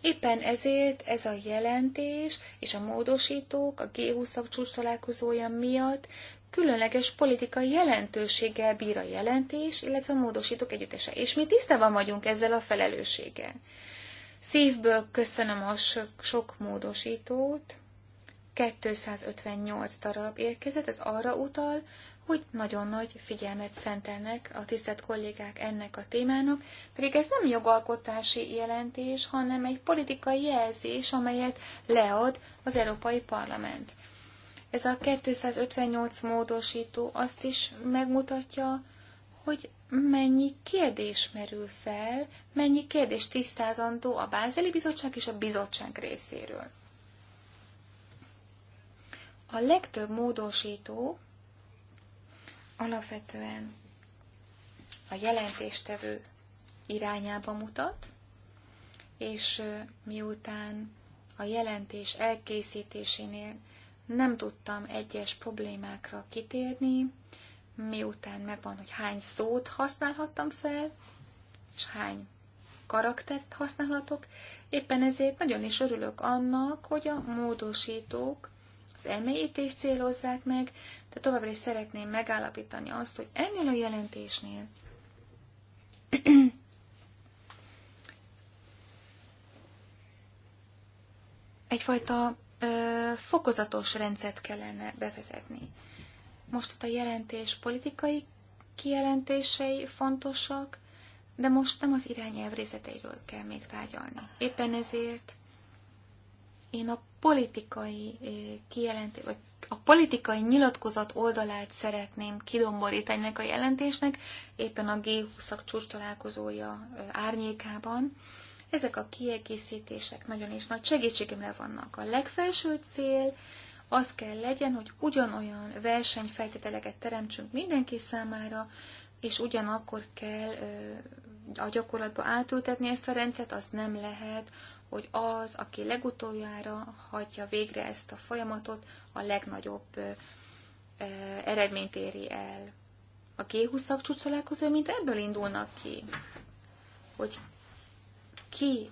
Éppen ezért ez a jelentés és a módosítók a G20-ak csúcs találkozója miatt különleges politikai jelentőséggel bír a jelentés, illetve a módosítók együttese. És mi tisztában vagyunk ezzel a felelősséggel. Szívből köszönöm a sok, sok módosítót. 258 darab érkezett, ez arra utal, hogy nagyon nagy figyelmet szentelnek a tisztelt kollégák ennek a témának, pedig ez nem jogalkotási jelentés, hanem egy politikai jelzés, amelyet lead az Európai Parlament. Ez a 258 módosító azt is megmutatja, hogy mennyi kérdés merül fel, mennyi kérdés tisztázandó a Bázeli Bizottság és a bizottság részéről. A legtöbb módosító alapvetően a jelentéstevő irányába mutat, és miután a jelentés elkészítésénél nem tudtam egyes problémákra kitérni, miután megvan, hogy hány szót használhattam fel, és hány karaktert használhatok. Éppen ezért nagyon is örülök annak, hogy a módosítók az emélyítést célozzák meg, de továbbra is szeretném megállapítani azt, hogy ennél a jelentésnél egyfajta ö, fokozatos rendszert kellene bevezetni. Most ott a jelentés politikai kijelentései fontosak, de most nem az irányelv részleteiről kell még tárgyalni. Éppen ezért én a politikai eh, kijelentés, vagy a politikai nyilatkozat oldalát szeretném kidomborítani ennek a jelentésnek, éppen a G20-ak csúcs találkozója eh, árnyékában. Ezek a kiegészítések nagyon is nagy segítségemre vannak. A legfelső cél az kell legyen, hogy ugyanolyan versenyfeltételeket teremtsünk mindenki számára, és ugyanakkor kell a gyakorlatba átültetni ezt a rendszert, az nem lehet, hogy az, aki legutoljára hagyja végre ezt a folyamatot, a legnagyobb eredményt éri el. A G20-ak mint ebből indulnak ki, hogy ki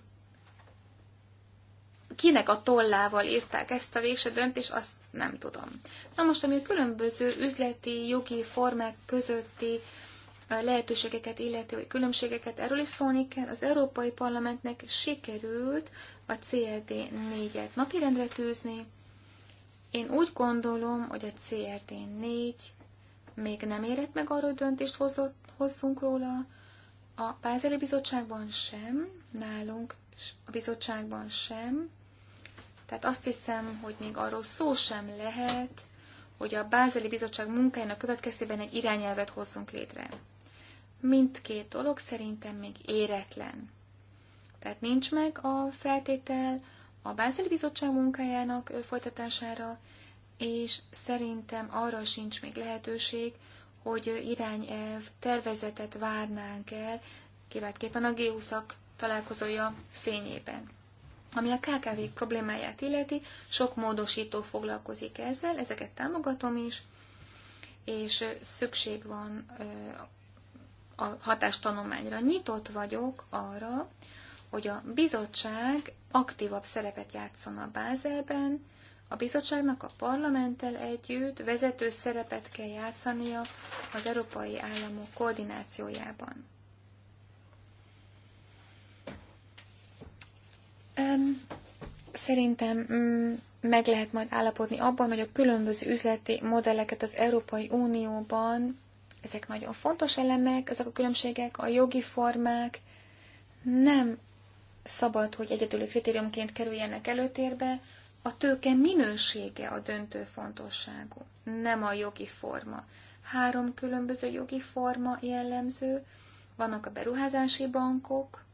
kinek a tollával írták ezt a végső döntést, azt nem tudom. Na most, ami a különböző üzleti, jogi formák közötti lehetőségeket illeti, vagy különbségeket, erről is szólni kell. Az Európai Parlamentnek sikerült a CLD 4-et napirendre tűzni. Én úgy gondolom, hogy a CRD 4 még nem érett meg arra, hogy döntést hozott, hozzunk róla. A Pázeli Bizottságban sem, nálunk a bizottságban sem, tehát azt hiszem, hogy még arról szó sem lehet, hogy a Bázeli Bizottság munkájának következtében egy irányelvet hozzunk létre. Mindkét dolog szerintem még éretlen. Tehát nincs meg a feltétel a Bázeli Bizottság munkájának folytatására, és szerintem arra sincs még lehetőség, hogy irányelv tervezetet várnánk el, kiváltképpen a g találkozója fényében. Ami a kkv problémáját illeti, sok módosító foglalkozik ezzel, ezeket támogatom is, és szükség van a hatástanományra. Nyitott vagyok arra, hogy a bizottság aktívabb szerepet játszon a Bázelben, a bizottságnak a parlamenttel együtt vezető szerepet kell játszania az európai államok koordinációjában. Um, szerintem um, meg lehet majd állapodni abban, hogy a különböző üzleti modelleket az Európai Unióban, ezek nagyon fontos elemek, ezek a különbségek, a jogi formák nem szabad, hogy egyedüli kritériumként kerüljenek előtérbe, a tőke minősége a döntő fontosságú, nem a jogi forma. Három különböző jogi forma jellemző, vannak a beruházási bankok,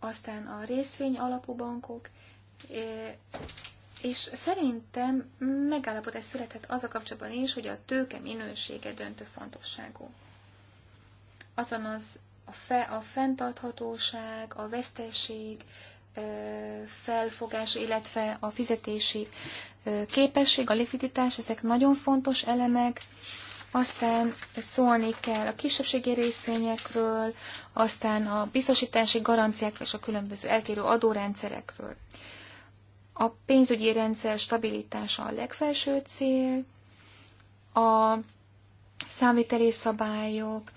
aztán a részvény alapú bankok, eh, és szerintem megállapodás született az a kapcsolatban is, hogy a tőke minősége döntő fontosságú. Azon az a, fe, a fenntarthatóság, a veszteség, eh, felfogás, illetve a fizetési eh, képesség, a likviditás, ezek nagyon fontos elemek, aztán szólni kell a kisebbségi részvényekről, aztán a biztosítási garanciákról és a különböző eltérő adórendszerekről. A pénzügyi rendszer stabilitása a legfelső cél, a számviteli szabályok,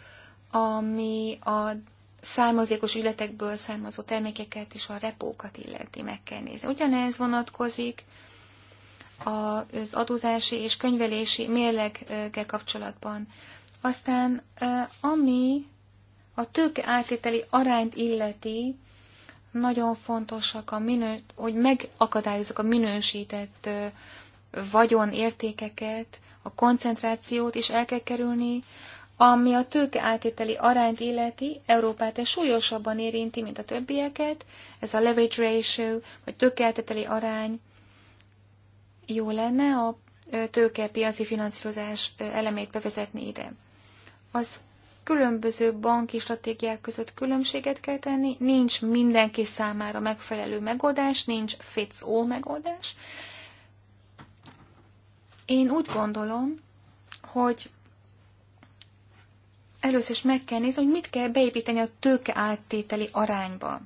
ami a származékos ügyletekből származó termékeket és a repókat illeti meg kell nézni. Ugyanez vonatkozik az adózási és könyvelési mérlegekkel kapcsolatban. Aztán ami a tőke átételi arányt illeti, nagyon fontosak a minő, hogy megakadályozzuk a minősített vagyon értékeket, a koncentrációt is el kell kerülni, ami a tőke átételi arányt illeti, Európát ez súlyosabban érinti, mint a többieket, ez a leverage ratio, vagy tőke átételi arány, jó lenne a tőkepiaci finanszírozás elemét bevezetni ide. Az különböző banki stratégiák között különbséget kell tenni, nincs mindenki számára megfelelő megoldás, nincs fits all megoldás. Én úgy gondolom, hogy először is meg kell nézni, hogy mit kell beépíteni a tőke áttételi arányba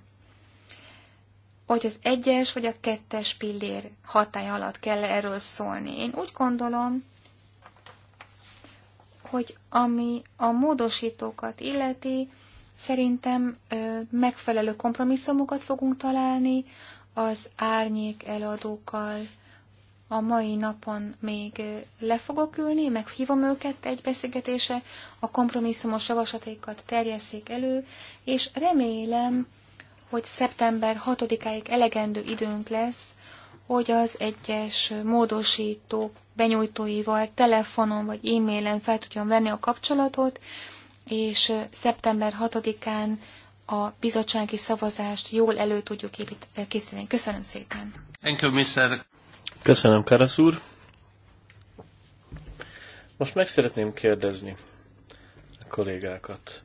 hogy az egyes vagy a kettes pillér hatája alatt kell -e erről szólni. Én úgy gondolom, hogy ami a módosítókat illeti, szerintem ö, megfelelő kompromisszumokat fogunk találni az árnyék eladókkal. A mai napon még le fogok ülni, meghívom őket egy beszélgetése, a kompromisszumos javaslataikat terjesszék elő, és remélem, hogy szeptember 6-áig elegendő időnk lesz, hogy az egyes módosító benyújtóival telefonon vagy e-mailen fel tudjon venni a kapcsolatot, és szeptember 6-án a bizottsági szavazást jól elő tudjuk készíteni. Köszönöm szépen! Köszönöm, Karasz úr! Most meg szeretném kérdezni a kollégákat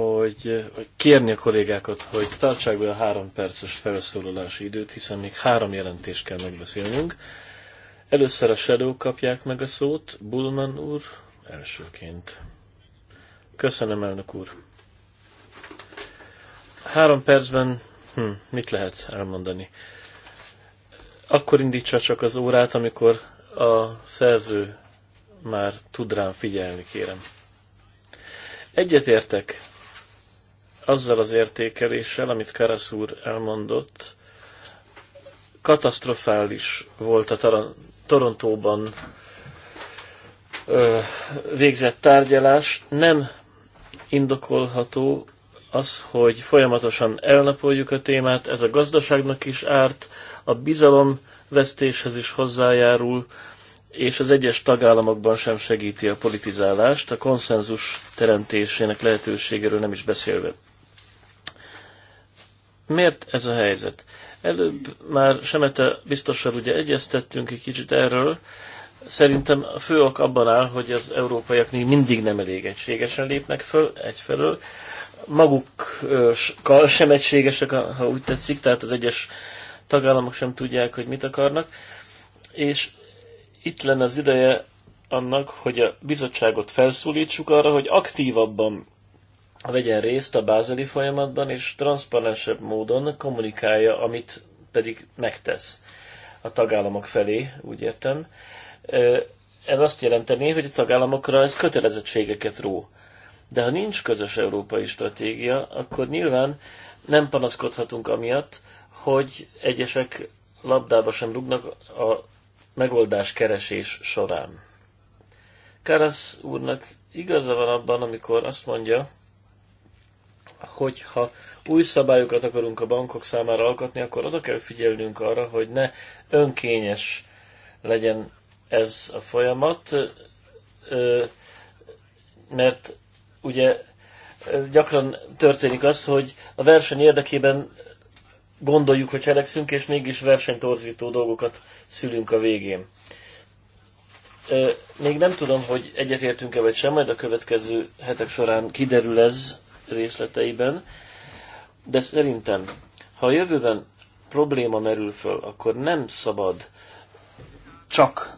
hogy, kérni a kollégákat, hogy tartsák be a három perces felszólalási időt, hiszen még három jelentést kell megbeszélnünk. Először a Shadow kapják meg a szót, Bulman úr elsőként. Köszönöm, elnök úr. Három percben hm, mit lehet elmondani? Akkor indítsa csak az órát, amikor a szerző már tud rám figyelni, kérem. Egyetértek azzal az értékeléssel, amit Karasz úr elmondott, katasztrofális volt a tar- Torontóban ö, végzett tárgyalás. Nem indokolható az, hogy folyamatosan elnapoljuk a témát, ez a gazdaságnak is árt, a bizalom vesztéshez is hozzájárul, és az egyes tagállamokban sem segíti a politizálást, a konszenzus teremtésének lehetőségéről nem is beszélve. Miért ez a helyzet? Előbb már Semete biztosan ugye egyeztettünk egy kicsit erről. Szerintem a fő ok abban áll, hogy az európaiak még mindig nem elég egységesen lépnek föl egyfelől. Magukkal sem egységesek, ha úgy tetszik, tehát az egyes tagállamok sem tudják, hogy mit akarnak. És itt lenne az ideje annak, hogy a bizottságot felszólítsuk arra, hogy aktívabban vegyen részt a bázeli folyamatban, és transzparensebb módon kommunikálja, amit pedig megtesz a tagállamok felé, úgy értem. Ez azt jelenteni, hogy a tagállamokra ez kötelezettségeket ró. De ha nincs közös európai stratégia, akkor nyilván nem panaszkodhatunk amiatt, hogy egyesek labdába sem rúgnak a megoldás keresés során. Karasz úrnak igaza van abban, amikor azt mondja, hogyha új szabályokat akarunk a bankok számára alkotni, akkor oda kell figyelnünk arra, hogy ne önkényes legyen ez a folyamat, mert ugye gyakran történik az, hogy a verseny érdekében gondoljuk, hogy cselekszünk, és mégis versenytorzító dolgokat szülünk a végén. Még nem tudom, hogy egyetértünk-e vagy sem, majd a következő hetek során kiderül ez részleteiben, de szerintem, ha a jövőben probléma merül föl, akkor nem szabad csak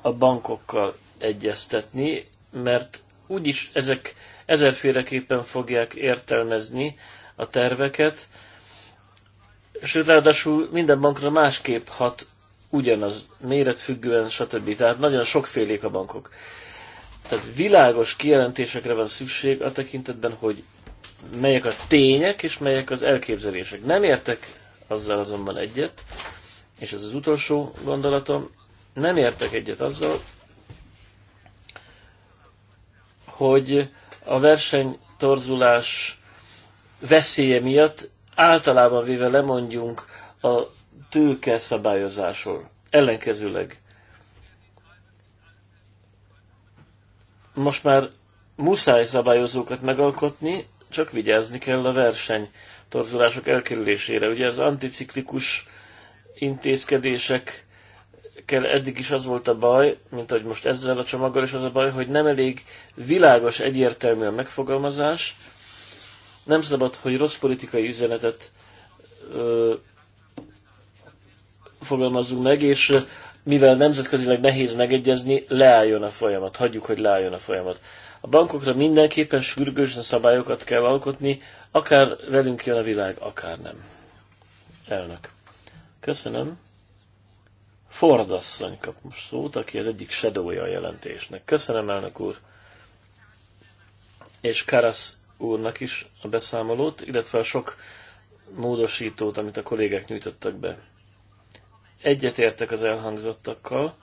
a bankokkal egyeztetni, mert úgyis ezek ezerféleképpen fogják értelmezni a terveket, sőt, ráadásul minden bankra másképp hat ugyanaz, méret függően stb. Tehát nagyon sokfélék a bankok. Tehát világos kijelentésekre van szükség a tekintetben, hogy melyek a tények és melyek az elképzelések. Nem értek azzal azonban egyet, és ez az utolsó gondolatom, nem értek egyet azzal, hogy a versenytorzulás veszélye miatt általában véve lemondjunk a tőke szabályozásról. Ellenkezőleg. Most már muszáj szabályozókat megalkotni, csak vigyázni kell a verseny torzulások elkerülésére. Ugye az anticiklikus intézkedések kell eddig is az volt a baj, mint hogy most ezzel a csomaggal is az a baj, hogy nem elég világos, egyértelmű a megfogalmazás. Nem szabad, hogy rossz politikai üzenetet ö, fogalmazzunk meg, és mivel nemzetközileg nehéz megegyezni, leálljon a folyamat, hagyjuk, hogy leálljon a folyamat. A bankokra mindenképpen sürgősen szabályokat kell alkotni, akár velünk jön a világ, akár nem. Elnök. Köszönöm. Ford asszony kap most szót, aki az egyik sedója a jelentésnek. Köszönöm, elnök úr. És Karasz úrnak is a beszámolót, illetve a sok módosítót, amit a kollégák nyújtottak be. Egyetértek az elhangzottakkal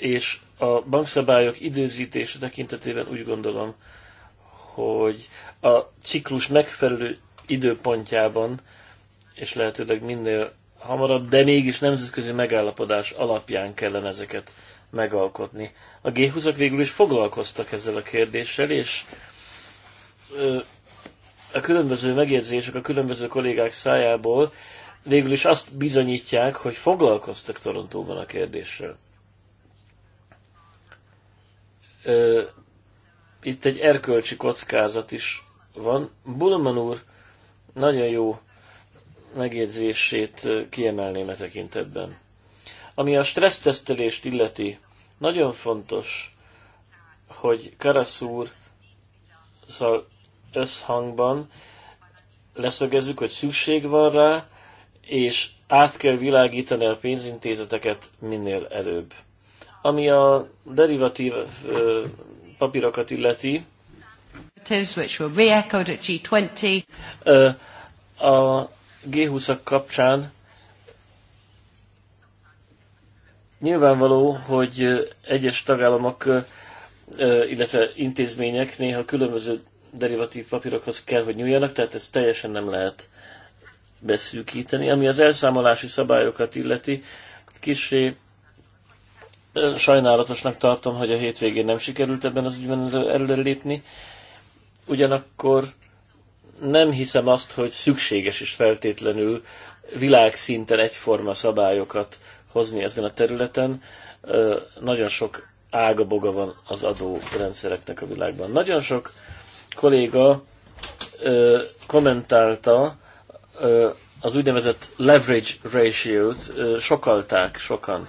és a bankszabályok időzítése tekintetében úgy gondolom, hogy a ciklus megfelelő időpontjában, és lehetőleg minél hamarabb, de mégis nemzetközi megállapodás alapján kellene ezeket megalkotni. A g 20 végül is foglalkoztak ezzel a kérdéssel, és a különböző megjegyzések a különböző kollégák szájából végül is azt bizonyítják, hogy foglalkoztak Torontóban a kérdéssel ö, itt egy erkölcsi kockázat is van. Bulman úr nagyon jó megjegyzését kiemelném e tekintetben. Ami a stressztesztelést illeti, nagyon fontos, hogy Karasz úr összhangban leszögezzük, hogy szükség van rá, és át kell világítani a pénzintézeteket minél előbb. Ami a derivatív papírokat illeti, which will be echoed at G20. A G20-ak kapcsán nyilvánvaló, hogy egyes tagállamok, illetve intézmények néha különböző derivatív papírokhoz kell, hogy nyúljanak, tehát ezt teljesen nem lehet beszűkíteni. Ami az elszámolási szabályokat illeti, kicsi Sajnálatosnak tartom, hogy a hétvégén nem sikerült ebben az ügyben előrelépni. Ugyanakkor nem hiszem azt, hogy szükséges is feltétlenül világszinten egyforma szabályokat hozni ezen a területen. Nagyon sok ágaboga van az adórendszereknek a világban. Nagyon sok kolléga kommentálta az úgynevezett leverage ratio-t, sokalták sokan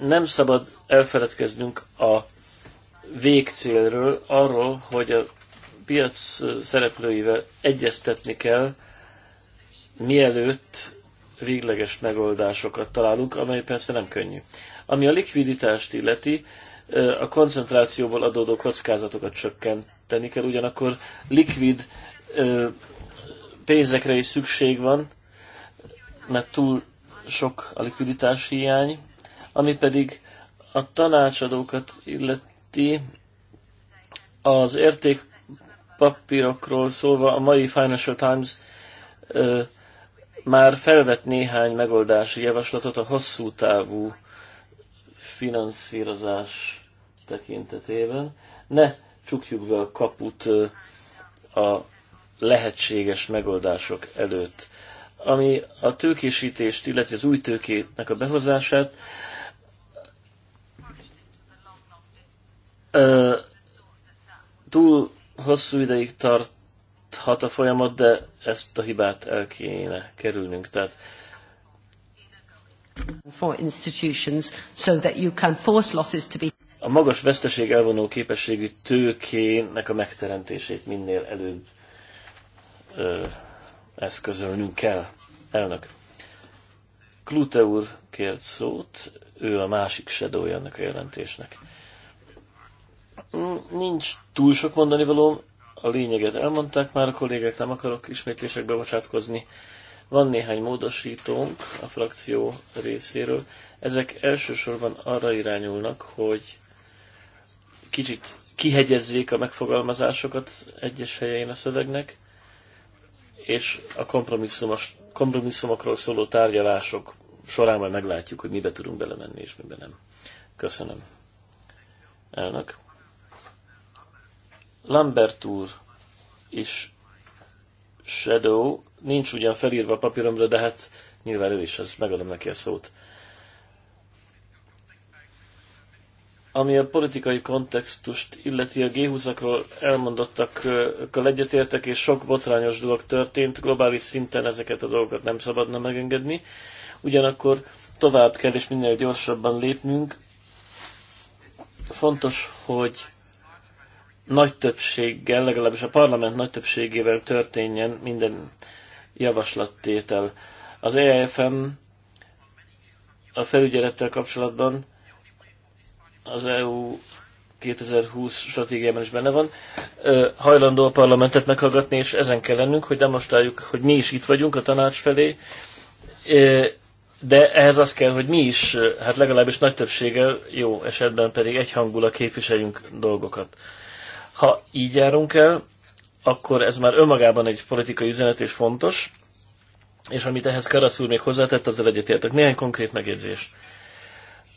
nem szabad elfeledkeznünk a végcélről, arról, hogy a piac szereplőivel egyeztetni kell, mielőtt végleges megoldásokat találunk, amely persze nem könnyű. Ami a likviditást illeti, a koncentrációból adódó kockázatokat csökkenteni kell, ugyanakkor likvid pénzekre is szükség van, mert túl sok a likviditás hiány, ami pedig a tanácsadókat illeti, az értékpapírokról szólva a mai Financial Times ö, már felvet néhány megoldási javaslatot a hosszú távú finanszírozás tekintetében. Ne csukjuk be a kaput a lehetséges megoldások előtt. Ami a tőkésítést, illetve az új tőkének a behozását, Ö, túl hosszú ideig tarthat a folyamat, de ezt a hibát el kéne kerülnünk. Tehát for institutions so that you can force losses to be a magas veszteség elvonó képességű tőkének a megteremtését minél előbb ö, eszközölnünk kell. Elnök. Klute úr kért szót, ő a másik sedója ennek a jelentésnek. Nincs túl sok mondani való. a lényeget elmondták már a kollégák, nem akarok ismétlésekbe bocsátkozni. Van néhány módosítónk a frakció részéről. Ezek elsősorban arra irányulnak, hogy kicsit kihegyezzék a megfogalmazásokat egyes helyein a szövegnek, és a kompromisszumos, kompromisszumokról szóló tárgyalások során majd meglátjuk, hogy mibe tudunk belemenni és mibe nem. Köszönöm. Elnök. Lambert úr és Shadow, nincs ugyan felírva a papíromra, de hát nyilván ő is, az megadom neki a szót. Ami a politikai kontextust illeti, a G20-akról elmondottakkal egyetértek, és sok botrányos dolog történt, globális szinten ezeket a dolgokat nem szabadna megengedni. Ugyanakkor tovább kell és minél gyorsabban lépnünk. Fontos, hogy nagy többséggel, legalábbis a parlament nagy többségével történjen minden javaslattétel. Az EFM a felügyelettel kapcsolatban az EU 2020 stratégiában is benne van, hajlandó a parlamentet meghallgatni, és ezen kell lennünk, hogy demonstráljuk, hogy mi is itt vagyunk a tanács felé, de ehhez az kell, hogy mi is, hát legalábbis nagy többséggel, jó esetben pedig a képviseljünk dolgokat. Ha így járunk el, akkor ez már önmagában egy politikai üzenet és fontos, és amit ehhez Karasz úr még hozzátett, azzal egyetértek. Néhány konkrét megjegyzés.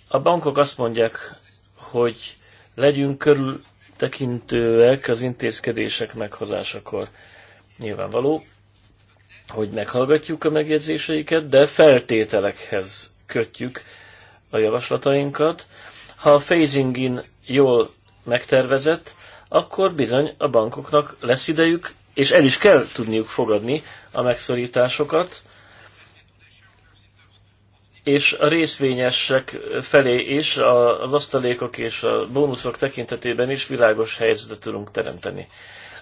A bankok azt mondják, hogy legyünk körültekintőek az intézkedések meghozásakor. Nyilvánvaló, hogy meghallgatjuk a megjegyzéseiket, de feltételekhez kötjük a javaslatainkat. Ha a phasing in jól megtervezett, akkor bizony a bankoknak lesz idejük, és el is kell tudniuk fogadni a megszorításokat, és a részvényesek felé is, az asztalékok és a bónuszok tekintetében is világos helyzetet tudunk teremteni.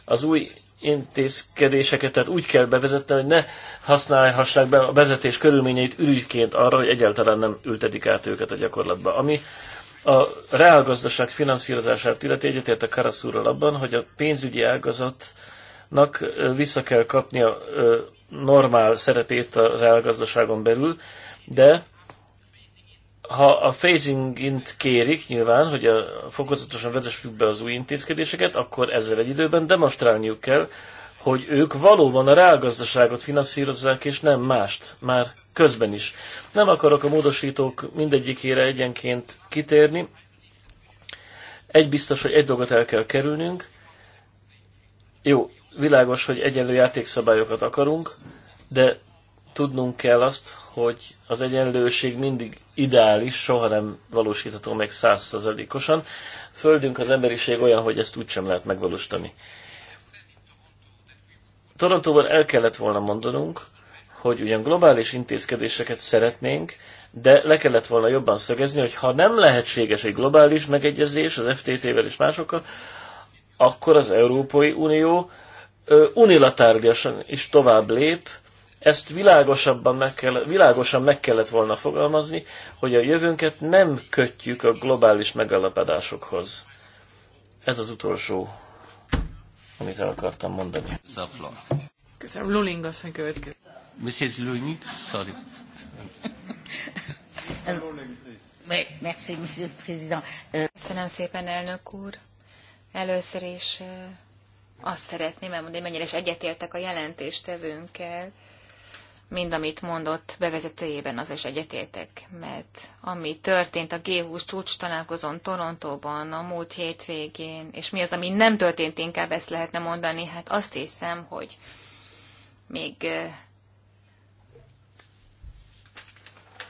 Az új intézkedéseket, tehát úgy kell bevezetni, hogy ne használhassák be a vezetés körülményeit ürügyként arra, hogy egyáltalán nem ültetik át őket a gyakorlatba. Ami a reálgazdaság finanszírozását illeti egyetért a Karaszúrral abban, hogy a pénzügyi ágazatnak vissza kell kapnia normál szerepét a reálgazdaságon belül, de ha a phasing int kérik nyilván, hogy a fokozatosan vezessük be az új intézkedéseket, akkor ezzel egy időben demonstrálniuk kell, hogy ők valóban a reálgazdaságot finanszírozzák, és nem mást. Már közben is. Nem akarok a módosítók mindegyikére egyenként kitérni. Egy biztos, hogy egy dolgot el kell kerülnünk. Jó, világos, hogy egyenlő játékszabályokat akarunk, de tudnunk kell azt, hogy az egyenlőség mindig ideális, soha nem valósítható meg százszerzadékosan. Földünk az emberiség olyan, hogy ezt úgysem lehet megvalósítani. Torontóban el kellett volna mondanunk, hogy ugyan globális intézkedéseket szeretnénk, de le kellett volna jobban szögezni, hogy ha nem lehetséges egy globális megegyezés az FTT-vel és másokkal, akkor az Európai Unió unilatárgyasan is tovább lép, ezt világosabban meg kell, világosan meg kellett volna fogalmazni, hogy a jövőnket nem kötjük a globális megalapadásokhoz. Ez az utolsó, amit el akartam mondani. Zaflon. Köszönöm, Luling asszony következik. Mrs. Luling, sorry. Euh, Köszönöm szépen, elnök úr. Először is azt szeretném elmondani, hogy mennyire is egyetértek a jelentéstevőnkkel, mind amit mondott bevezetőjében, az is egyetértek, mert ami történt a G20 csúcs találkozón Torontóban a múlt hétvégén, és mi az, ami nem történt, inkább ezt lehetne mondani, hát azt hiszem, hogy még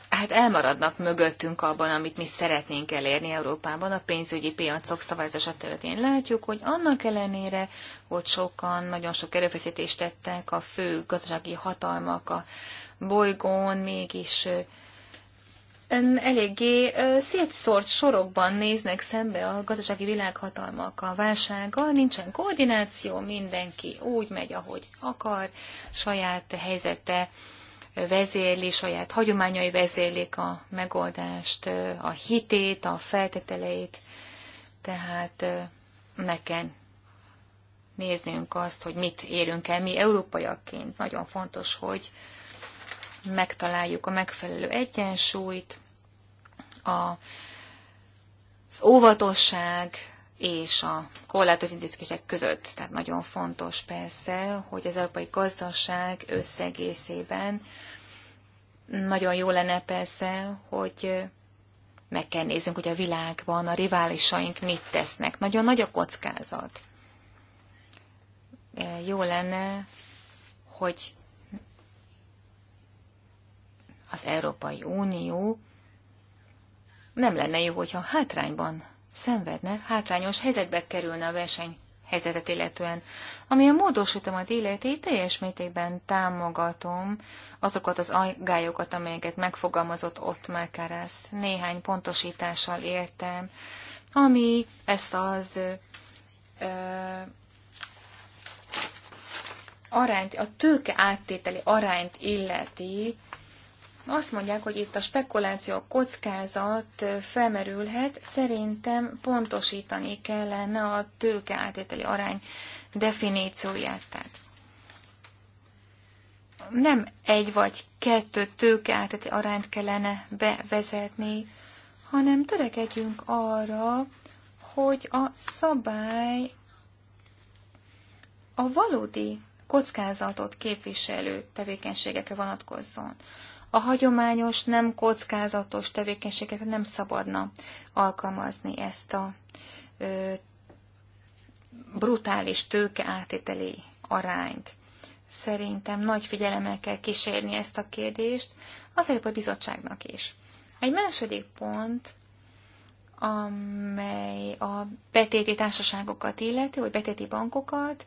hát elmaradnak mögöttünk abban, amit mi szeretnénk elérni Európában a pénzügyi piacok szabályozása területén. Látjuk, hogy annak ellenére, hogy sokan nagyon sok erőfeszítést tettek a fő gazdasági hatalmak a bolygón, mégis eléggé szétszórt sorokban néznek szembe a gazdasági világhatalmak a válsággal, nincsen koordináció, mindenki úgy megy, ahogy akar, saját helyzete vezérli, saját hagyományai vezérlik a megoldást, a hitét, a feltételeit, tehát meg kell néznünk azt, hogy mit érünk el mi európaiakként. Nagyon fontos, hogy megtaláljuk a megfelelő egyensúlyt, a, az óvatosság és a korlátozó intézkedések között. Tehát nagyon fontos persze, hogy az európai gazdaság összegészében nagyon jó lenne persze, hogy meg kell néznünk, hogy a világban a riválisaink mit tesznek. Nagyon nagy a kockázat. Jó lenne, hogy az Európai Unió nem lenne jó, hogyha hátrányban szenvedne, hátrányos helyzetbe kerülne a verseny helyzetet illetően, ami a módosítomat életét, teljes mértékben támogatom azokat az aggályokat, amelyeket megfogalmazott ott Mekarász. Néhány pontosítással értem, ami ezt az ö, arányt, a tőke áttételi arányt illeti, azt mondják, hogy itt a spekuláció, kockázat felmerülhet, szerintem pontosítani kellene a tőke átételi arány definícióját. Tehát nem egy vagy kettő tőke átételi arányt kellene bevezetni, hanem törekedjünk arra, hogy a szabály a valódi kockázatot képviselő tevékenységekre vonatkozzon a hagyományos, nem kockázatos tevékenységekre nem szabadna alkalmazni ezt a ö, brutális tőke átételi arányt. Szerintem nagy figyelemmel kell kísérni ezt a kérdést, azért a bizottságnak is. Egy második pont, amely a betéti társaságokat illeti, vagy betéti bankokat,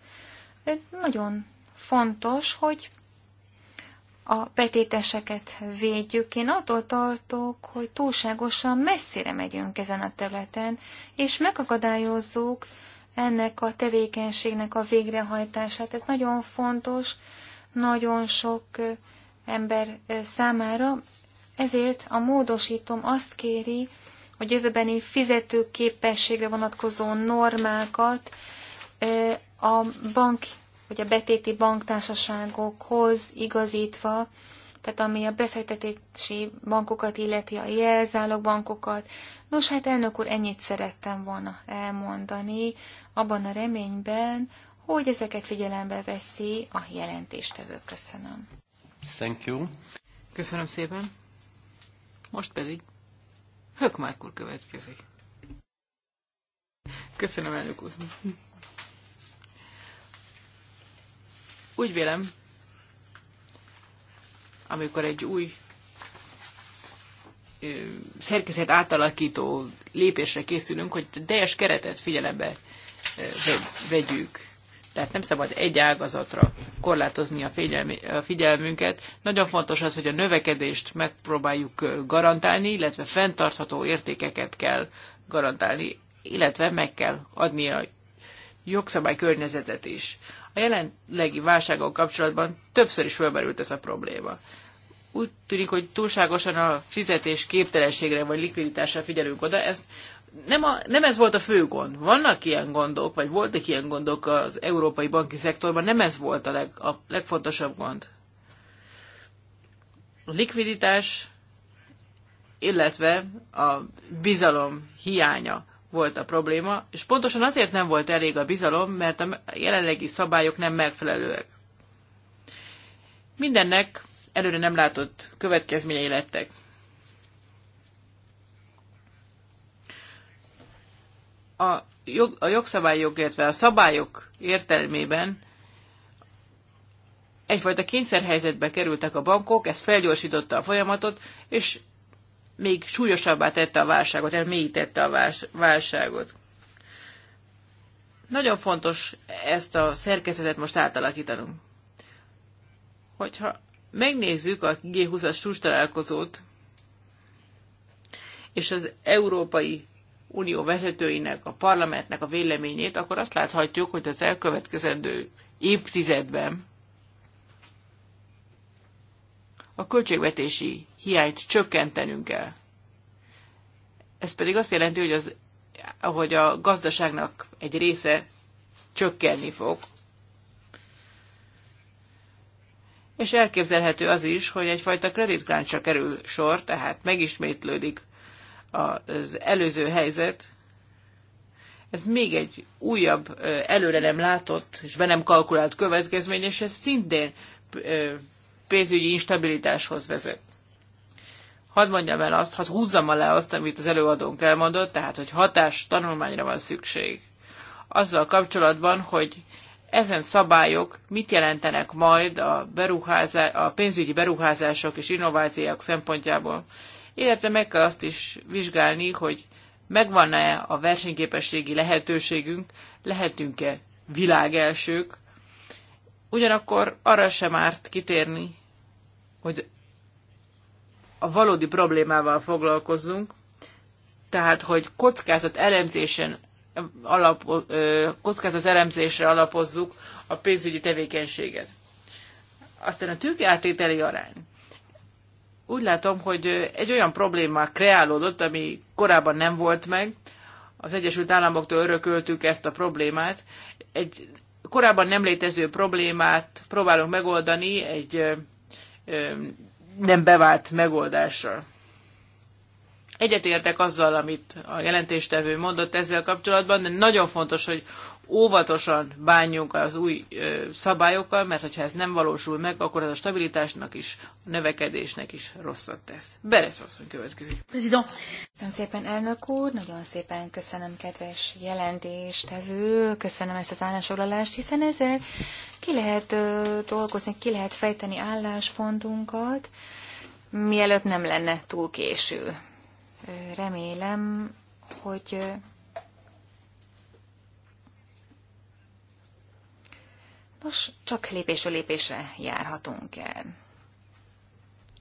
nagyon fontos, hogy a petéteseket védjük. Én attól tartok, hogy túlságosan messzire megyünk ezen a területen, és megakadályozzuk ennek a tevékenységnek a végrehajtását. Ez nagyon fontos, nagyon sok ember számára. Ezért a módosítom azt kéri, hogy jövőbeni fizetőképességre vonatkozó normákat a bank hogy a betéti banktársaságokhoz igazítva, tehát ami a befektetési bankokat illeti, a jelzálog bankokat. Nos, hát elnök úr, ennyit szerettem volna elmondani, abban a reményben, hogy ezeket figyelembe veszi a jelentéstevő. Köszönöm. Thank you. Köszönöm szépen. Most pedig Hökmárk úr következik. Köszönöm, elnök úr. Úgy vélem, amikor egy új szerkezet átalakító lépésre készülünk, hogy teljes keretet figyelembe vegyük. Tehát nem szabad egy ágazatra korlátozni a, figyelmi, a figyelmünket. Nagyon fontos az, hogy a növekedést megpróbáljuk garantálni, illetve fenntartható értékeket kell garantálni, illetve meg kell adni a környezetet is. A jelenlegi válságok kapcsolatban többször is felmerült ez a probléma. Úgy tűnik, hogy túlságosan a fizetés képtelenségre vagy likviditásra figyelünk oda. Ez nem, a, nem ez volt a fő gond. Vannak ilyen gondok, vagy voltak ilyen gondok az európai banki szektorban, nem ez volt a, leg, a legfontosabb gond. A likviditás, illetve a bizalom hiánya volt a probléma, és pontosan azért nem volt elég a bizalom, mert a jelenlegi szabályok nem megfelelőek. Mindennek előre nem látott következményei lettek. A, jog, a jogszabályok, illetve a szabályok értelmében egyfajta kényszerhelyzetbe kerültek a bankok, ez felgyorsította a folyamatot, és még súlyosabbá tette a válságot, tette a válságot. Nagyon fontos ezt a szerkezetet most átalakítanunk. Hogyha megnézzük a G20-as sus találkozót, és az Európai Unió vezetőinek, a parlamentnek a véleményét, akkor azt láthatjuk, hogy az elkövetkezendő évtizedben a költségvetési hiányt csökkentenünk kell. Ez pedig azt jelenti, hogy, az, hogy a gazdaságnak egy része csökkenni fog. És elképzelhető az is, hogy egyfajta kreditkráncsra kerül sor, tehát megismétlődik az előző helyzet. Ez még egy újabb, előre nem látott és be nem kalkulált következmény, és ez szintén pénzügyi instabilitáshoz vezet hadd mondjam el azt, hadd húzzam le azt, amit az előadónk elmondott, tehát, hogy hatás tanulmányra van szükség. Azzal kapcsolatban, hogy ezen szabályok mit jelentenek majd a, beruházá, a pénzügyi beruházások és innovációk szempontjából, illetve meg kell azt is vizsgálni, hogy megvan-e a versenyképességi lehetőségünk, lehetünk-e világelsők, ugyanakkor arra sem árt kitérni, hogy a valódi problémával foglalkozzunk, tehát hogy kockázat elemzésen alap, kockázat elemzésre alapozzuk a pénzügyi tevékenységet. Aztán a tőkeáttételi arány. Úgy látom, hogy egy olyan probléma kreálódott, ami korábban nem volt meg. Az Egyesült Államoktól örököltük ezt a problémát. Egy korábban nem létező problémát próbálunk megoldani egy nem bevált megoldásra. Egyetértek azzal, amit a jelentéstevő mondott ezzel kapcsolatban, de nagyon fontos, hogy óvatosan bánjunk az új szabályokkal, mert hogyha ez nem valósul meg, akkor ez a stabilitásnak is, a növekedésnek is rosszat tesz. Beresz asszony következik. Köszönöm szépen, elnök úr, nagyon szépen köszönöm, kedves jelentéstevő, köszönöm ezt az állásfoglalást, hiszen ezzel ki lehet dolgozni, ki lehet fejteni álláspontunkat, mielőtt nem lenne túl késő. Remélem, hogy Most csak lépésről lépésre járhatunk el.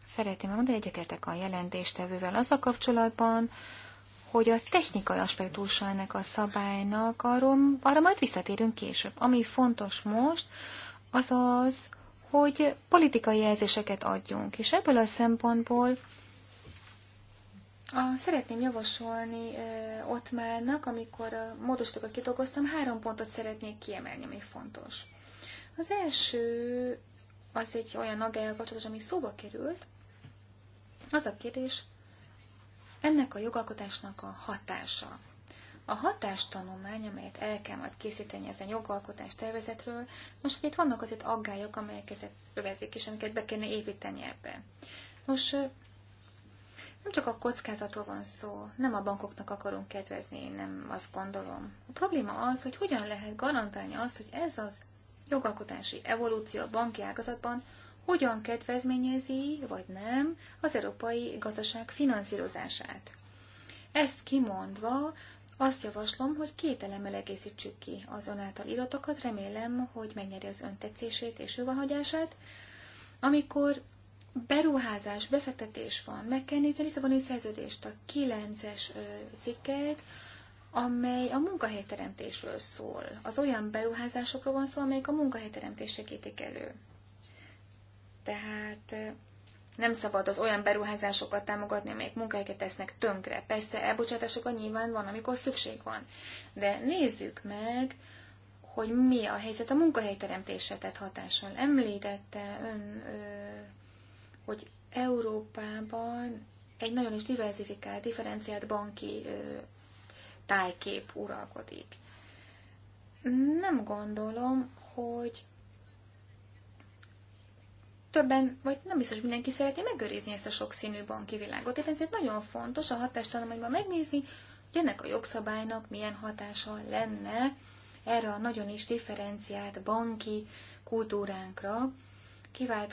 Szeretném mondani, egyetértek a jelentéstevővel az a kapcsolatban, hogy a technikai aspektusa ennek a szabálynak, arról, arra majd visszatérünk később. Ami fontos most, az az, hogy politikai jelzéseket adjunk, és ebből a szempontból a, szeretném javasolni ö, Ottmárnak, amikor a módosítókat kidolgoztam, három pontot szeretnék kiemelni, ami fontos. Az első az egy olyan agályal kapcsolatos, ami szóba került. Az a kérdés, ennek a jogalkotásnak a hatása. A hatástanulmány, amelyet el kell majd készíteni ezen jogalkotás tervezetről, most itt vannak azért aggályok, amelyek ezt övezik, és amiket be kéne építeni ebbe. Most nem csak a kockázatról van szó, nem a bankoknak akarunk kedvezni, én nem azt gondolom. A probléma az, hogy hogyan lehet garantálni azt, hogy ez az jogalkotási evolúció a banki ágazatban hogyan kedvezményezi, vagy nem, az európai gazdaság finanszírozását. Ezt kimondva, azt javaslom, hogy két elemmel egészítsük ki az ön által iratokat, remélem, hogy megnyeri az ön tetszését és jóváhagyását. Amikor beruházás, befektetés van, meg kell nézni a Lisszaboni szerződést, a 9-es cikket, amely a munkahelyteremtésről szól. Az olyan beruházásokról van szó, amelyek a munkahelyteremtés segítik elő. Tehát nem szabad az olyan beruházásokat támogatni, amelyek munkahelyeket tesznek tönkre. Persze elbocsátásokat nyilván van, amikor szükség van. De nézzük meg, hogy mi a helyzet a munkahelyteremtésre tett hatással. Említette ön, hogy Európában egy nagyon is diversifikált, differenciált banki tájkép uralkodik. Nem gondolom, hogy többen, vagy nem biztos mindenki szereti megőrizni ezt a sokszínű banki világot. Éppen ezért nagyon fontos a hatástanulmányban megnézni, hogy ennek a jogszabálynak milyen hatása lenne erre a nagyon is differenciált banki kultúránkra, kivált